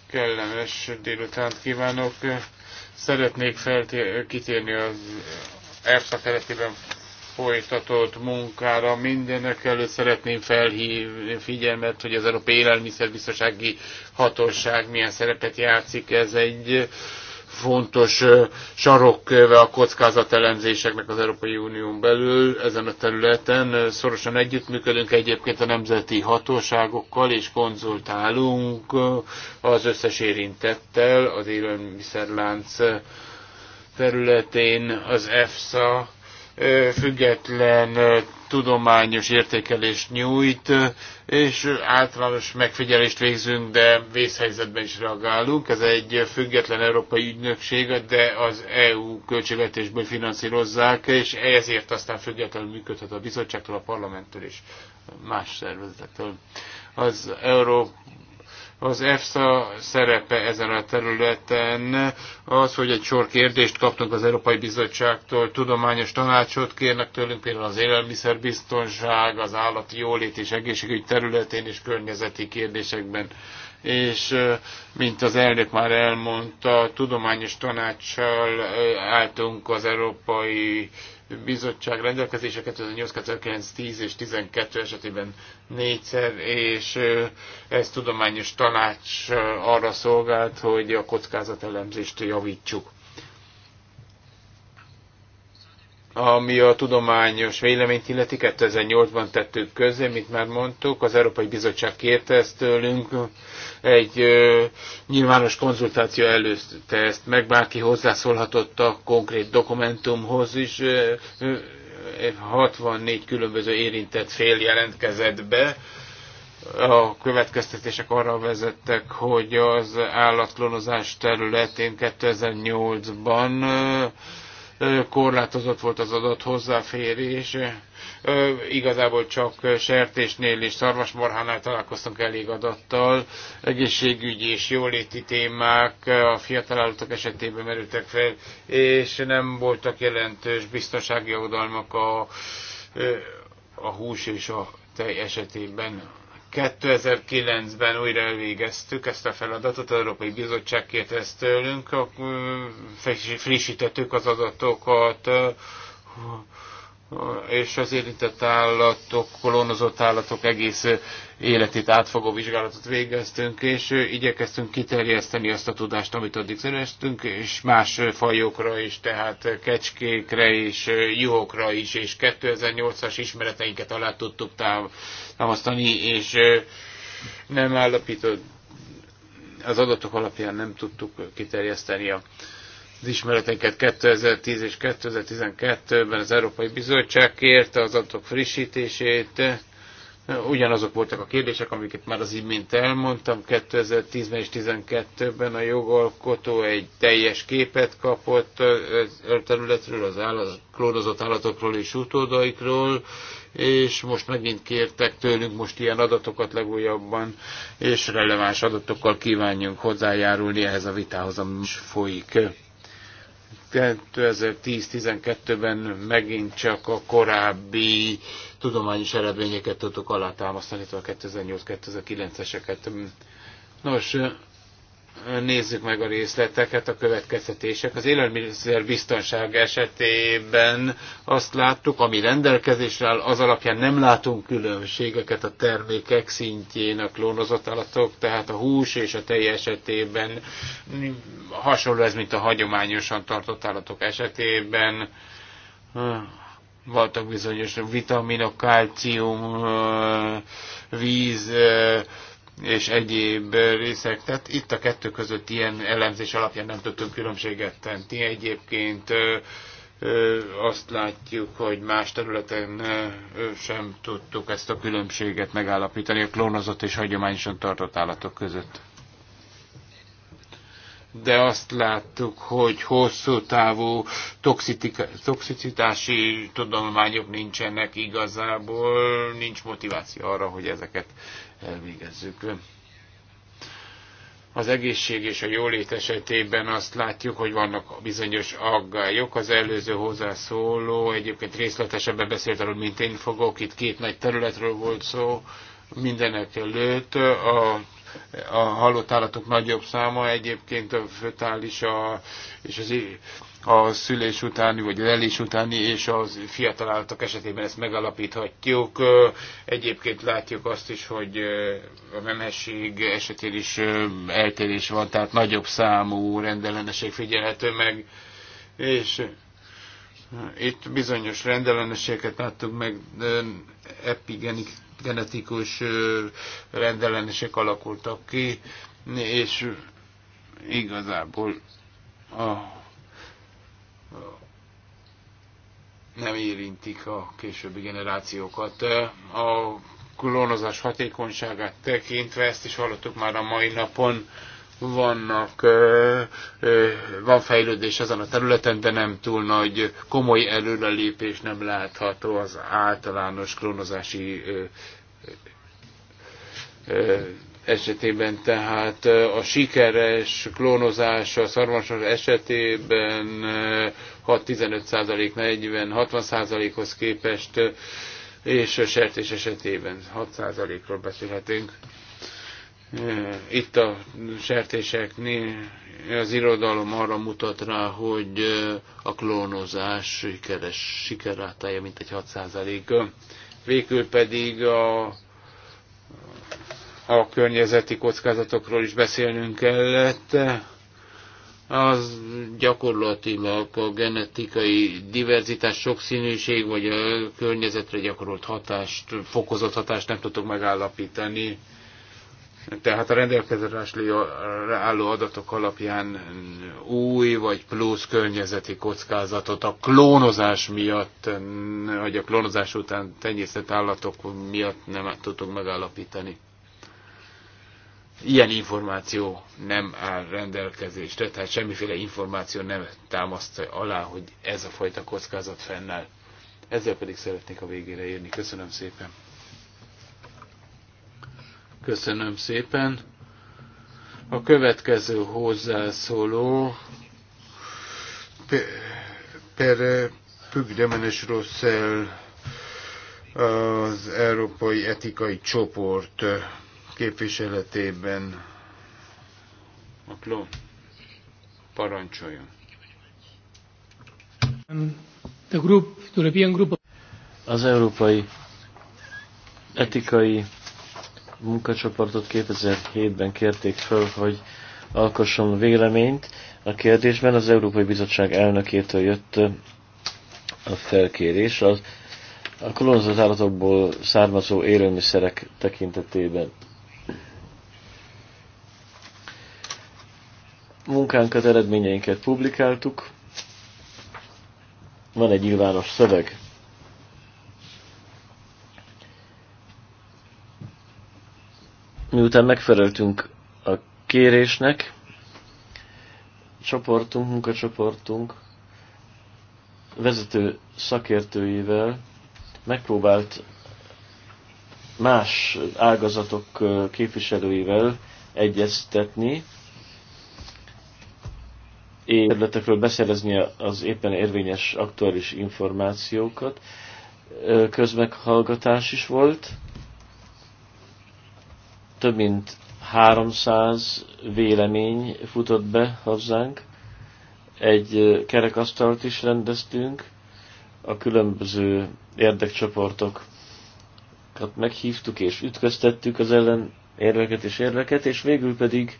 Speaker 2: Kellemes délutánt kívánok! Szeretnék kitérni az EFSA keretében folytatott munkára. Mindenek előtt szeretném felhívni figyelmet, hogy az Európai Élelmiszerbiztonsági Hatóság milyen szerepet játszik. Ez egy fontos sarokköve a kockázatelemzéseknek az Európai Unión belül ezen a területen. Szorosan együttműködünk egyébként a nemzeti hatóságokkal, és konzultálunk az összes érintettel az élelmiszerlánc területén az EFSA független tudományos értékelést nyújt, és általános megfigyelést végzünk, de vészhelyzetben is reagálunk. Ez egy független európai ügynökség, de az EU költségvetésből finanszírozzák, és ezért aztán függetlenül működhet a bizottságtól, a parlamenttől és más szervezetektől. Az euró az EFSA szerepe ezen a területen az, hogy egy sor kérdést kaptunk az Európai Bizottságtól, tudományos tanácsot kérnek tőlünk, például az élelmiszerbiztonság, az állati jólét és egészségügy területén és környezeti kérdésekben és mint az elnök már elmondta, tudományos tanácssal álltunk az Európai bizottság rendelkezése 2008, 2009, 10 és 12 esetében négyszer, és ez tudományos tanács arra szolgált, hogy a kockázatelemzést javítsuk. Ami a tudományos véleményt illeti, 2008-ban tettük közé, mint már mondtuk, az Európai Bizottság kérte ezt tőlünk, egy ö, nyilvános konzultáció előzte ezt meg, bárki hozzászólhatott a konkrét dokumentumhoz is, ö, ö, 64 különböző érintett fél jelentkezett be, a következtetések arra vezettek, hogy az állatklonozás területén 2008-ban korlátozott volt az adott hozzáférés. Igazából csak sertésnél és szarvasmarhánál találkoztunk elég adattal. Egészségügyi és jóléti témák a fiataláltak esetében merültek fel, és nem voltak jelentős biztonsági aggodalmak a, a hús és a tej esetében 2009-ben újra elvégeztük ezt a feladatot, az Európai Bizottság kérte ezt tőlünk, frissítettük az adatokat, és az érintett állatok, kolonozott állatok egész életét átfogó vizsgálatot végeztünk, és igyekeztünk kiterjeszteni azt a tudást, amit addig szereztünk, és más fajokra is, tehát kecskékre és juhokra is, és 2008-as ismereteinket alá tudtuk támasztani, és nem állapított, az adatok alapján nem tudtuk kiterjeszteni a az ismereteinket 2010 és 2012-ben az Európai Bizottság kérte az adatok frissítését. Ugyanazok voltak a kérdések, amiket már az imént elmondtam. 2010-ben és 2012-ben a jogalkotó egy teljes képet kapott a e területről, az állat, klónozott állatokról és utódaikról, és most megint kértek tőlünk most ilyen adatokat legújabban, és releváns adatokkal kívánjunk hozzájárulni ehhez a vitához, ami is folyik. 2010-12-ben megint csak a korábbi tudományos eredményeket tudtuk alátámasztani, a 2008-2009-eseket. Nos, nézzük meg a részleteket, a következtetések. Az élelmiszer biztonság esetében azt láttuk, ami rendelkezésre áll, az alapján nem látunk különbségeket a termékek szintjén a klónozott állatok, tehát a hús és a tej esetében hasonló ez, mint a hagyományosan tartott állatok esetében. Voltak bizonyos vitaminok, kalcium, víz, és egyéb részek. Tehát itt a kettő között ilyen elemzés alapján nem tudtunk különbséget tenni. Egyébként azt látjuk, hogy más területen sem tudtuk ezt a különbséget megállapítani a klónozott és hagyományosan tartott állatok között. De azt láttuk, hogy hosszú távú toxicitási tudományok nincsenek igazából, nincs motiváció arra, hogy ezeket elvégezzük. Az egészség és a jólét esetében azt látjuk, hogy vannak bizonyos aggályok. Az előző hozzászóló egyébként részletesebben beszélt arról, mint én fogok. Itt két nagy területről volt szó. Mindenek előtt a a halott állatok nagyobb száma, egyébként a fötális a, és az a szülés utáni, vagy a lelés utáni, és a fiatal állatok esetében ezt megalapíthatjuk. Egyébként látjuk azt is, hogy a memesség esetén is eltérés van, tehát nagyobb számú rendellenesség figyelhető meg, és itt bizonyos rendellenességet láttuk meg, epigenik, genetikus rendellenesek alakultak ki, és igazából a nem érintik a későbbi generációkat. A klónozás hatékonyságát tekintve, ezt is hallottuk már a mai napon, vannak, van fejlődés ezen a területen, de nem túl nagy, komoly előrelépés nem látható az általános klónozási esetében, tehát eh, a sikeres klónozás a szarvasos esetében 6-15%, eh, 40-60%-hoz képest, eh, és a sertés esetében 6%-ról beszélhetünk. Itt a sertéseknél az irodalom arra mutat rá, hogy a klónozás sikeres sikerrátája mintegy 6%. Végül pedig a a környezeti kockázatokról is beszélnünk kellett. Az gyakorlatilag a genetikai diverzitás, sokszínűség, vagy a környezetre gyakorolt hatást, fokozott hatást nem tudtuk megállapítani. Tehát a rendelkezésre álló adatok alapján új vagy plusz környezeti kockázatot a klónozás miatt, vagy a klónozás után tenyésztett állatok miatt nem tudtuk megállapítani ilyen információ nem áll rendelkezésre, tehát semmiféle információ nem támasztja alá, hogy ez a fajta kockázat fennáll. Ezzel pedig szeretnék a végére érni. Köszönöm szépen. Köszönöm szépen. A következő hozzászóló per Pügdemenes Rosszel az Európai Etikai Csoport képviseletében a kló parancsoljon.
Speaker 1: The group, the European group.
Speaker 4: Az európai etikai munkacsoportot 2007-ben kérték föl, hogy alkosson véleményt. A kérdésben az Európai Bizottság elnökétől jött a felkérés az, a kolonizált állatokból származó élelmiszerek tekintetében. Munkánkat, eredményeinket publikáltuk. Van egy nyilvános szöveg. Miután megfeleltünk a kérésnek, csoportunk, munkacsoportunk vezető szakértőivel megpróbált más ágazatok képviselőivel egyeztetni, területekről beszerezni az éppen érvényes aktuális információkat. Közmeghallgatás is volt. Több mint 300 vélemény futott be hozzánk. Egy kerekasztalt is rendeztünk. A különböző érdekcsoportokat meghívtuk és ütköztettük az ellen érveket és érveket, és végül pedig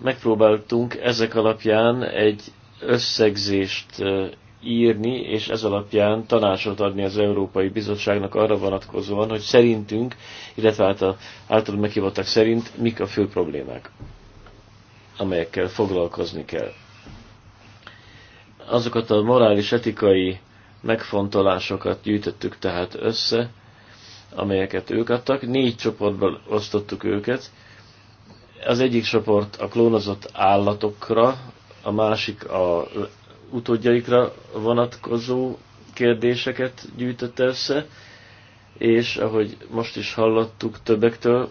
Speaker 4: megpróbáltunk ezek alapján egy összegzést írni, és ez alapján tanácsot adni az Európai Bizottságnak arra vonatkozóan, hogy szerintünk, illetve által, által meghívottak szerint mik a fő problémák, amelyekkel foglalkozni kell. Azokat a morális, etikai megfontolásokat gyűjtöttük tehát össze, amelyeket ők adtak. Négy csoportban osztottuk őket. Az egyik csoport a klónozott állatokra, a másik a utódjaikra vonatkozó kérdéseket gyűjtötte össze, és ahogy most is hallottuk többektől,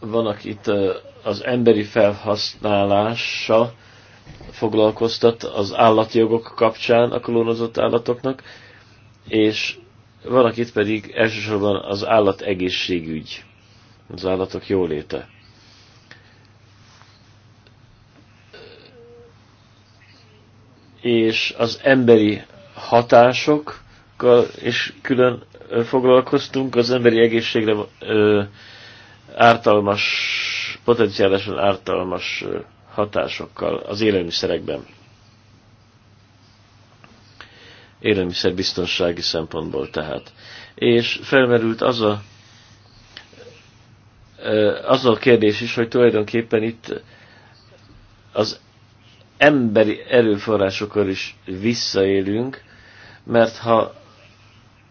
Speaker 4: vannak itt az emberi felhasználása foglalkoztat az állatjogok kapcsán a klónozott állatoknak, és valakit pedig elsősorban az állat egészségügy, az állatok jóléte. És az emberi hatásokkal is külön foglalkoztunk, az emberi egészségre ártalmas, potenciálisan ártalmas hatásokkal az élelmiszerekben élelmiszerbiztonsági szempontból tehát. És felmerült az a, az a kérdés is, hogy tulajdonképpen itt az emberi erőforrásokkal is visszaélünk, mert ha,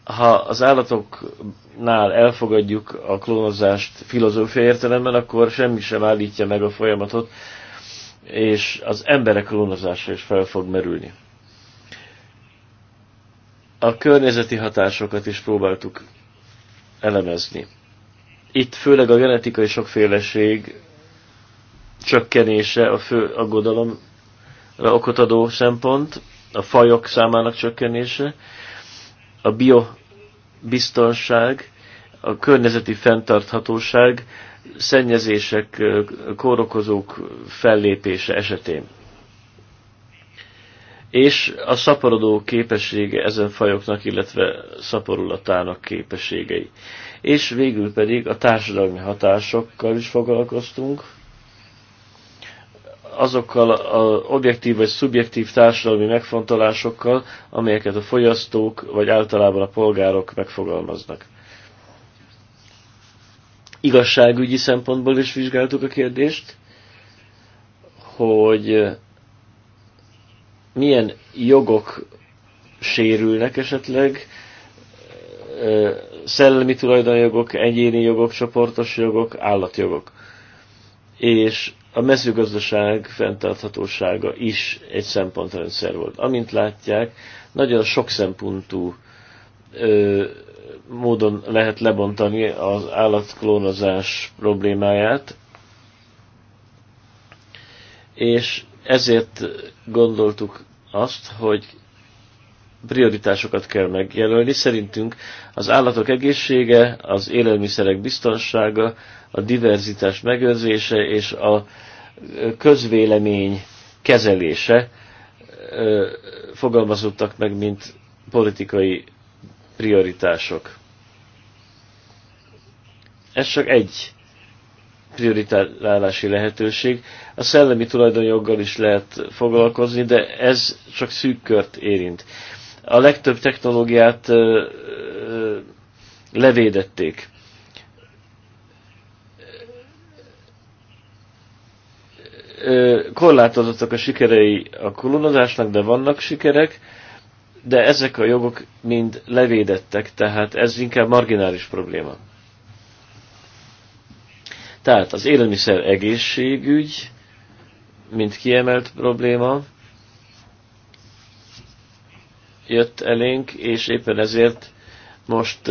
Speaker 4: ha az állatoknál elfogadjuk a klónozást filozófia értelemben, akkor semmi sem állítja meg a folyamatot, és az emberek klónozása is fel fog merülni a környezeti hatásokat is próbáltuk elemezni. Itt főleg a genetikai sokféleség csökkenése a fő aggodalomra okot adó szempont, a fajok számának csökkenése, a biobiztonság, a környezeti fenntarthatóság, szennyezések, kórokozók fellépése esetén és a szaporodó képessége ezen fajoknak, illetve szaporulatának képességei. És végül pedig a társadalmi hatásokkal is foglalkoztunk, azokkal az objektív vagy szubjektív társadalmi megfontolásokkal, amelyeket a fogyasztók vagy általában a polgárok megfogalmaznak. Igazságügyi szempontból is vizsgáltuk a kérdést, hogy milyen jogok sérülnek esetleg, szellemi tulajdonjogok, egyéni jogok, csoportos jogok, állatjogok. És a mezőgazdaság fenntarthatósága is egy szempontrendszer volt. Amint látják, nagyon sok szempontú ö, módon lehet lebontani az állatklónozás problémáját, és ezért gondoltuk azt, hogy prioritásokat kell megjelölni. Szerintünk az állatok egészsége, az élelmiszerek biztonsága, a diverzitás megőrzése és a közvélemény kezelése fogalmazottak meg, mint politikai prioritások. Ez csak egy prioritálási lehetőség. A szellemi tulajdonjoggal is lehet foglalkozni, de ez csak szűk kört érint. A legtöbb technológiát ö, ö, levédették. korlátozottak a sikerei a kolonozásnak, de vannak sikerek, de ezek a jogok mind levédettek, tehát ez inkább marginális probléma. Tehát az élelmiszer egészségügy, mint kiemelt probléma, jött elénk, és éppen ezért most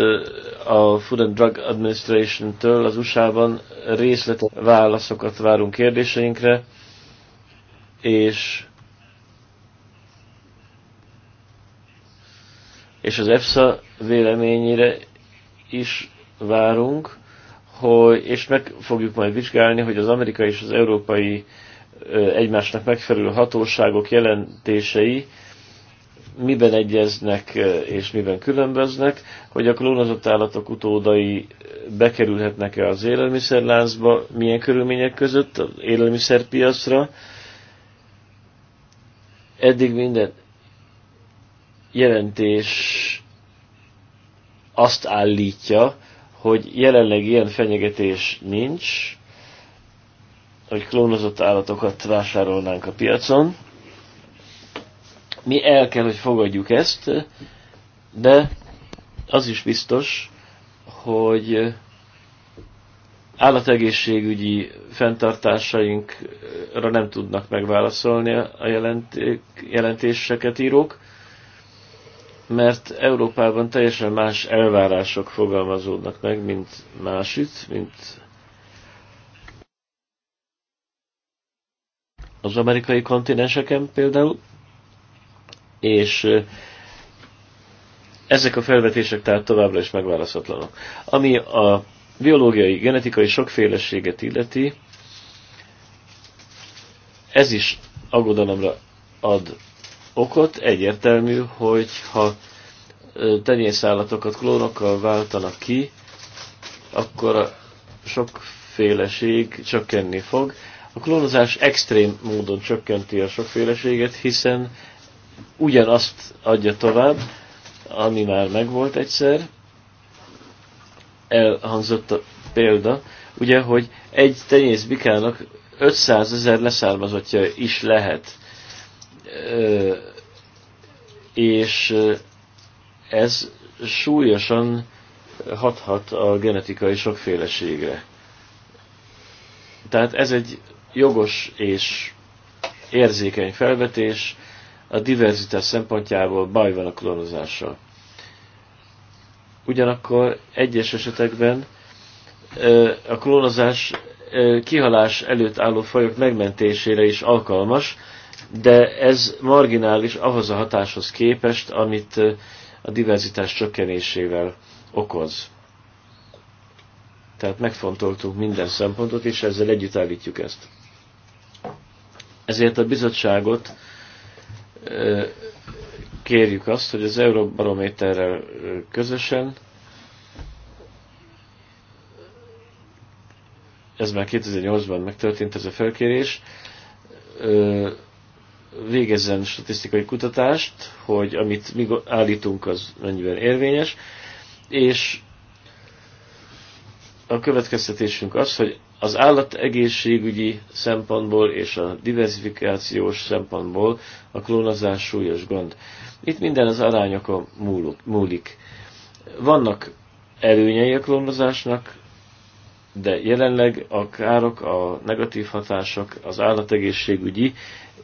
Speaker 4: a Food and Drug Administration-től az USA-ban részletes válaszokat várunk kérdéseinkre, és és az EFSA véleményére is várunk, hogy, és meg fogjuk majd vizsgálni, hogy az amerikai és az európai egymásnak megfelelő hatóságok jelentései miben egyeznek és miben különböznek, hogy a klónozott állatok utódai bekerülhetnek-e az élelmiszerláncba, milyen körülmények között az élelmiszerpiacra. Eddig minden jelentés azt állítja, hogy jelenleg ilyen fenyegetés nincs, hogy klónozott állatokat vásárolnánk a piacon. Mi el kell, hogy fogadjuk ezt, de az is biztos, hogy állategészségügyi fenntartásainkra nem tudnak megválaszolni a jelent, jelentéseket írók mert Európában teljesen más elvárások fogalmazódnak meg, mint másütt, mint az amerikai kontinenseken például, és ezek a felvetések tehát továbbra is megválaszthatlanok. Ami a biológiai, genetikai sokféleséget illeti, ez is aggodalomra ad okot. Egyértelmű, hogy ha tenyészállatokat klónokkal váltanak ki, akkor a sokféleség csökkenni fog. A klónozás extrém módon csökkenti a sokféleséget, hiszen ugyanazt adja tovább, ami már megvolt egyszer. Elhangzott a példa, ugye, hogy egy tenyészbikának 500 ezer leszármazottja is lehet és ez súlyosan hathat a genetikai sokféleségre. Tehát ez egy jogos és érzékeny felvetés, a diverzitás szempontjából baj van a klónozással. Ugyanakkor egyes esetekben a klónozás kihalás előtt álló fajok megmentésére is alkalmas, de ez marginális ahhoz a hatáshoz képest, amit a diverzitás csökkenésével okoz. Tehát megfontoltunk minden szempontot, és ezzel együtt állítjuk ezt. Ezért a bizottságot kérjük azt, hogy az Euróbarométerrel közösen, ez már 2008-ban megtörtént ez a felkérés, végezzen statisztikai kutatást, hogy amit mi állítunk, az mennyiben érvényes, és a következtetésünk az, hogy az állategészségügyi szempontból és a diversifikációs szempontból a klónozás súlyos gond. Itt minden az arányokon múlik. Vannak előnyei a klónozásnak, de jelenleg a károk, a negatív hatások az állategészségügyi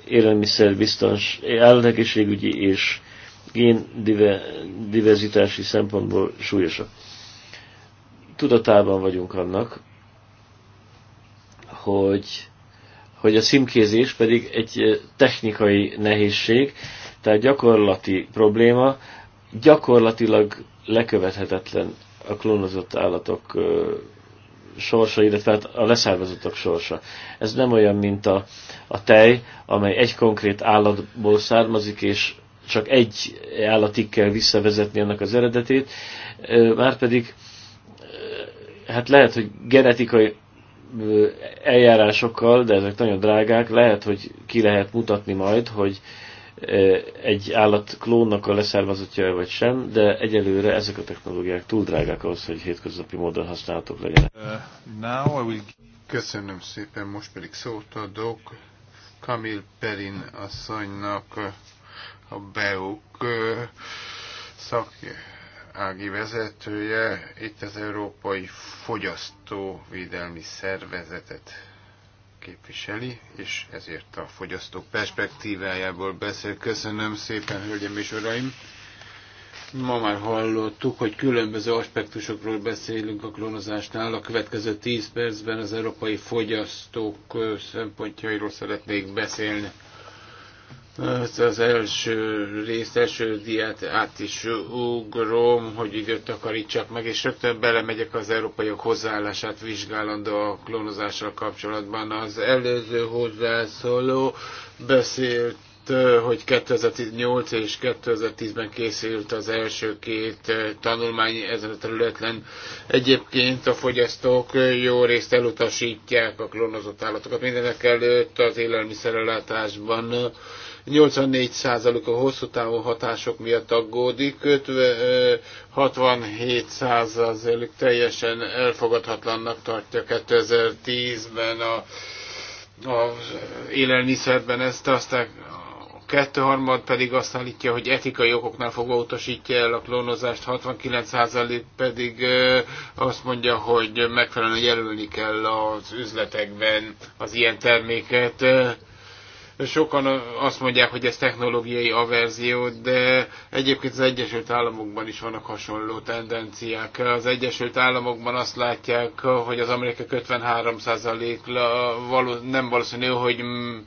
Speaker 4: élelmiszerbiztons, állategészségügyi és géndiverzitási szempontból súlyosabb. Tudatában vagyunk annak, hogy, hogy a szimkézés pedig egy eh, technikai nehézség, tehát gyakorlati probléma, gyakorlatilag lekövethetetlen a klónozott állatok eh, sorsa, illetve hát a leszármazottak sorsa. Ez nem olyan, mint a, a tej, amely egy konkrét állatból származik, és csak egy állatig kell visszavezetni annak az eredetét. Márpedig hát lehet, hogy genetikai eljárásokkal, de ezek nagyon drágák, lehet, hogy ki lehet mutatni majd, hogy egy állat klónnak a leszármazottja vagy sem, de egyelőre ezek a technológiák túl drágák ahhoz, hogy hétköznapi módon használhatók legyenek.
Speaker 2: Uh, will... Köszönöm szépen, most pedig szót adok Kamil Perin asszonynak a BEUK szakági vezetője, itt az Európai Fogyasztóvédelmi Szervezetet képviseli, és ezért a fogyasztók perspektívájából beszél. Köszönöm szépen, hölgyeim és uraim! Ma már hallottuk, hogy különböző aspektusokról beszélünk a klónozásnál. A következő 10 percben az európai fogyasztók szempontjairól szeretnék beszélni. Az első részt, első diát át is ugrom, hogy időt takarítsak meg, és rögtön belemegyek az európaiak hozzáállását vizsgálandó a klónozással kapcsolatban. Az előző hozzászóló beszélt hogy 2008 és 2010-ben készült az első két tanulmány ezen a területen. Egyébként a fogyasztók jó részt elutasítják a klónozott állatokat. Mindenek előtt az élelmiszerellátásban 84%-a hosszú távú hatások miatt aggódik, 67%-ük teljesen elfogadhatlannak tartja 2010-ben a a élelmiszerben ezt, aztán kettőharmad pedig azt állítja, hogy etikai okoknál fogva utasítja el a klónozást, 69% pedig azt mondja, hogy megfelelően jelölni kell az üzletekben az ilyen terméket. Sokan azt mondják, hogy ez technológiai averzió, de egyébként az Egyesült Államokban is vannak hasonló tendenciák. Az Egyesült Államokban azt látják, hogy az amerikai 53% nem valószínű, hogy mm,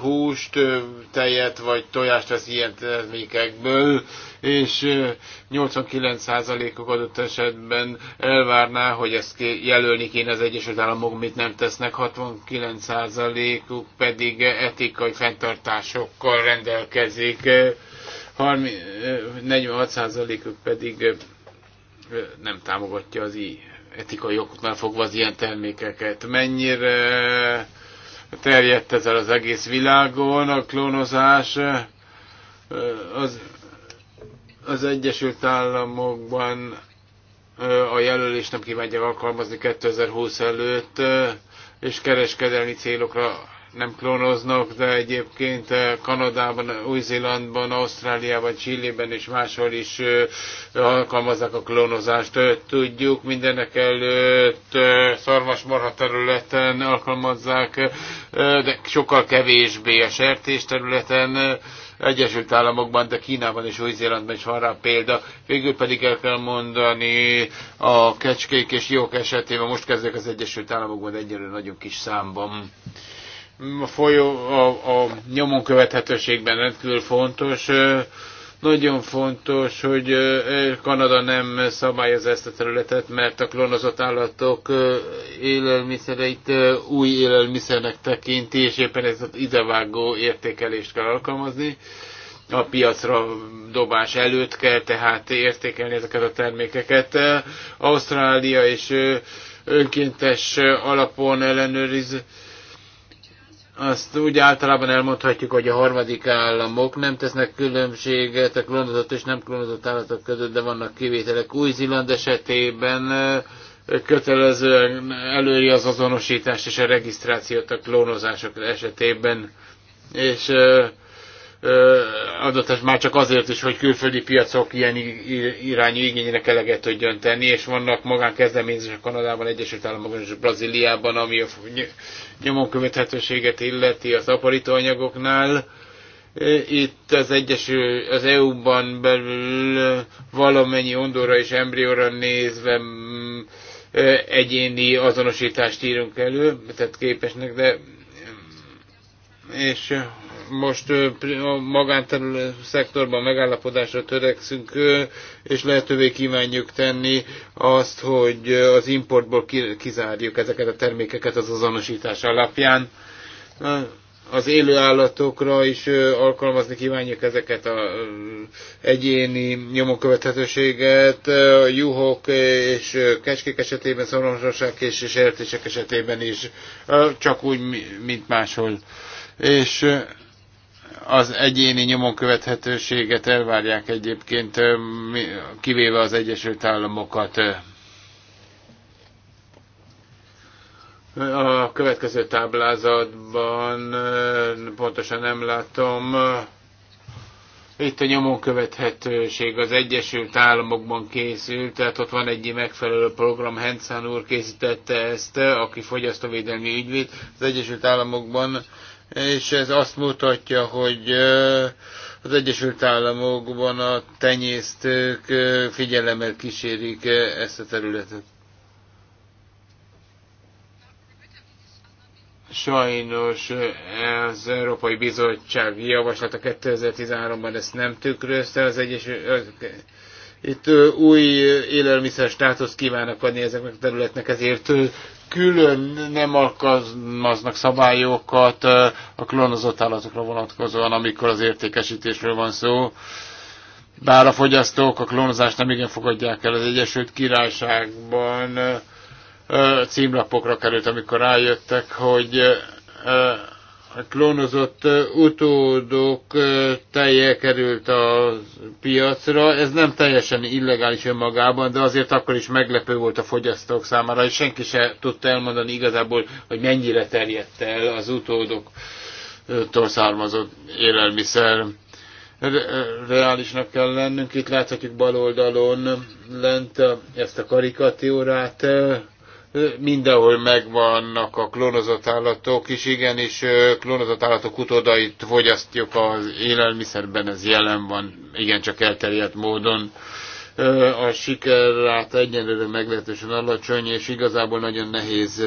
Speaker 2: húst, tejet vagy tojást vesz ilyen termékekből, és 89%-uk adott esetben elvárná, hogy ezt jelölni kéne az Egyesült Államok, mit nem tesznek, 69%-uk pedig etikai fenntartásokkal rendelkezik, 46%-uk pedig nem támogatja az etikai okoknál fogva az ilyen termékeket. Mennyire terjedt ezzel az egész világon a klónozás? Az az Egyesült Államokban a jelölést nem kívánják alkalmazni 2020 előtt, és kereskedelmi célokra nem klónoznak, de egyébként Kanadában, Új-Zélandban, Ausztráliában, Csillében és máshol is alkalmazzák a klónozást. Tudjuk, mindenek előtt szarvasmarha területen alkalmazzák, de sokkal kevésbé a sertés területen Egyesült Államokban, de Kínában és Új-Zélandban is van rá példa. Végül pedig el kell mondani, a kecskék és jók esetében most kezdek az Egyesült Államokban egyelőre nagyon kis számban a, folyó, a, a nyomon követhetőségben rendkívül fontos. Nagyon fontos, hogy Kanada nem szabályozza ezt a területet, mert a klonozott állatok élelmiszereit új élelmiszernek tekinti, és éppen ez az idevágó értékelést kell alkalmazni a piacra dobás előtt kell tehát értékelni ezeket a termékeket. Ausztrália és önkéntes alapon ellenőriz azt úgy általában elmondhatjuk, hogy a harmadik államok nem tesznek különbséget a klónozott és nem klónozott állatok között, de vannak kivételek. Új-Zéland esetében kötelezően előri az azonosítást és a regisztrációt a klónozások esetében, és adott már csak azért is, hogy külföldi piacok ilyen irányú igényének eleget tudjon tenni, és vannak magánkezdeményezések Kanadában, Egyesült Államokban és Brazíliában, ami a nyomon követhetőséget illeti az aparítóanyagoknál. Itt az Egyesül, az EU-ban belül valamennyi ondóra és embrióra nézve mm, egyéni azonosítást írunk elő, tehát képesnek, de mm, és most a magánterület szektorban megállapodásra törekszünk, és lehetővé kívánjuk tenni azt, hogy az importból kizárjuk ezeket a termékeket az azonosítás alapján. Az élő állatokra is alkalmazni kívánjuk ezeket a egyéni nyomokövethetőséget, a juhok és kecskék esetében, szorososák és sertések esetében is, csak úgy, mint máshol és az egyéni nyomon követhetőséget elvárják egyébként, kivéve az Egyesült Államokat. A következő táblázatban pontosan nem látom. Itt a nyomon követhetőség az Egyesült Államokban készült, tehát ott van egy megfelelő program, Henszán úr készítette ezt, aki fogyasztóvédelmi ügyvéd. Az Egyesült Államokban és ez azt mutatja, hogy az Egyesült Államokban a tenyésztők figyelemmel kísérik ezt a területet. Sajnos az Európai Bizottság javaslata 2013-ban ezt nem tükrözte, az Egyesült itt új élelmiszer státuszt kívánnak adni ezeknek a területnek, ezért külön nem alkalmaznak szabályokat a klónozott állatokra vonatkozóan, amikor az értékesítésről van szó. Bár a fogyasztók a klónozást nem igen fogadják el az Egyesült Királyságban, címlapokra került, amikor rájöttek, hogy Hát klónozott utódok telje került a piacra. Ez nem teljesen illegális önmagában, de azért akkor is meglepő volt a fogyasztók számára, és senki se tudta elmondani igazából, hogy mennyire terjedt el az utódoktól származott élelmiszer. Reálisnak kell lennünk. Itt láthatjuk bal oldalon lent ezt a karikatúrát mindenhol megvannak a klónozott állatok, és igenis klónozott állatok utódait fogyasztjuk az élelmiszerben, ez jelen van, igencsak elterjedt módon. A sikerrát egyenlőre meglehetősen alacsony, és igazából nagyon nehéz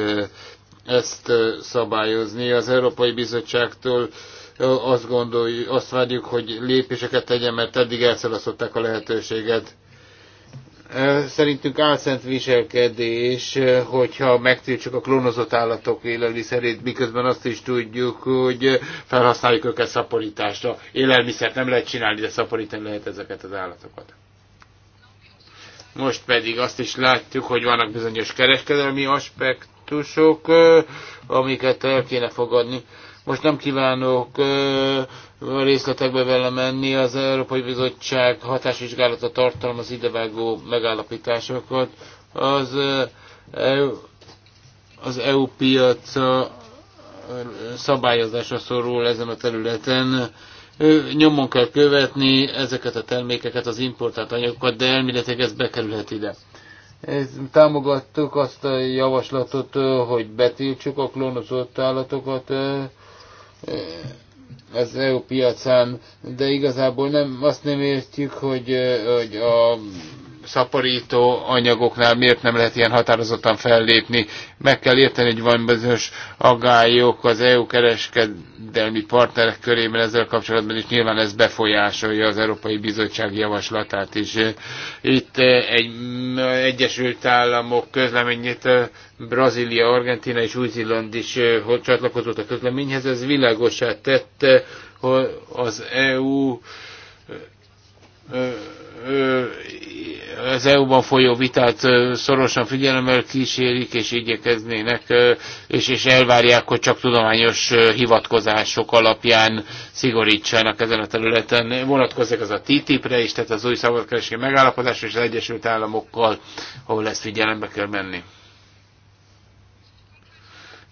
Speaker 2: ezt szabályozni. Az Európai Bizottságtól azt gondoljuk, azt várjuk, hogy lépéseket tegyen, mert eddig elszalasztották a lehetőséget Szerintünk álszent viselkedés, hogyha megtiltsuk a klónozott állatok élelmiszerét, miközben azt is tudjuk, hogy felhasználjuk őket szaporításra. Élelmiszert nem lehet csinálni, de szaporítani lehet ezeket az állatokat. Most pedig azt is látjuk, hogy vannak bizonyos kereskedelmi aspektusok, amiket el kéne fogadni most nem kívánok részletekbe vele menni, az Európai Bizottság hatásvizsgálata tartalmaz idevágó megállapításokat. Az, az EU piaca szabályozásra szorul ezen a területen. Nyomon kell követni ezeket a termékeket, az importált anyagokat, de elméletileg ez bekerülhet ide. Támogattuk azt a javaslatot, hogy betiltsuk a klónozott állatokat, az EU piacán, de igazából nem azt nem értjük, hogy, hogy a szaporító anyagoknál miért nem lehet ilyen határozottan fellépni. Meg kell érteni, hogy van bizonyos agályok az EU kereskedelmi partnerek körében ezzel kapcsolatban, és nyilván ez befolyásolja az Európai Bizottság javaslatát is. Itt eh, egy eh, Egyesült Államok közleményét eh, Brazília, Argentina és Új-Zéland is csatlakozott a közleményhez. Ez világosát tette, hogy az EU az EU-ban folyó vitát szorosan figyelemmel kísérik, és igyekeznének, és, és elvárják, hogy csak tudományos hivatkozások alapján szigorítsanak ezen a területen. Vonatkozik az a TTIP-re is, tehát az új szabadkereskedelmi megállapodásra és az Egyesült Államokkal, ahol ezt figyelembe kell menni.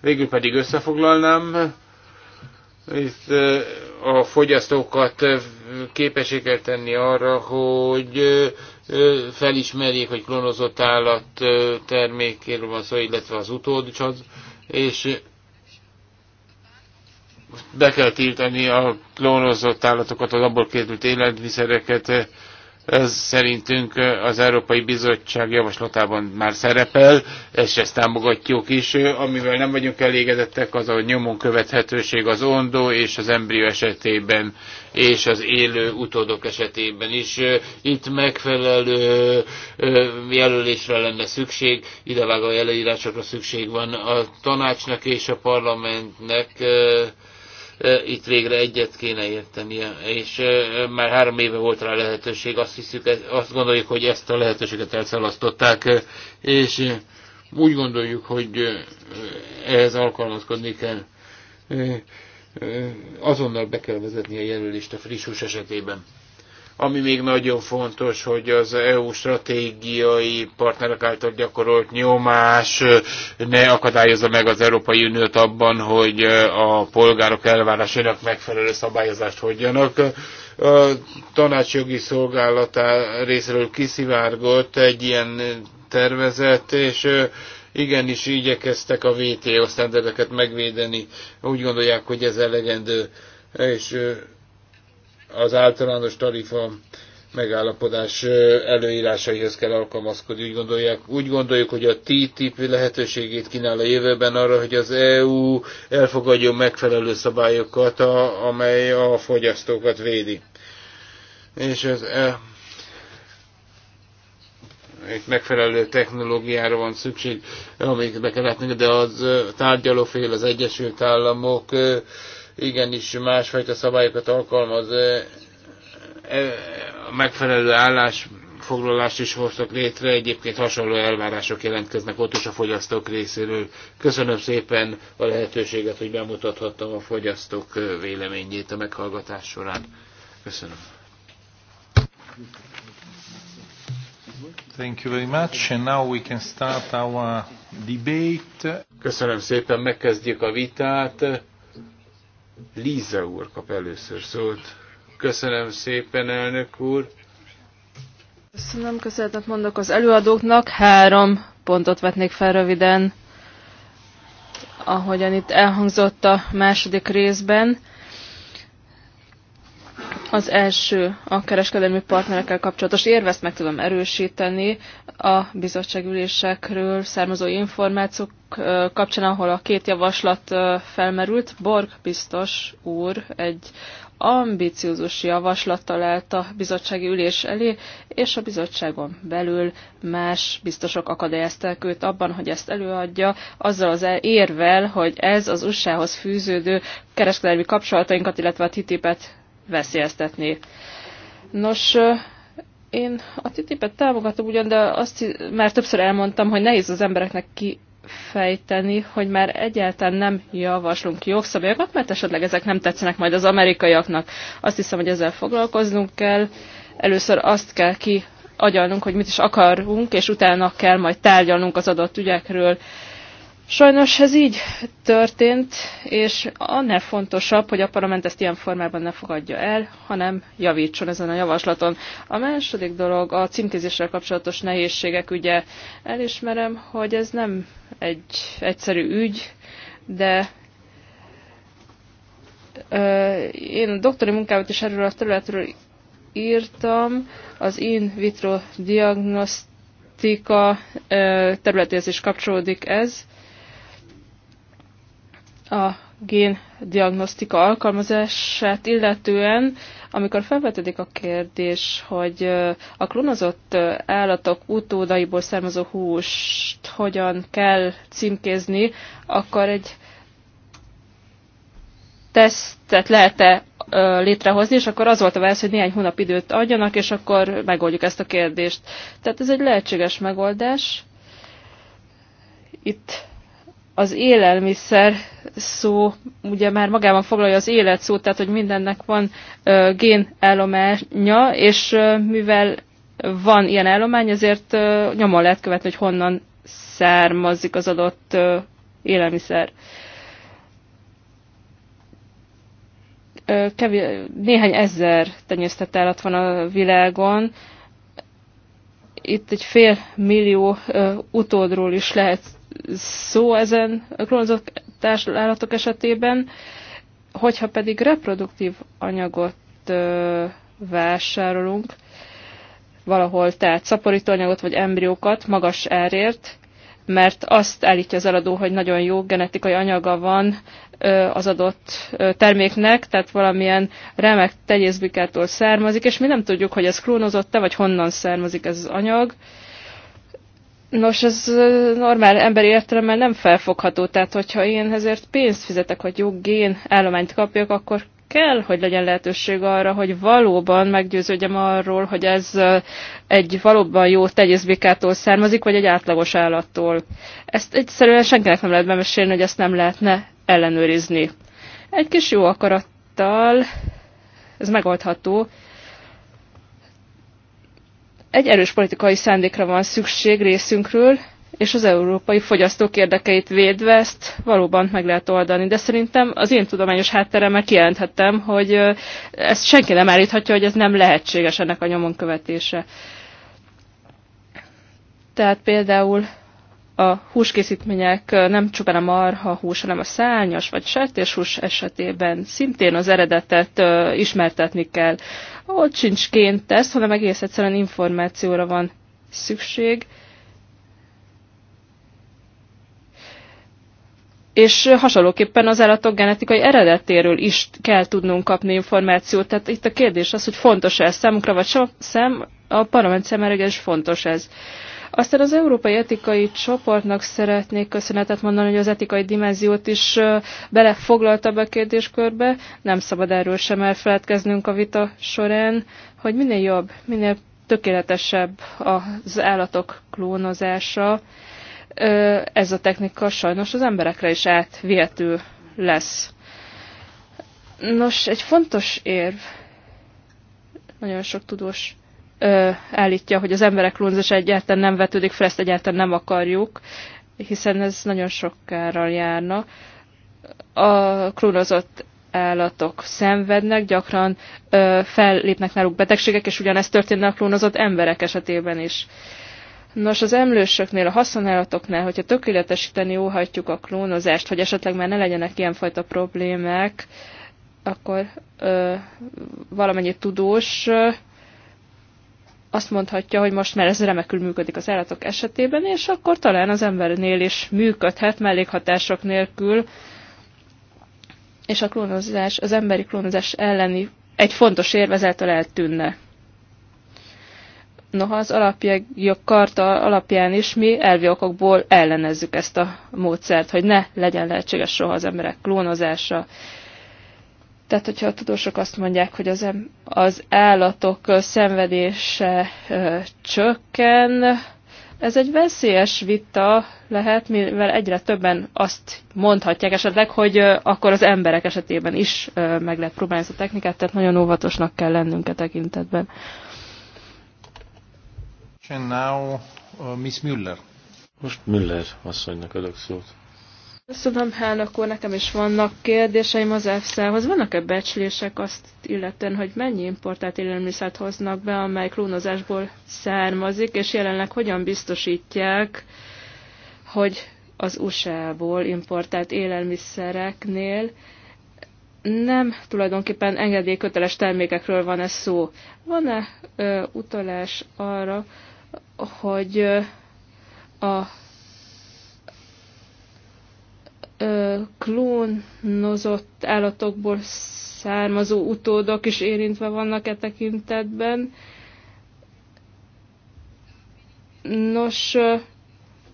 Speaker 2: Végül pedig összefoglalnám, itt a fogyasztókat képesek tenni arra, hogy felismerjék, hogy klónozott állat termékéről van szó, illetve az utódcsad, és be kell tiltani a klónozott állatokat, az abból készült élelmiszereket, ez szerintünk az Európai Bizottság javaslatában már szerepel, és ezt támogatjuk is. Amivel nem vagyunk elégedettek, az a nyomon követhetőség az ondó és az embrió esetében, és az élő utódok esetében is. Itt megfelelő jelölésre lenne szükség, idevágó jelölésre szükség van a tanácsnak és a parlamentnek itt végre egyet kéne értenie, és már három éve volt rá lehetőség, azt, hiszük, azt gondoljuk, hogy ezt a lehetőséget elszalasztották, és úgy gondoljuk, hogy ehhez alkalmazkodni kell. Azonnal be kell vezetni a jelölést a friss esetében. Ami még nagyon fontos, hogy az EU stratégiai partnerek által gyakorolt nyomás ne akadályozza meg az Európai Uniót abban, hogy a polgárok elvárásainak megfelelő szabályozást hogyanak a tanácsjogi szolgálatá részéről kiszivárgott egy ilyen tervezet, és igenis igyekeztek a VTO sztendereket megvédeni. Úgy gondolják, hogy ez elegendő, és az általános tarifa megállapodás előírásaihoz kell alkalmazkodni. Úgy, gondolják, úgy gondoljuk, hogy a TTIP lehetőségét kínál a jövőben arra, hogy az EU elfogadjon megfelelő szabályokat, a, amely a fogyasztókat védi. És az e, egy megfelelő technológiára van szükség, amit be kell látni, de az tárgyalófél, az Egyesült Államok igenis másfajta szabályokat alkalmaz, A megfelelő állás foglalást is hoztak létre, egyébként hasonló elvárások jelentkeznek ott is a fogyasztók részéről. Köszönöm szépen a lehetőséget, hogy bemutathattam a fogyasztók véleményét a meghallgatás során. Köszönöm. Thank you very much, and now we can start our debate. Köszönöm szépen, megkezdjük a vitát. Líza úr kap először szólt. Köszönöm szépen, elnök úr.
Speaker 3: Köszönöm, köszönetet mondok az előadóknak. Három pontot vetnék fel röviden, ahogyan itt elhangzott a második részben. Az első a kereskedelmi partnerekkel kapcsolatos érvezt meg tudom erősíteni a bizottságülésekről származó információk kapcsán, ahol a két javaslat felmerült, Borg biztos úr egy ambiciózus javaslattal állt a bizottsági ülés elé, és a bizottságon belül más biztosok akadályozták őt abban, hogy ezt előadja, azzal az érvel, hogy ez az USA-hoz fűződő kereskedelmi kapcsolatainkat, illetve a TTIP-et veszélyeztetné. Nos, én a TTIP-et támogatom ugyan, de azt már többször elmondtam, hogy nehéz az embereknek ki fejteni, hogy már egyáltalán nem javaslunk jogszabályokat, mert esetleg ezek nem tetszenek majd az amerikaiaknak. Azt hiszem, hogy ezzel foglalkoznunk kell. Először azt kell ki agyalnunk, hogy mit is akarunk, és utána kell majd tárgyalnunk az adott ügyekről. Sajnos ez így történt, és annál fontosabb, hogy a parlament ezt ilyen formában ne fogadja el, hanem javítson ezen a javaslaton. A második dolog a címkézéssel kapcsolatos nehézségek ugye Elismerem, hogy ez nem egy egyszerű ügy, de én a doktori munkámat is erről a területről írtam, az in vitro diagnosztika területéhez is kapcsolódik ez a géndiagnosztika alkalmazását illetően, amikor felvetődik a kérdés, hogy a klónozott állatok utódaiból származó húst hogyan kell címkézni, akkor egy tesztet lehet-e létrehozni, és akkor az volt a válasz, hogy néhány hónap időt adjanak, és akkor megoldjuk ezt a kérdést. Tehát ez egy lehetséges megoldás. Itt az élelmiszer szó ugye már magában foglalja az élet szót, tehát hogy mindennek van ö, állománya, és ö, mivel van ilyen állomány, ezért ö, nyomon lehet követni, hogy honnan származik az adott ö, élelmiszer. Kevi kevés, néhány ezer tenyésztett állat van a világon, itt egy fél millió ö, utódról is lehet szó ezen klónozott társadalatok esetében, hogyha pedig reproduktív anyagot vásárolunk, valahol tehát szaporító anyagot vagy embriókat magas árért, mert azt állítja az eladó, hogy nagyon jó genetikai anyaga van az adott terméknek, tehát valamilyen remek tenyészbikától származik, és mi nem tudjuk, hogy ez klónozott-e, vagy honnan származik ez az anyag, Nos, ez normál emberi értelemmel nem felfogható, tehát hogyha én ezért pénzt fizetek, hogy gén állományt kapjak, akkor kell, hogy legyen lehetőség arra, hogy valóban meggyőződjem arról, hogy ez egy valóban jó tegyészbikától származik, vagy egy átlagos állattól. Ezt egyszerűen senkinek nem lehet bemesélni, hogy ezt nem lehetne ellenőrizni. Egy kis jó akarattal ez megoldható, egy erős politikai szándékra van szükség részünkről, és az európai fogyasztók érdekeit védve ezt valóban meg lehet oldani. De szerintem az én tudományos hátteremmel kijelenthettem, hogy ezt senki nem állíthatja, hogy ez nem lehetséges ennek a nyomon követése. Tehát például a húskészítmények nem csupán a marha hús, hanem a szárnyas vagy sertéshús esetében szintén az eredetet ismertetni kell. Ott sincs tesz, hanem egész egyszerűen információra van szükség. És hasonlóképpen az állatok genetikai eredetéről is kell tudnunk kapni információt. Tehát itt a kérdés az, hogy fontos -e ez számunkra, vagy sem, a parlament számára is fontos ez. Aztán az Európai Etikai Csoportnak szeretnék köszönetet mondani, hogy az etikai dimenziót is belefoglalta be a kérdéskörbe. Nem szabad erről sem elfeledkeznünk a vita során, hogy minél jobb, minél tökéletesebb az állatok klónozása. Ez a technika sajnos az emberekre is átvihető lesz. Nos, egy fontos érv, nagyon sok tudós ö, állítja, hogy az emberek klónzása egyáltalán nem vetődik fel, ezt egyáltalán nem akarjuk, hiszen ez nagyon kárral járna. A klónozott állatok szenvednek, gyakran ö, fellépnek náluk betegségek, és ugyanezt történne a klónozott emberek esetében is. Nos, az emlősöknél, a haszonállatoknál, hogyha tökéletesíteni óhajtjuk a klónozást, hogy esetleg már ne legyenek ilyenfajta problémák, akkor ö, valamennyi tudós ö, azt mondhatja, hogy most már ez remekül működik az állatok esetében, és akkor talán az embernél is működhet mellékhatások nélkül, és a klónozás, az emberi klónozás elleni egy fontos érvezettel eltűnne. Noha az alapjog karta alapján is mi elvi okokból ellenezzük ezt a módszert, hogy ne legyen lehetséges soha az emberek klónozása. Tehát, hogyha a tudósok azt mondják, hogy az, az állatok szenvedése ö, csökken, ez egy veszélyes vita lehet, mivel egyre többen azt mondhatják esetleg, hogy ö, akkor az emberek esetében is ö, meg lehet próbálni ezt a technikát, tehát nagyon óvatosnak kell lennünk a e tekintetben.
Speaker 4: And now, uh, Miss Müller. Most Müller asszonynak adok szót.
Speaker 3: Köszönöm, elnök úr, nekem is vannak kérdéseim az EFSA-hoz. Vannak-e becslések azt illetően, hogy mennyi importált élelmiszert hoznak be, amely klónozásból származik, és jelenleg hogyan biztosítják, hogy az USA-ból importált élelmiszereknél nem tulajdonképpen engedélyköteles termékekről van ez szó. Van-e utalás arra, hogy ö, a ö, klónozott állatokból származó utódok is érintve vannak e tekintetben. Nos,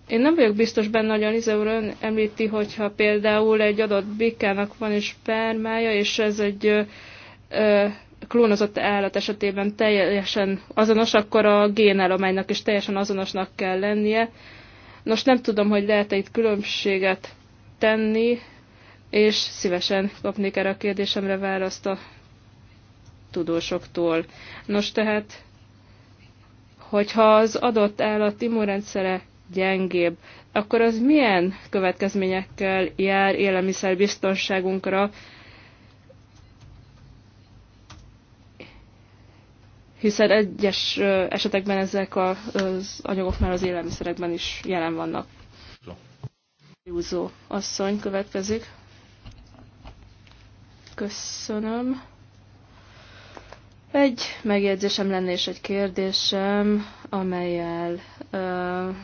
Speaker 3: én nem vagyok biztos benne, hogy Anize úr ön említi, hogyha például egy adott bikának van is spermája, és ez egy ö, ö, klónozott állat esetében teljesen azonos, akkor a génállománynak is teljesen azonosnak kell lennie. Nos, nem tudom, hogy lehet-e itt különbséget tenni, és szívesen kapnék erre a kérdésemre választ a tudósoktól. Nos tehát, hogyha az adott állat immunrendszere gyengébb, akkor az milyen következményekkel jár élelmiszerbiztonságunkra, hiszen egyes esetekben ezek az anyagok már az élelmiszerekben is jelen vannak. Júzó asszony következik. Köszönöm. Egy megjegyzésem lenne és egy kérdésem, amelyel uh,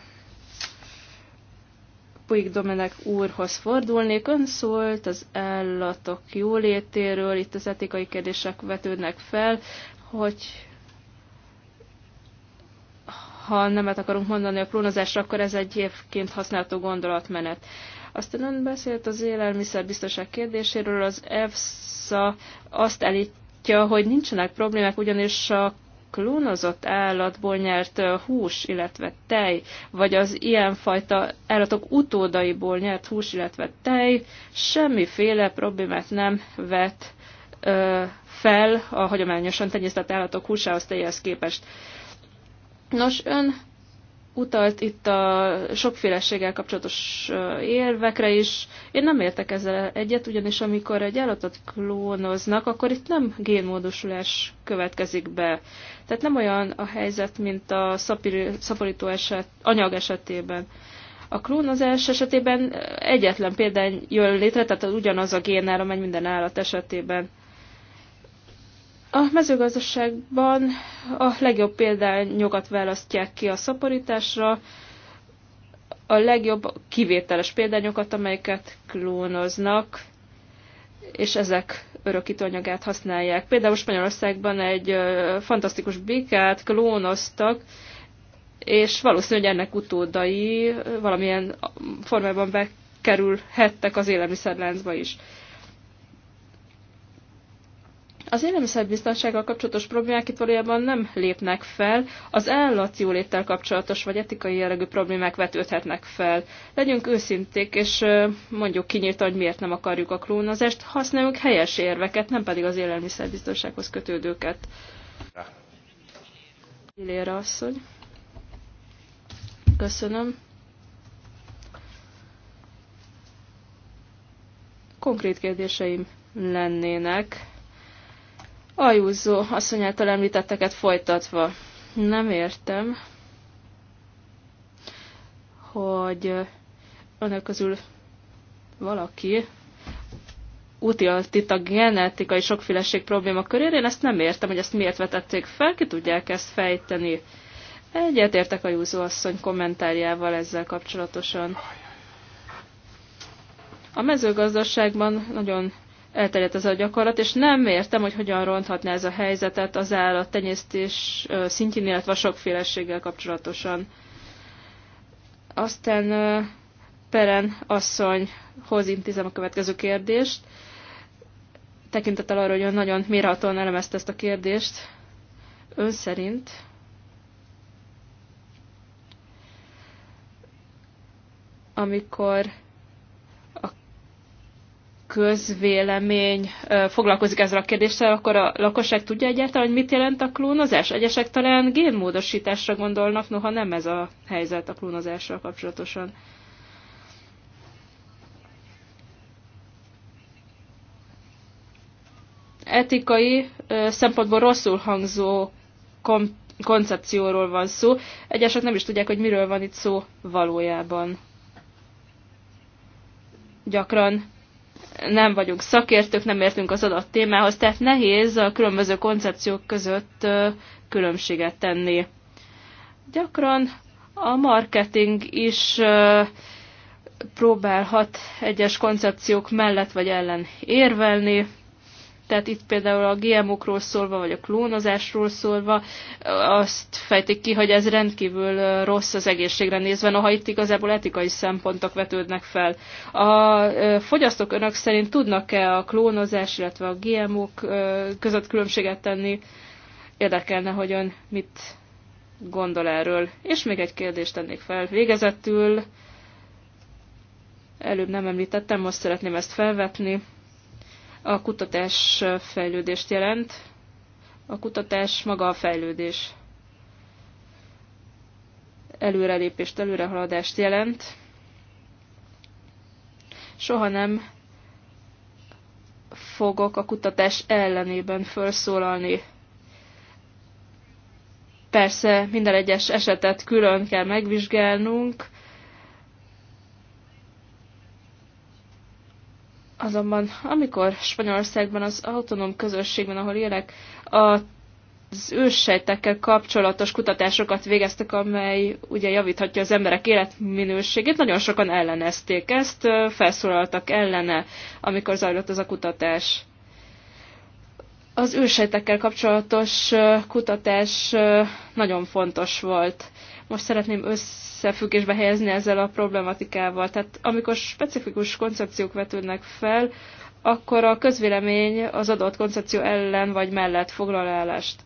Speaker 3: Puig Domenek úrhoz fordulnék. Ön szólt az állatok jólétéről, itt az etikai kérdések vetődnek fel, hogy ha nemet akarunk mondani a klónozásra, akkor ez egy évként használható gondolatmenet. Aztán ön beszélt az élelmiszerbiztonság kérdéséről, az EFSA azt elítja, hogy nincsenek problémák, ugyanis a klónozott állatból nyert hús, illetve tej, vagy az ilyenfajta állatok utódaiból nyert hús, illetve tej semmiféle problémát nem vet ö, fel a hagyományosan tenyésztett állatok húsához, tejhez képest. Ö, Nos, ön utalt itt a sokféleséggel kapcsolatos érvekre is. Én nem értek ezzel egyet, ugyanis amikor egy állatot klónoznak, akkor itt nem génmódosulás következik be. Tehát nem olyan a helyzet, mint a szaporító eset, anyag esetében. A klónozás esetében egyetlen példány jön létre, tehát ugyanaz a génára megy minden állat esetében. A mezőgazdaságban a legjobb nyugat választják ki a szaporításra, a legjobb kivételes példányokat, amelyeket klónoznak, és ezek örökítőanyagát használják. Például Spanyolországban egy fantasztikus békát klónoztak, és valószínűleg ennek utódai valamilyen formában bekerülhettek az élelmiszerláncba is. Az élelmiszerbiztonsággal kapcsolatos problémák itt valójában nem lépnek fel, az állatjóléttel kapcsolatos vagy etikai jellegű problémák vetődhetnek fel. Legyünk őszinték, és mondjuk kinyíltan, hogy miért nem akarjuk a klónozást, használjuk helyes érveket, nem pedig az élelmiszerbiztonsághoz kötődőket. Ilére asszony. Köszönöm. Konkrét kérdéseim lennének Ajúzó asszonyától említetteket folytatva. Nem értem, hogy önök közül valaki utilt itt a genetikai sokféleség probléma körére, én ezt nem értem, hogy ezt miért vetették fel, ki tudják ezt fejteni. értek a Júzó asszony kommentárjával ezzel kapcsolatosan. A mezőgazdaságban nagyon elterjedt ez a gyakorlat, és nem értem, hogy hogyan ronthatná ez a helyzetet az állattenyésztés szintjén, illetve a sokféleséggel kapcsolatosan. Aztán Peren asszonyhoz intézem a következő kérdést. Tekintettel arra, hogy nagyon mérhatóan elemezte ezt a kérdést, ön szerint amikor közvélemény foglalkozik ezzel a kérdéssel, akkor a lakosság tudja egyáltalán, hogy mit jelent a klónozás? Egyesek talán génmódosításra gondolnak, noha nem ez a helyzet a klónozással kapcsolatosan. Etikai szempontból rosszul hangzó kom- koncepcióról van szó. Egyesek nem is tudják, hogy miről van itt szó valójában. Gyakran nem vagyunk szakértők, nem értünk az adott témához, tehát nehéz a különböző koncepciók között különbséget tenni. Gyakran a marketing is próbálhat egyes koncepciók mellett vagy ellen érvelni, tehát itt például a GMO-król szólva, vagy a klónozásról szólva, azt fejtik ki, hogy ez rendkívül rossz az egészségre nézve, noha itt igazából etikai szempontok vetődnek fel. A fogyasztók önök szerint tudnak-e a klónozás, illetve a GMO-k között különbséget tenni? Érdekelne, hogy ön mit gondol erről. És még egy kérdést tennék fel. Végezetül, előbb nem említettem, most szeretném ezt felvetni. A kutatás fejlődést jelent. A kutatás maga a fejlődés. Előrelépést, előrehaladást jelent. Soha nem fogok a kutatás ellenében felszólalni. Persze minden egyes esetet külön kell megvizsgálnunk, Azonban, amikor Spanyolországban az autonóm közösségben, ahol élek, a az őssejtekkel kapcsolatos kutatásokat végeztek, amely ugye javíthatja az emberek életminőségét. Nagyon sokan ellenezték ezt, felszólaltak ellene, amikor zajlott ez a kutatás. Az ősejtekkel kapcsolatos kutatás nagyon fontos volt most szeretném összefüggésbe helyezni ezzel a problematikával. Tehát amikor specifikus koncepciók vetődnek fel, akkor a közvélemény az adott koncepció ellen vagy mellett foglal állást.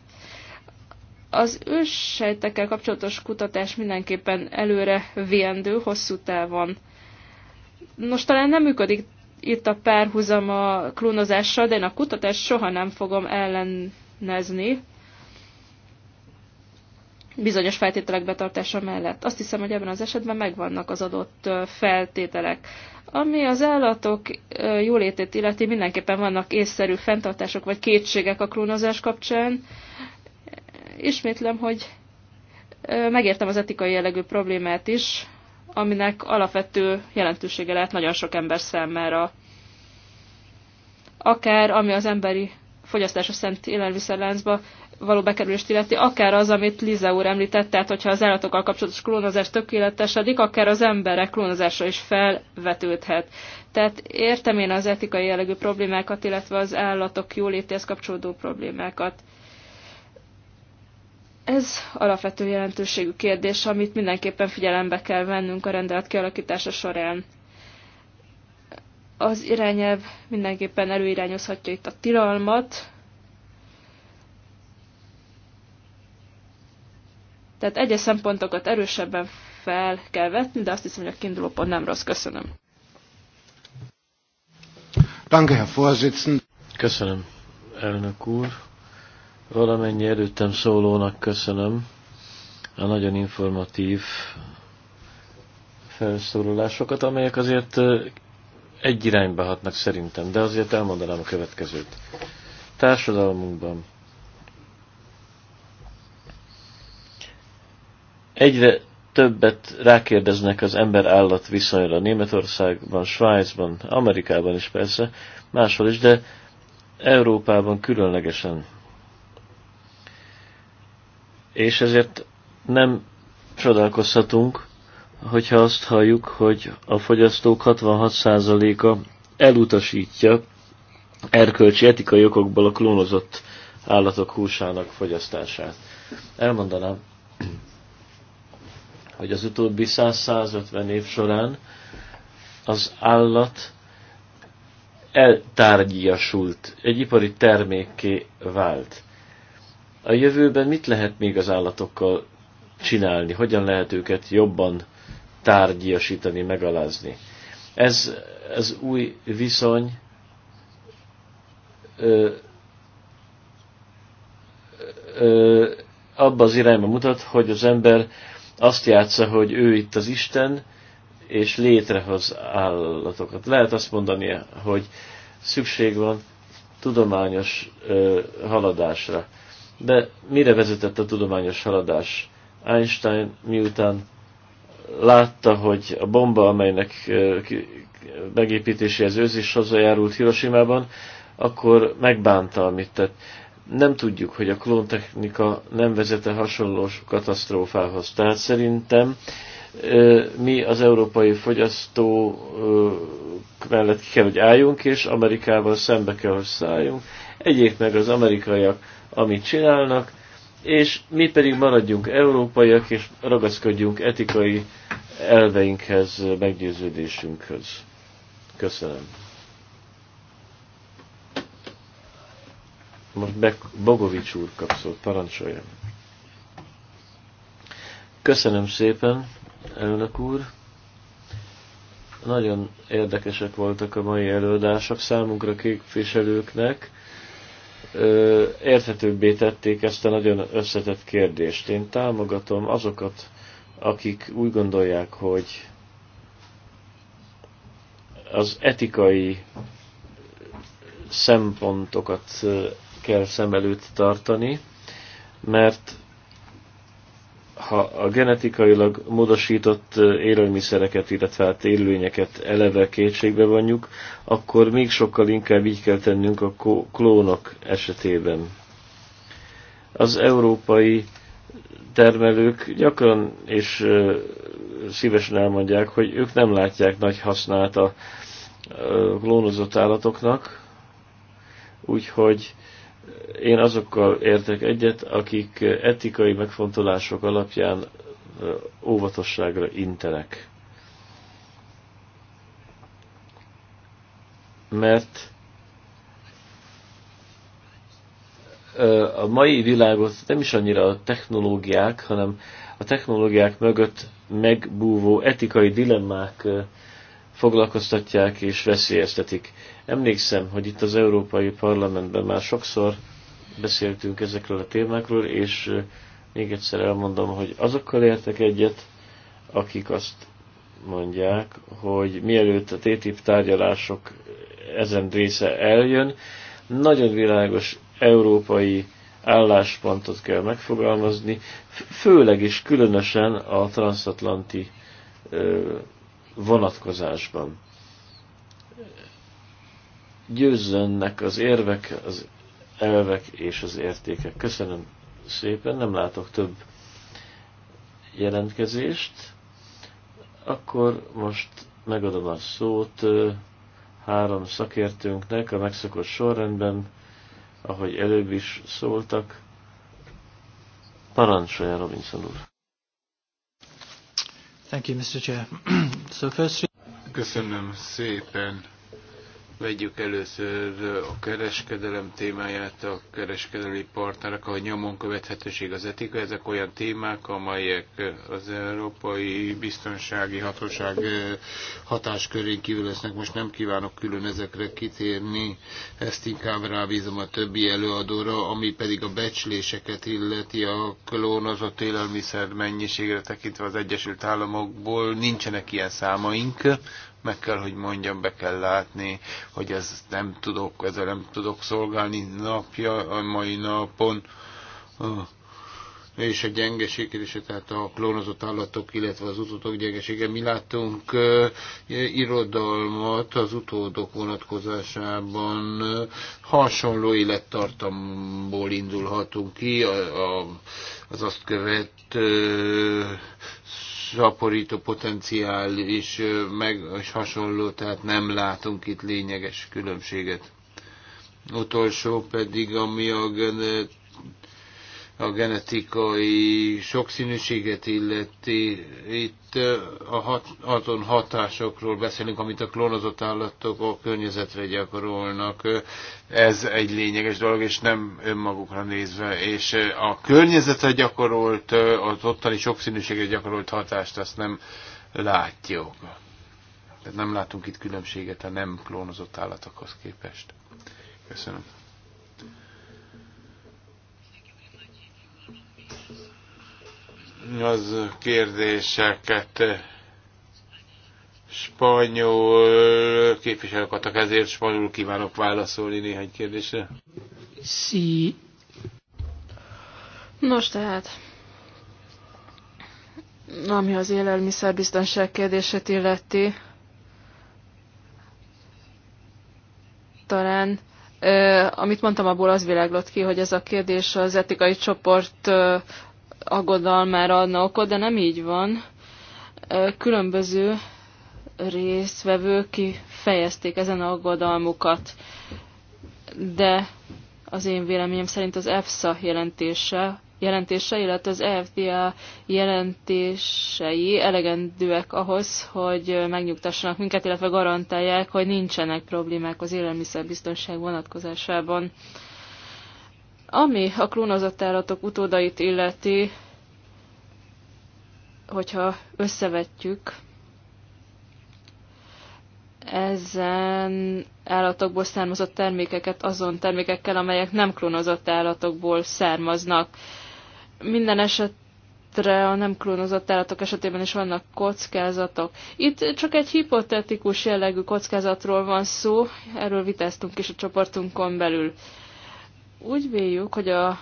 Speaker 3: Az őssejtekkel kapcsolatos kutatás mindenképpen előre viendő hosszú távon. Nos, talán nem működik itt a párhuzam a klónozással, de én a kutatást soha nem fogom ellenezni, bizonyos feltételek betartása mellett. Azt hiszem, hogy ebben az esetben megvannak az adott feltételek. Ami az állatok jólétét illeti, mindenképpen vannak észszerű fenntartások vagy kétségek a klónozás kapcsán. Ismétlem, hogy megértem az etikai jellegű problémát is, aminek alapvető jelentősége lehet nagyon sok ember számára. Akár ami az emberi fogyasztásos szent élelmiszerláncba való bekerülést illeti, akár az, amit Liza úr említett, tehát hogyha az állatokkal kapcsolatos klónozás tökéletesedik, akár az emberek klónozása is felvetődhet. Tehát értem én az etikai jellegű problémákat, illetve az állatok jólétéhez kapcsolódó problémákat. Ez alapvető jelentőségű kérdés, amit mindenképpen figyelembe kell vennünk a rendelet kialakítása során. Az irányelv mindenképpen előirányozhatja itt a tilalmat, Tehát egyes szempontokat erősebben fel kell vetni, de azt hiszem, hogy a kiinduló pont nem rossz. Köszönöm.
Speaker 4: Danke, Herr Köszönöm, elnök úr. Valamennyi előttem szólónak köszönöm a nagyon informatív felszólalásokat, amelyek azért egy irányba hatnak szerintem, de azért elmondanám a következőt. Társadalmunkban Egyre többet rákérdeznek az ember-állat viszonyra Németországban, Svájcban, Amerikában is persze, máshol is, de Európában különlegesen. És ezért nem csodálkozhatunk, hogyha azt halljuk, hogy a fogyasztók 66%-a elutasítja erkölcsi etikai okokból a klónozott állatok húsának fogyasztását. Elmondanám, hogy az utóbbi 100-150 év során az állat eltárgyiasult, egy ipari termékké vált. A jövőben mit lehet még az állatokkal csinálni? Hogyan lehet őket jobban tárgyiasítani, megalázni? Ez az új viszony ö, ö, abba az irányba mutat, hogy az ember azt játsza, hogy ő itt az Isten, és létrehoz állatokat. Lehet azt mondani, hogy szükség van tudományos ö, haladásra. De mire vezetett a tudományos haladás? Einstein miután látta, hogy a bomba, amelynek megépítéséhez ő is hozzájárult Hiroshima-ban, akkor megbánta, amit tett nem tudjuk, hogy a klóntechnika nem vezete hasonló katasztrófához. Tehát szerintem mi az európai fogyasztó mellett ki kell, hogy álljunk, és Amerikával szembe kell, hogy szálljunk. Egyék meg az amerikaiak, amit csinálnak, és mi pedig maradjunk európaiak, és ragaszkodjunk etikai elveinkhez, meggyőződésünkhöz. Köszönöm. Most Be Bogovics úr kap szót, parancsolja. Köszönöm szépen, elnök úr. Nagyon érdekesek voltak a mai előadások számunkra képviselőknek. Érthetőbbé tették ezt a nagyon összetett kérdést. Én támogatom azokat, akik úgy gondolják, hogy az etikai szempontokat kell szem előtt tartani, mert ha a genetikailag módosított eh, élelmiszereket, illetve hát élőlényeket eleve kétségbe vonjuk, akkor még sokkal inkább így kell tennünk a klónok esetében. Az európai termelők gyakran és eh, szívesen elmondják, hogy ők nem látják nagy hasznát a eh, klónozott állatoknak, úgyhogy én azokkal értek egyet, akik etikai megfontolások alapján óvatosságra intenek. Mert a mai világot nem is annyira a technológiák, hanem a technológiák mögött megbúvó etikai dilemmák foglalkoztatják és veszélyeztetik. Emlékszem, hogy itt az Európai Parlamentben már sokszor beszéltünk ezekről a témákról, és még egyszer elmondom, hogy azokkal értek egyet, akik azt mondják, hogy mielőtt a TTIP tárgyalások ezen része eljön, nagyon világos európai álláspontot kell megfogalmazni, főleg és különösen a transatlanti vonatkozásban. Győzzönnek az érvek, az elvek és az értékek. Köszönöm szépen, nem látok több jelentkezést. Akkor most megadom a szót három szakértőnknek a megszokott sorrendben, ahogy előbb is szóltak. Parancsolja Robinson úr.
Speaker 2: Thank you, Mr. Chair. so Köszönöm szépen. Vegyük először a kereskedelem témáját, a kereskedelmi partnerek, a nyomon követhetőség, az etika. Ezek olyan témák, amelyek az Európai Biztonsági Hatóság hatáskörén kívül lesznek. Most nem kívánok külön ezekre kitérni, ezt inkább rábízom a többi előadóra, ami pedig a becsléseket illeti a klónozott élelmiszer mennyiségre tekintve az Egyesült Államokból. Nincsenek ilyen számaink, meg kell, hogy mondjam, be kell látni, hogy ez nem tudok, ezzel nem tudok szolgálni napja, a mai napon. És a és tehát a klónozott állatok, illetve az utódok gyengesége. Mi láttunk irodalmat az utódok vonatkozásában, hasonló élettartamból indulhatunk ki, a, a, az azt követő szaporító potenciál is meg is hasonló, tehát nem látunk itt lényeges különbséget. Utolsó pedig, ami a genet a genetikai sokszínűséget illeti, itt a hat, azon hatásokról beszélünk, amit a klónozott állatok a környezetre gyakorolnak. Ez egy lényeges dolog, és nem önmagukra nézve. És a környezetre gyakorolt, az ottani sokszínűséget gyakorolt hatást azt nem látjuk. Tehát nem látunk itt különbséget a nem klónozott állatokhoz képest. Köszönöm. az kérdéseket spanyol képviselők adtak, ezért spanyol kívánok válaszolni néhány kérdésre.
Speaker 3: Sí. Nos tehát, ami az élelmiszerbiztonság kérdését illeti, talán amit mondtam, abból az világlott ki, hogy ez a kérdés az etikai csoport aggodalmára adna okot, de nem így van. Különböző résztvevők kifejezték ezen aggodalmukat, de az én véleményem szerint az EFSA jelentése jelentése, illetve az EFDA jelentései elegendőek ahhoz, hogy megnyugtassanak minket, illetve garantálják, hogy nincsenek problémák az élelmiszerbiztonság vonatkozásában. Ami a klónozott állatok utódait illeti, hogyha összevetjük, ezen állatokból származott termékeket azon termékekkel, amelyek nem klónozott állatokból származnak. Minden esetre a nem klónozott állatok esetében is vannak kockázatok. Itt csak egy hipotetikus jellegű kockázatról van szó, erről vitáztunk is a csoportunkon belül. Úgy véljük, hogy a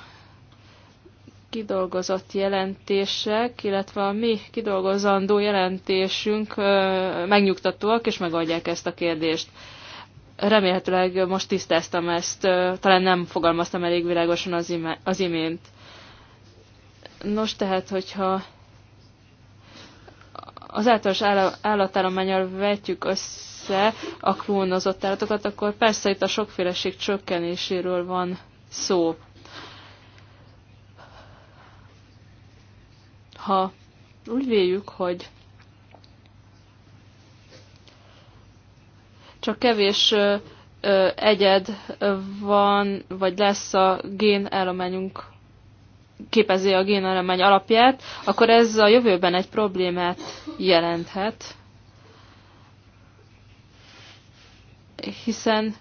Speaker 3: kidolgozott jelentések, illetve a mi kidolgozandó jelentésünk megnyugtatóak, és megoldják ezt a kérdést. Remélhetőleg most tisztáztam ezt, talán nem fogalmaztam elég világosan az imént. Nos, tehát, hogyha az általános állatállományal vetjük össze a klónozott állatokat, akkor persze itt a sokféleség csökkenéséről van szó. Ha úgy véljük, hogy csak kevés egyed van, vagy lesz a gén állományunk képezi a génelemegy alapját, akkor ez a jövőben egy problémát jelenthet. Hiszen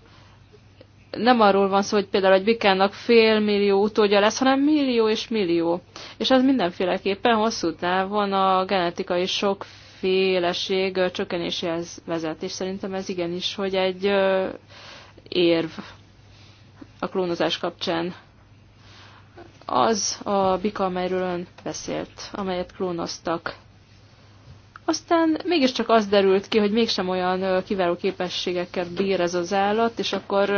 Speaker 3: nem arról van szó, hogy például egy bikának fél millió utódja lesz, hanem millió és millió. És az mindenféleképpen hosszú távon a genetikai sokféleség csökkenéséhez vezet. És szerintem ez igenis, hogy egy érv a klónozás kapcsán az a bika, amelyről ön beszélt, amelyet klónoztak. Aztán mégiscsak az derült ki, hogy mégsem olyan kiváló képességekkel bír ez az állat, és akkor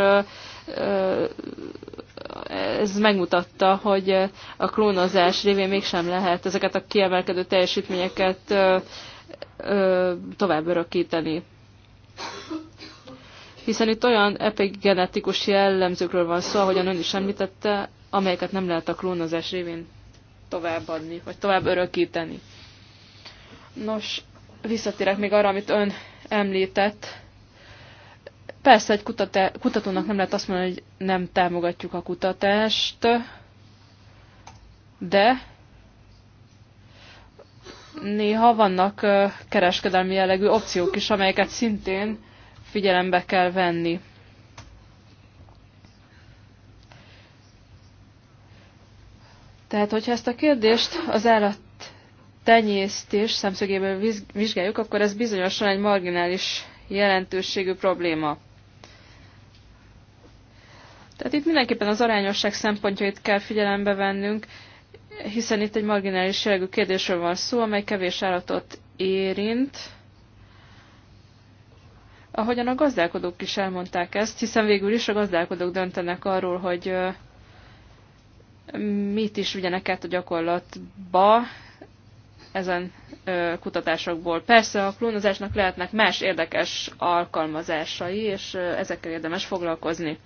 Speaker 3: ez megmutatta, hogy a klónozás révén mégsem lehet ezeket a kiemelkedő teljesítményeket tovább örökíteni. Hiszen itt olyan epigenetikus jellemzőkről van szó, ahogyan ön is említette, amelyeket nem lehet a klónozás révén továbbadni, vagy tovább örökíteni. Nos, visszatérek még arra, amit ön említett. Persze egy kutatá- kutatónak nem lehet azt mondani, hogy nem támogatjuk a kutatást, de néha vannak kereskedelmi jellegű opciók is, amelyeket szintén figyelembe kell venni. Tehát, hogyha ezt a kérdést az állat tenyésztés szemszögéből vizsgáljuk, akkor ez bizonyosan egy marginális jelentőségű probléma. Tehát itt mindenképpen az arányosság szempontjait kell figyelembe vennünk, hiszen itt egy marginális jellegű kérdésről van szó, amely kevés állatot érint. Ahogyan a gazdálkodók is elmondták ezt, hiszen végül is a gazdálkodók döntenek arról, hogy mit is vigyenek át a gyakorlatba ezen kutatásokból. Persze a klónozásnak lehetnek más érdekes alkalmazásai, és ezekkel érdemes foglalkozni.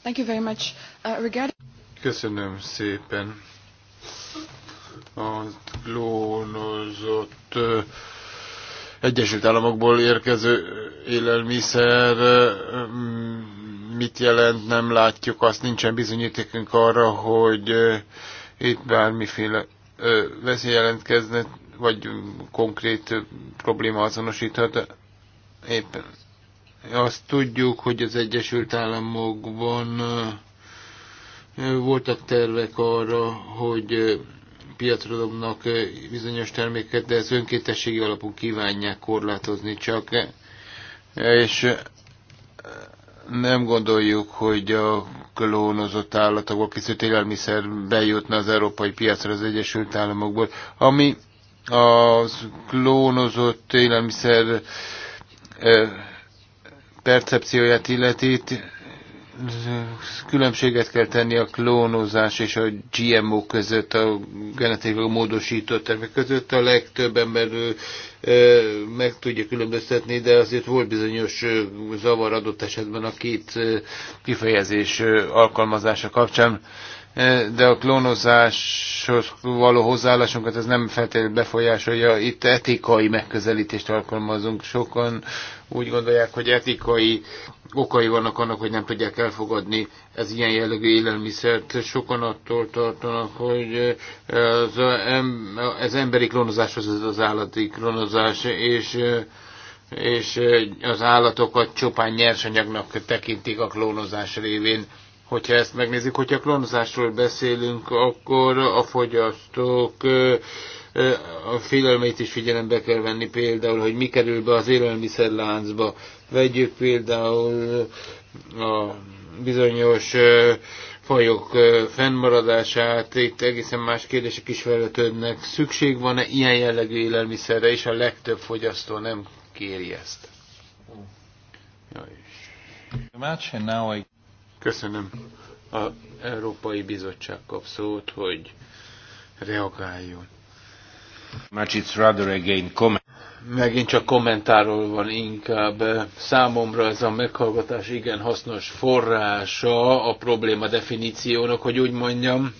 Speaker 3: Thank you very much. Uh, regard...
Speaker 2: Köszönöm szépen. A klónozott uh, Egyesült Államokból érkező élelmiszer um, mit jelent, nem látjuk, azt nincsen bizonyítékünk arra, hogy itt bármiféle veszély jelentkezne, vagy konkrét probléma azonosíthat. Éppen azt tudjuk, hogy az Egyesült Államokban voltak tervek arra, hogy piacra dobnak bizonyos terméket, de ez önkéntességi alapú kívánják korlátozni csak, és nem gondoljuk, hogy a klónozott állatokból készült élelmiszer bejutna az európai piacra az Egyesült Államokból. Ami a klónozott élelmiszer eh, percepcióját illeti, különbséget kell tenni a klónozás és a GMO között, a genetikai módosított termék között. A legtöbb ember meg tudja különböztetni, de azért volt bizonyos zavar adott esetben a két kifejezés alkalmazása kapcsán de a klónozáshoz való hozzáállásunkat ez nem feltétlenül befolyásolja. Itt etikai megközelítést alkalmazunk. Sokan úgy gondolják, hogy etikai okai vannak annak, hogy nem tudják elfogadni ez ilyen jellegű élelmiszert. Sokan attól tartanak, hogy ez ez emberi klónozáshoz ez az állati klónozás, és és az állatokat csupán nyersanyagnak tekintik a klónozás révén hogyha ezt megnézzük, hogyha klónozásról beszélünk, akkor a fogyasztók a félelmeit is figyelembe kell venni, például, hogy mi kerül be az élelmiszerláncba. Vegyük például a bizonyos fajok fennmaradását, itt egészen más kérdések is felvetődnek. Szükség van-e ilyen jellegű élelmiszerre, és a legtöbb fogyasztó nem kéri ezt. Jó is. Köszönöm. A Európai Bizottság kap szót, hogy reagáljon. it's rather again comment. Megint csak kommentáról van inkább. Számomra ez a meghallgatás igen hasznos forrása a probléma definíciónak, hogy úgy mondjam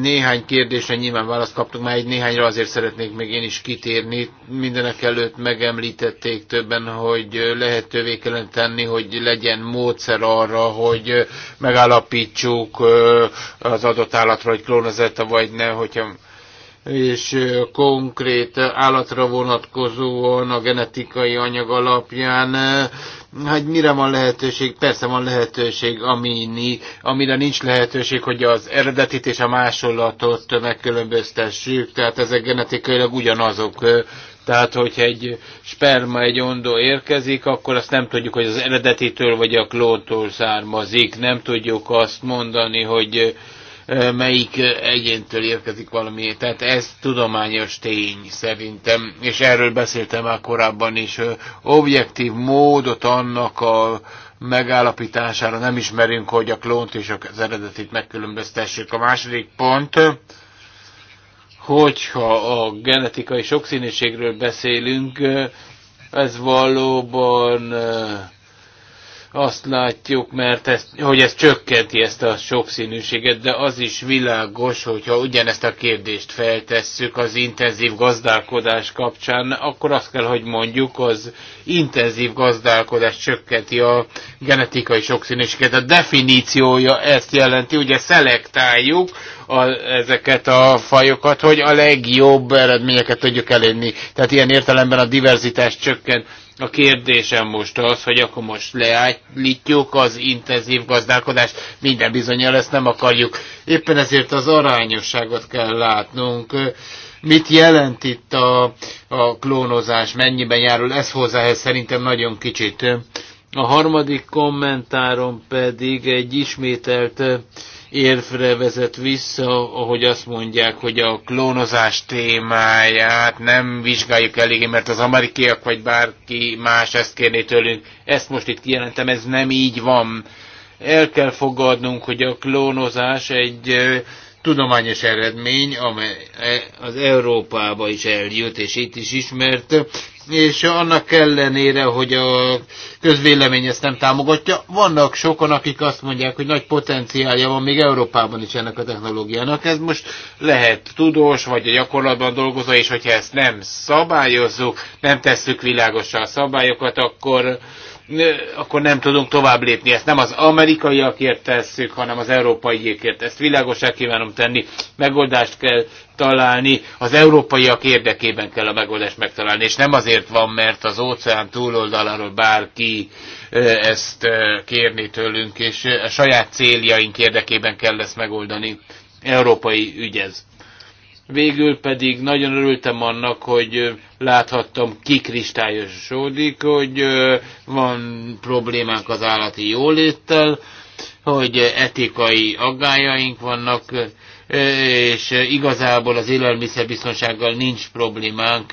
Speaker 2: néhány kérdésre nyilván választ kaptunk, már egy néhányra azért szeretnék még én is kitérni. Mindenek előtt megemlítették többen, hogy lehetővé kellene tenni, hogy legyen módszer arra, hogy megállapítsuk az adott állatra, hogy klónozata vagy ne, hogyha és konkrét állatra vonatkozóan a genetikai anyag alapján Hát mire van lehetőség? Persze van lehetőség, amini, amire nincs lehetőség, hogy az eredetit és a másolatot megkülönböztessük, tehát ezek genetikailag ugyanazok. Tehát, hogyha egy sperma egy ondó érkezik, akkor azt nem tudjuk, hogy az eredetitől vagy a klótól származik. Nem tudjuk azt mondani, hogy melyik egyéntől érkezik valami. Tehát ez tudományos tény szerintem, és erről beszéltem már korábban is. Objektív módot annak a megállapítására nem ismerünk, hogy a klónt és az eredetit megkülönböztessük. A második pont, hogyha a genetikai sokszínűségről beszélünk, ez valóban azt látjuk, mert ez, hogy ez csökkenti ezt a sokszínűséget, de az is világos, hogyha ugyanezt a kérdést feltesszük az intenzív gazdálkodás kapcsán, akkor azt kell, hogy mondjuk, az intenzív gazdálkodás csökkenti a genetikai sokszínűséget. A definíciója ezt jelenti, ugye szelektáljuk a, ezeket a fajokat, hogy a legjobb eredményeket tudjuk elérni. Tehát ilyen értelemben a diverzitás csökkent a kérdésem most az, hogy akkor most leállítjuk az intenzív gazdálkodást, minden bizonyal ezt nem akarjuk. Éppen ezért az arányosságot kell látnunk. Mit jelent itt a, a klónozás, mennyiben járul ez hozzá, ez szerintem nagyon kicsit. A harmadik kommentárom pedig egy ismételt érvre vezet vissza, ahogy azt mondják, hogy a klónozás témáját nem vizsgáljuk eléggé, mert az amerikaiak vagy bárki más ezt kérné tőlünk. Ezt most itt kijelentem, ez nem így van. El kell fogadnunk, hogy a klónozás egy tudományos eredmény, amely e, az Európába is eljött, és itt is ismert, és annak ellenére, hogy a közvélemény ezt nem támogatja, vannak sokan, akik azt mondják, hogy nagy potenciálja van még Európában is ennek a technológiának. Ez most lehet tudós, vagy a gyakorlatban dolgozó, és hogyha ezt nem szabályozzuk, nem tesszük világosan a szabályokat, akkor akkor nem tudunk tovább lépni. Ezt nem az amerikaiakért tesszük, hanem az európaiakért. Ezt világosá kívánom tenni. Megoldást kell találni. Az európaiak érdekében kell a megoldást megtalálni. És nem azért van, mert az óceán túloldaláról bárki ezt kérni tőlünk, és a saját céljaink érdekében kell ezt megoldani. Európai ügyez. ez. Végül pedig nagyon örültem annak, hogy láthattam kikristályosodik, hogy van problémánk az állati jóléttel, hogy etikai aggájaink vannak, és igazából az élelmiszerbiztonsággal nincs problémánk,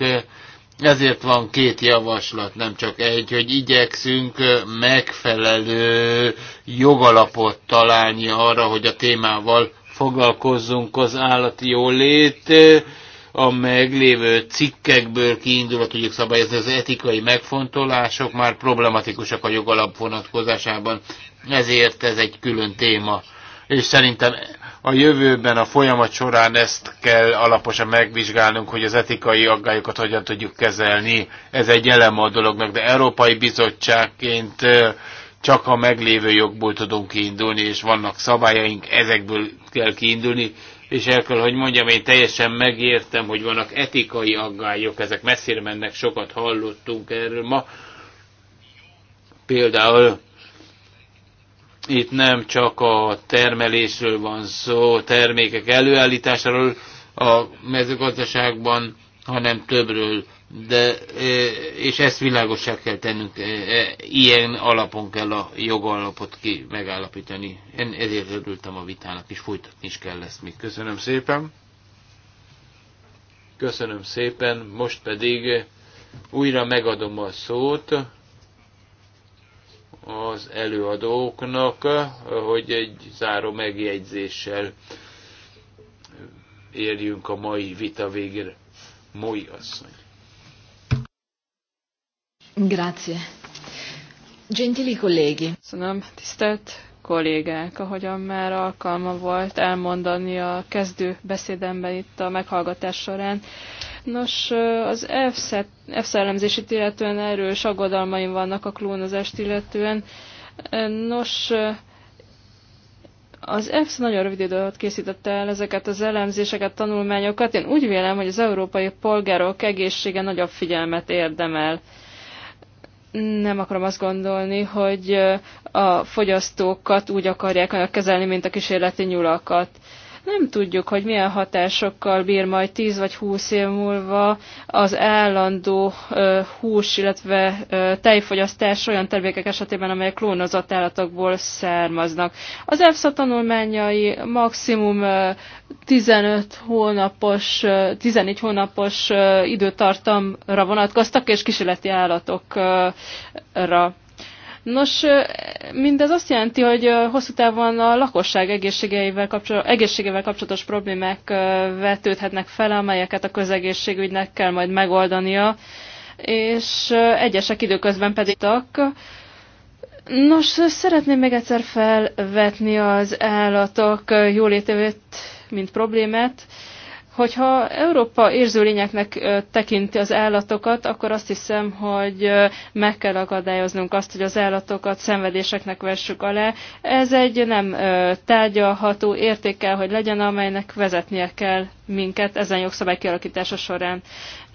Speaker 2: ezért van két javaslat, nem csak egy, hogy igyekszünk megfelelő jogalapot találni arra, hogy a témával foglalkozzunk az állati jólét, a meglévő cikkekből kiindulva tudjuk szabályozni az etikai megfontolások, már problematikusak a jogalap vonatkozásában, ezért ez egy külön téma. És szerintem a jövőben a folyamat során ezt kell alaposan megvizsgálnunk, hogy az etikai aggályokat hogyan tudjuk kezelni. Ez egy eleme a dolognak, de Európai Bizottságként csak a meglévő jogból tudunk kiindulni, és vannak szabályaink, ezekből kell kiindulni, és el kell, hogy mondjam, én teljesen megértem, hogy vannak etikai aggályok, ezek messzire mennek, sokat hallottunk erről ma. Például itt nem csak a termelésről van szó, termékek előállításáról a mezőgazdaságban, hanem többről de, és ezt világosá kell tennünk, ilyen alapon kell a jogalapot ki megállapítani. Én ezért örültem a vitának, és folytatni is kell lesz, még. Köszönöm szépen. Köszönöm szépen, most pedig újra megadom a szót az előadóknak, hogy egy záró megjegyzéssel érjünk a mai vita végére. Mói asszony.
Speaker 3: Grazie. Gentili colleghi. Köszönöm, tisztelt kollégák, ahogyan már alkalma volt elmondani a kezdő beszédemben itt a meghallgatás során. Nos, az EFSZ elemzését illetően erős aggodalmaim vannak a klónozást illetően. Nos, az EFSZ nagyon rövid idő alatt készítette el ezeket az elemzéseket, tanulmányokat. Én úgy vélem, hogy az európai polgárok egészsége nagyobb figyelmet érdemel nem akarom azt gondolni, hogy a fogyasztókat úgy akarják kezelni, mint a kísérleti nyulakat. Nem tudjuk, hogy milyen hatásokkal bír majd 10 vagy 20 év múlva az állandó hús, illetve tejfogyasztás olyan termékek esetében, amelyek klónozott állatokból származnak. Az EFSA tanulmányai maximum 15 hónapos, 14 hónapos időtartamra vonatkoztak, és kísérleti állatokra Nos, mindez azt jelenti, hogy hosszú távon a lakosság egészségeivel kapcsolatos, egészségével kapcsolatos problémák vetődhetnek fel, amelyeket a közegészségügynek kell majd megoldania, és egyesek időközben pedig tak. Nos, szeretném még egyszer felvetni az állatok jólétevét, mint problémát. Hogyha Európa érzőlényeknek tekinti az állatokat, akkor azt hiszem, hogy meg kell akadályoznunk azt, hogy az állatokat szenvedéseknek vessük alá. Ez egy nem tárgyalható értékkel, hogy legyen, amelynek vezetnie kell minket ezen jogszabály kialakítása során.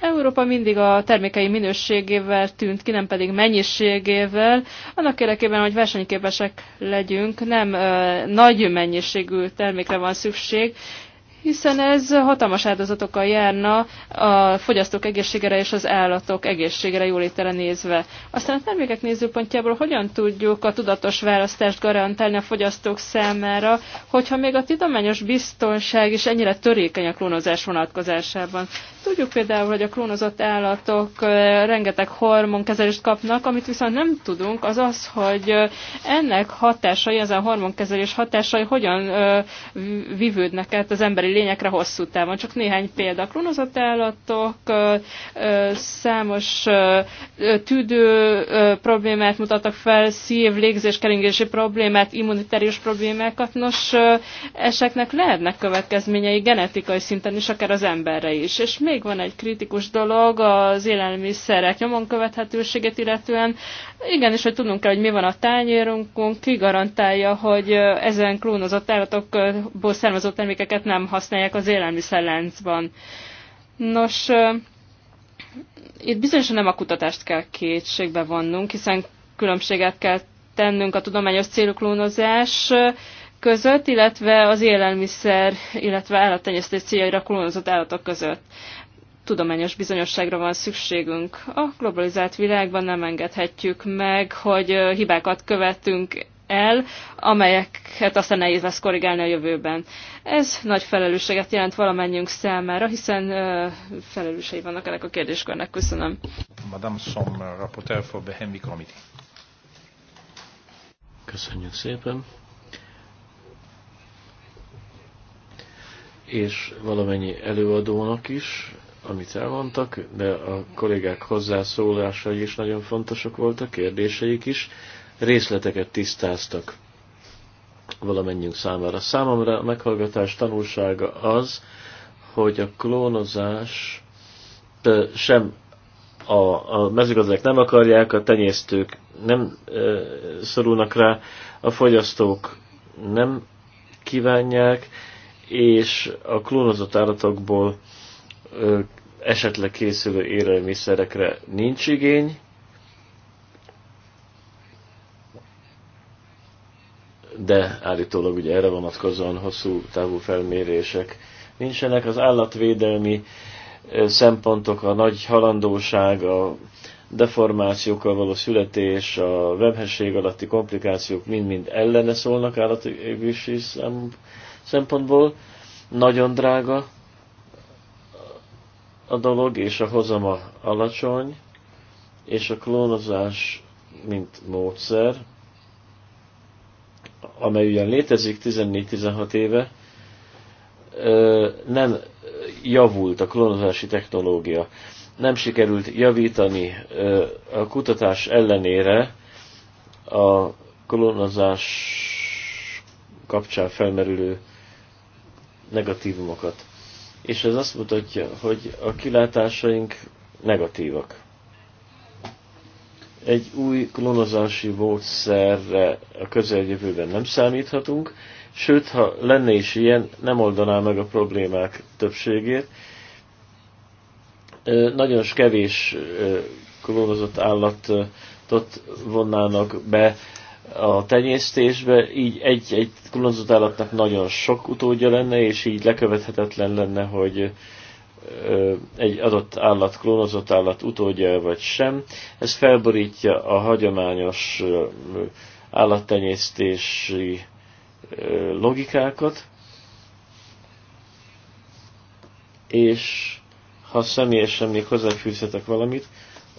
Speaker 3: Európa mindig a termékei minőségével tűnt ki, nem pedig mennyiségével, annak érdekében, hogy versenyképesek legyünk, nem ö, nagy mennyiségű termékre van szükség, hiszen ez hatalmas áldozatokkal járna a fogyasztók egészségére és az állatok egészségére jólétele nézve. Aztán a termékek nézőpontjából hogyan tudjuk a tudatos választást garantálni a fogyasztók számára, hogyha még a tudományos biztonság is ennyire törékeny a klónozás vonatkozásában. Tudjuk például, hogy a klónozott állatok rengeteg hormonkezelést kapnak, amit viszont nem tudunk, az az, hogy ennek hatásai, ezen hormonkezelés hatásai hogyan vivődnek át az emberi lényekre hosszú távon. Csak néhány példa. Klónozott állatok számos tüdő problémát mutattak fel, szív, légzés, keringési problémát, immunitárius problémákat. Nos, eseknek lehetnek következményei genetikai szinten is, akár az emberre is. És még van egy kritikus dolog az élelmiszerek nyomon követhetőséget illetően. igen, és hogy tudnunk kell, hogy mi van a tányérunkon, ki garantálja, hogy ezen klónozott állatokból származó termékeket nem használják használják az élelmiszerláncban. Nos, itt bizonyosan nem a kutatást kell kétségbe vonnunk, hiszen különbséget kell tennünk a tudományos célú klónozás között, illetve az élelmiszer, illetve állattenyésztés céljaira klónozott állatok között. Tudományos bizonyosságra van szükségünk. A globalizált világban nem engedhetjük meg, hogy hibákat követünk el, amelyeket aztán nehéz lesz korrigálni a jövőben. Ez nagy felelősséget jelent valamennyünk számára, hiszen uh, felelősei vannak ennek a kérdéskörnek. Köszönöm.
Speaker 1: Madame Som, rapporteur for the Committee.
Speaker 4: Köszönjük szépen. És valamennyi előadónak is, amit elmondtak, de a kollégák hozzászólásai is nagyon fontosak voltak, kérdéseik is részleteket tisztáztak valamennyiünk számára. Számomra a meghallgatás tanulsága az, hogy a klónozás sem a, a mezőgazdák nem akarják, a tenyésztők nem e, szorulnak rá, a fogyasztók nem kívánják, és a klónozott állatokból e, esetleg készülő élelmiszerekre nincs igény, de állítólag ugye erre vonatkozóan hosszú távú felmérések nincsenek. Az állatvédelmi szempontok, a nagy halandóság, a deformációkkal való születés, a vemhesség alatti komplikációk mind-mind ellene szólnak állatvédelmi szempontból. Nagyon drága a dolog, és a hozama alacsony, és a klónozás, mint módszer, amely ugyan létezik 14-16 éve, nem javult a klónozási technológia. Nem sikerült javítani a kutatás ellenére a klónozás kapcsán felmerülő negatívumokat. És ez azt mutatja, hogy a kilátásaink negatívak. Egy új klónozási módszerre a közeljövőben nem számíthatunk, sőt, ha lenne is ilyen, nem oldaná meg a problémák többségét. Nagyon kevés klónozott állatot vonnának be a tenyésztésbe, így egy-egy klónozott állatnak nagyon sok utódja lenne, és így lekövethetetlen lenne, hogy egy adott állat klónozott állat utódja vagy sem. Ez felborítja a hagyományos állattenyésztési logikákat, és ha személyesen még hozzáfűzhetek valamit,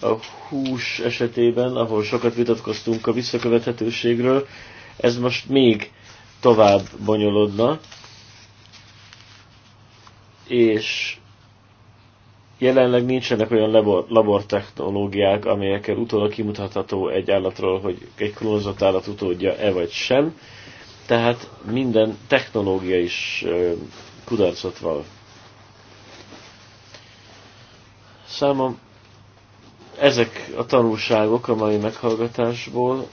Speaker 4: a hús esetében, ahol sokat vitatkoztunk a visszakövethetőségről, ez most még tovább bonyolodna, és jelenleg nincsenek olyan labor, labortechnológiák, amelyekkel utólag kimutatható egy állatról, hogy egy klónozott állat utódja-e vagy sem. Tehát minden technológia is kudarcot val. Számom ezek a tanulságok a mai meghallgatásból.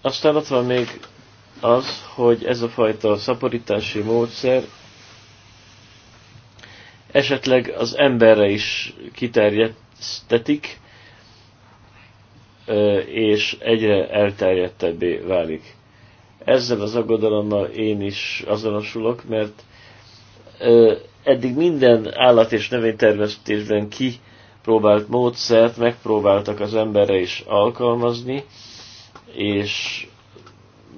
Speaker 4: Aztán ott van még az, hogy ez a fajta szaporítási módszer esetleg az emberre is kiterjesztetik, és egyre elterjedtebbé válik. Ezzel az aggodalommal én is azonosulok, mert eddig minden állat- és növénytermesztésben kipróbált módszert megpróbáltak az emberre is alkalmazni, és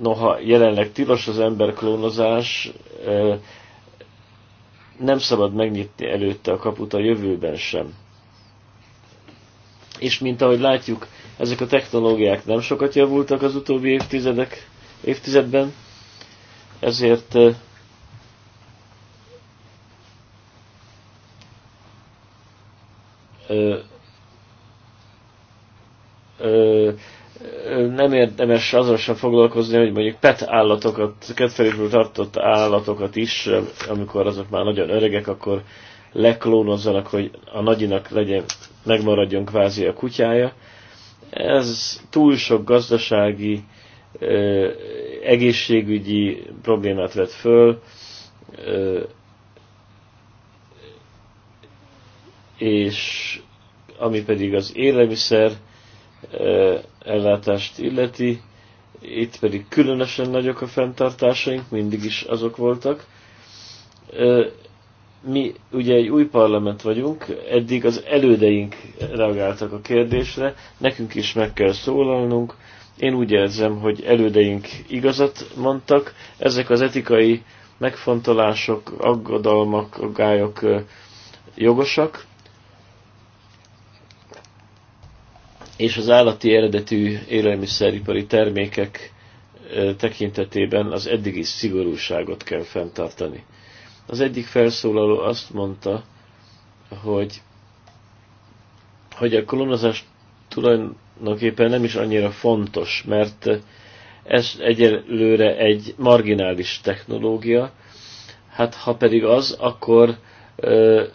Speaker 4: noha jelenleg tilos az emberklónozás, nem szabad megnyitni előtte a kaput a jövőben sem. És mint ahogy látjuk, ezek a technológiák nem sokat javultak az utóbbi évtizedek, évtizedben, ezért ö, ö, nem érdemes azzal sem foglalkozni, hogy mondjuk pet állatokat, kedvelésből tartott állatokat is, amikor azok már nagyon öregek, akkor leklónozzanak, hogy a nagyinak legyen, megmaradjon kvázi a kutyája. Ez túl sok gazdasági, egészségügyi problémát vet föl, és ami pedig az élelmiszer ellátást illeti, itt pedig különösen nagyok a fenntartásaink, mindig is azok voltak. Mi ugye egy új parlament vagyunk, eddig az elődeink reagáltak a kérdésre, nekünk is meg kell szólalnunk. Én úgy érzem, hogy elődeink igazat mondtak, ezek az etikai megfontolások, aggodalmak, aggályok jogosak, és az állati eredetű élelmiszeripari termékek tekintetében az eddigi szigorúságot kell fenntartani. Az egyik felszólaló azt mondta, hogy, hogy a kolonizás tulajdonképpen nem is annyira fontos, mert ez egyelőre egy marginális technológia, hát ha pedig az, akkor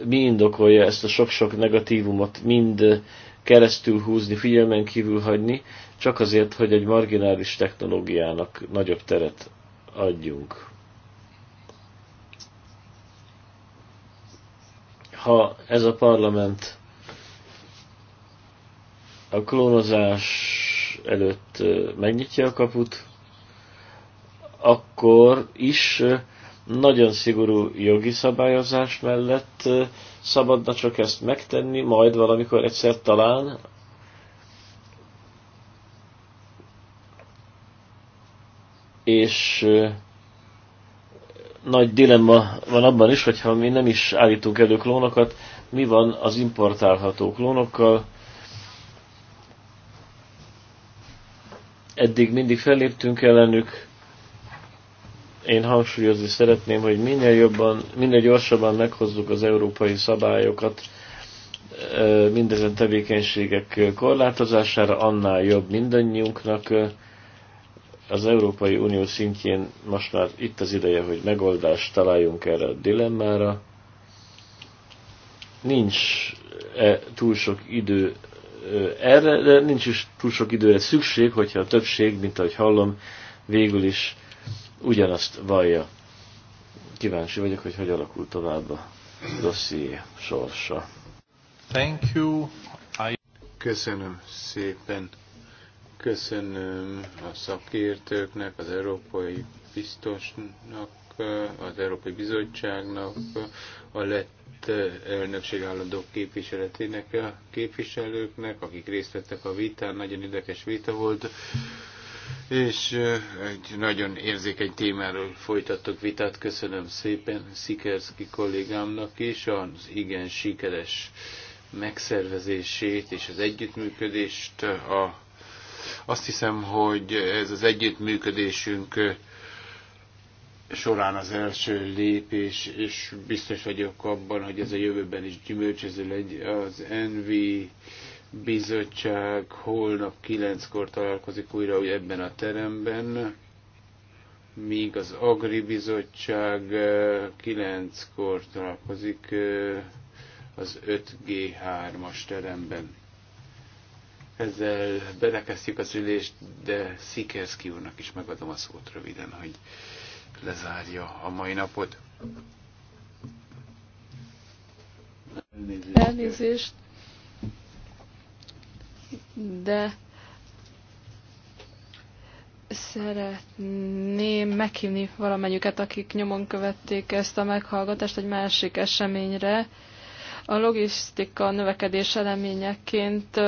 Speaker 4: mi indokolja ezt a sok-sok negatívumot, mind keresztül húzni, figyelmen kívül hagyni, csak azért, hogy egy marginális technológiának nagyobb teret adjunk. Ha ez a parlament a klónozás előtt megnyitja a kaput, akkor is nagyon szigorú jogi szabályozás mellett szabadna csak ezt megtenni, majd valamikor egyszer talán és nagy dilemma van abban is, hogyha mi nem is állítunk elő klónokat, mi van az importálható klónokkal. Eddig mindig felléptünk ellenük, én hangsúlyozni szeretném, hogy minél jobban, minél gyorsabban meghozzuk az európai szabályokat mindezen tevékenységek korlátozására, annál jobb mindannyiunknak. Az Európai Unió szintjén most már itt az ideje, hogy megoldást találjunk erre a dilemmára. Nincs -e túl sok idő erre, de nincs is túl sok időre szükség, hogyha a többség, mint ahogy hallom, végül is ugyanazt vallja. Kíváncsi vagyok, hogy hogy alakul tovább a dosszié sorsa.
Speaker 2: Thank you. I... Köszönöm szépen. Köszönöm a szakértőknek, az Európai Biztosnak, az Európai Bizottságnak, a lett elnökség állandó képviseletének, a képviselőknek, akik részt vettek a vitán. Nagyon érdekes vita volt és egy nagyon érzékeny témáról folytattuk vitát. Köszönöm szépen Szikerszki kollégámnak is az igen sikeres megszervezését és az együttműködést. A, azt hiszem, hogy ez az együttműködésünk során az első lépés, és biztos vagyok abban, hogy ez a jövőben is gyümölcsöző legyen Az NV bizottság holnap kilenckor találkozik újra hogy ebben a teremben, míg az Agri Bizottság eh, kilenckor találkozik eh, az 5G3-as teremben. Ezzel belekezdjük az ülést, de Szikerszki úrnak is megadom a szót röviden, hogy lezárja a mai napot. Elnézést. Elnézést
Speaker 3: de szeretném meghívni valamennyüket, akik nyomon követték ezt a meghallgatást egy másik eseményre. A logisztika növekedés eleményeként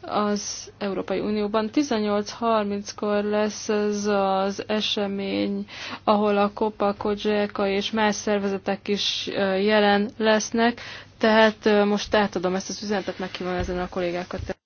Speaker 3: az Európai Unióban 18.30-kor lesz ez az esemény, ahol a COPA, COGECA és más szervezetek is jelen lesznek, tehát most átadom ezt az üzenetet, meghívom ezen a kollégákat.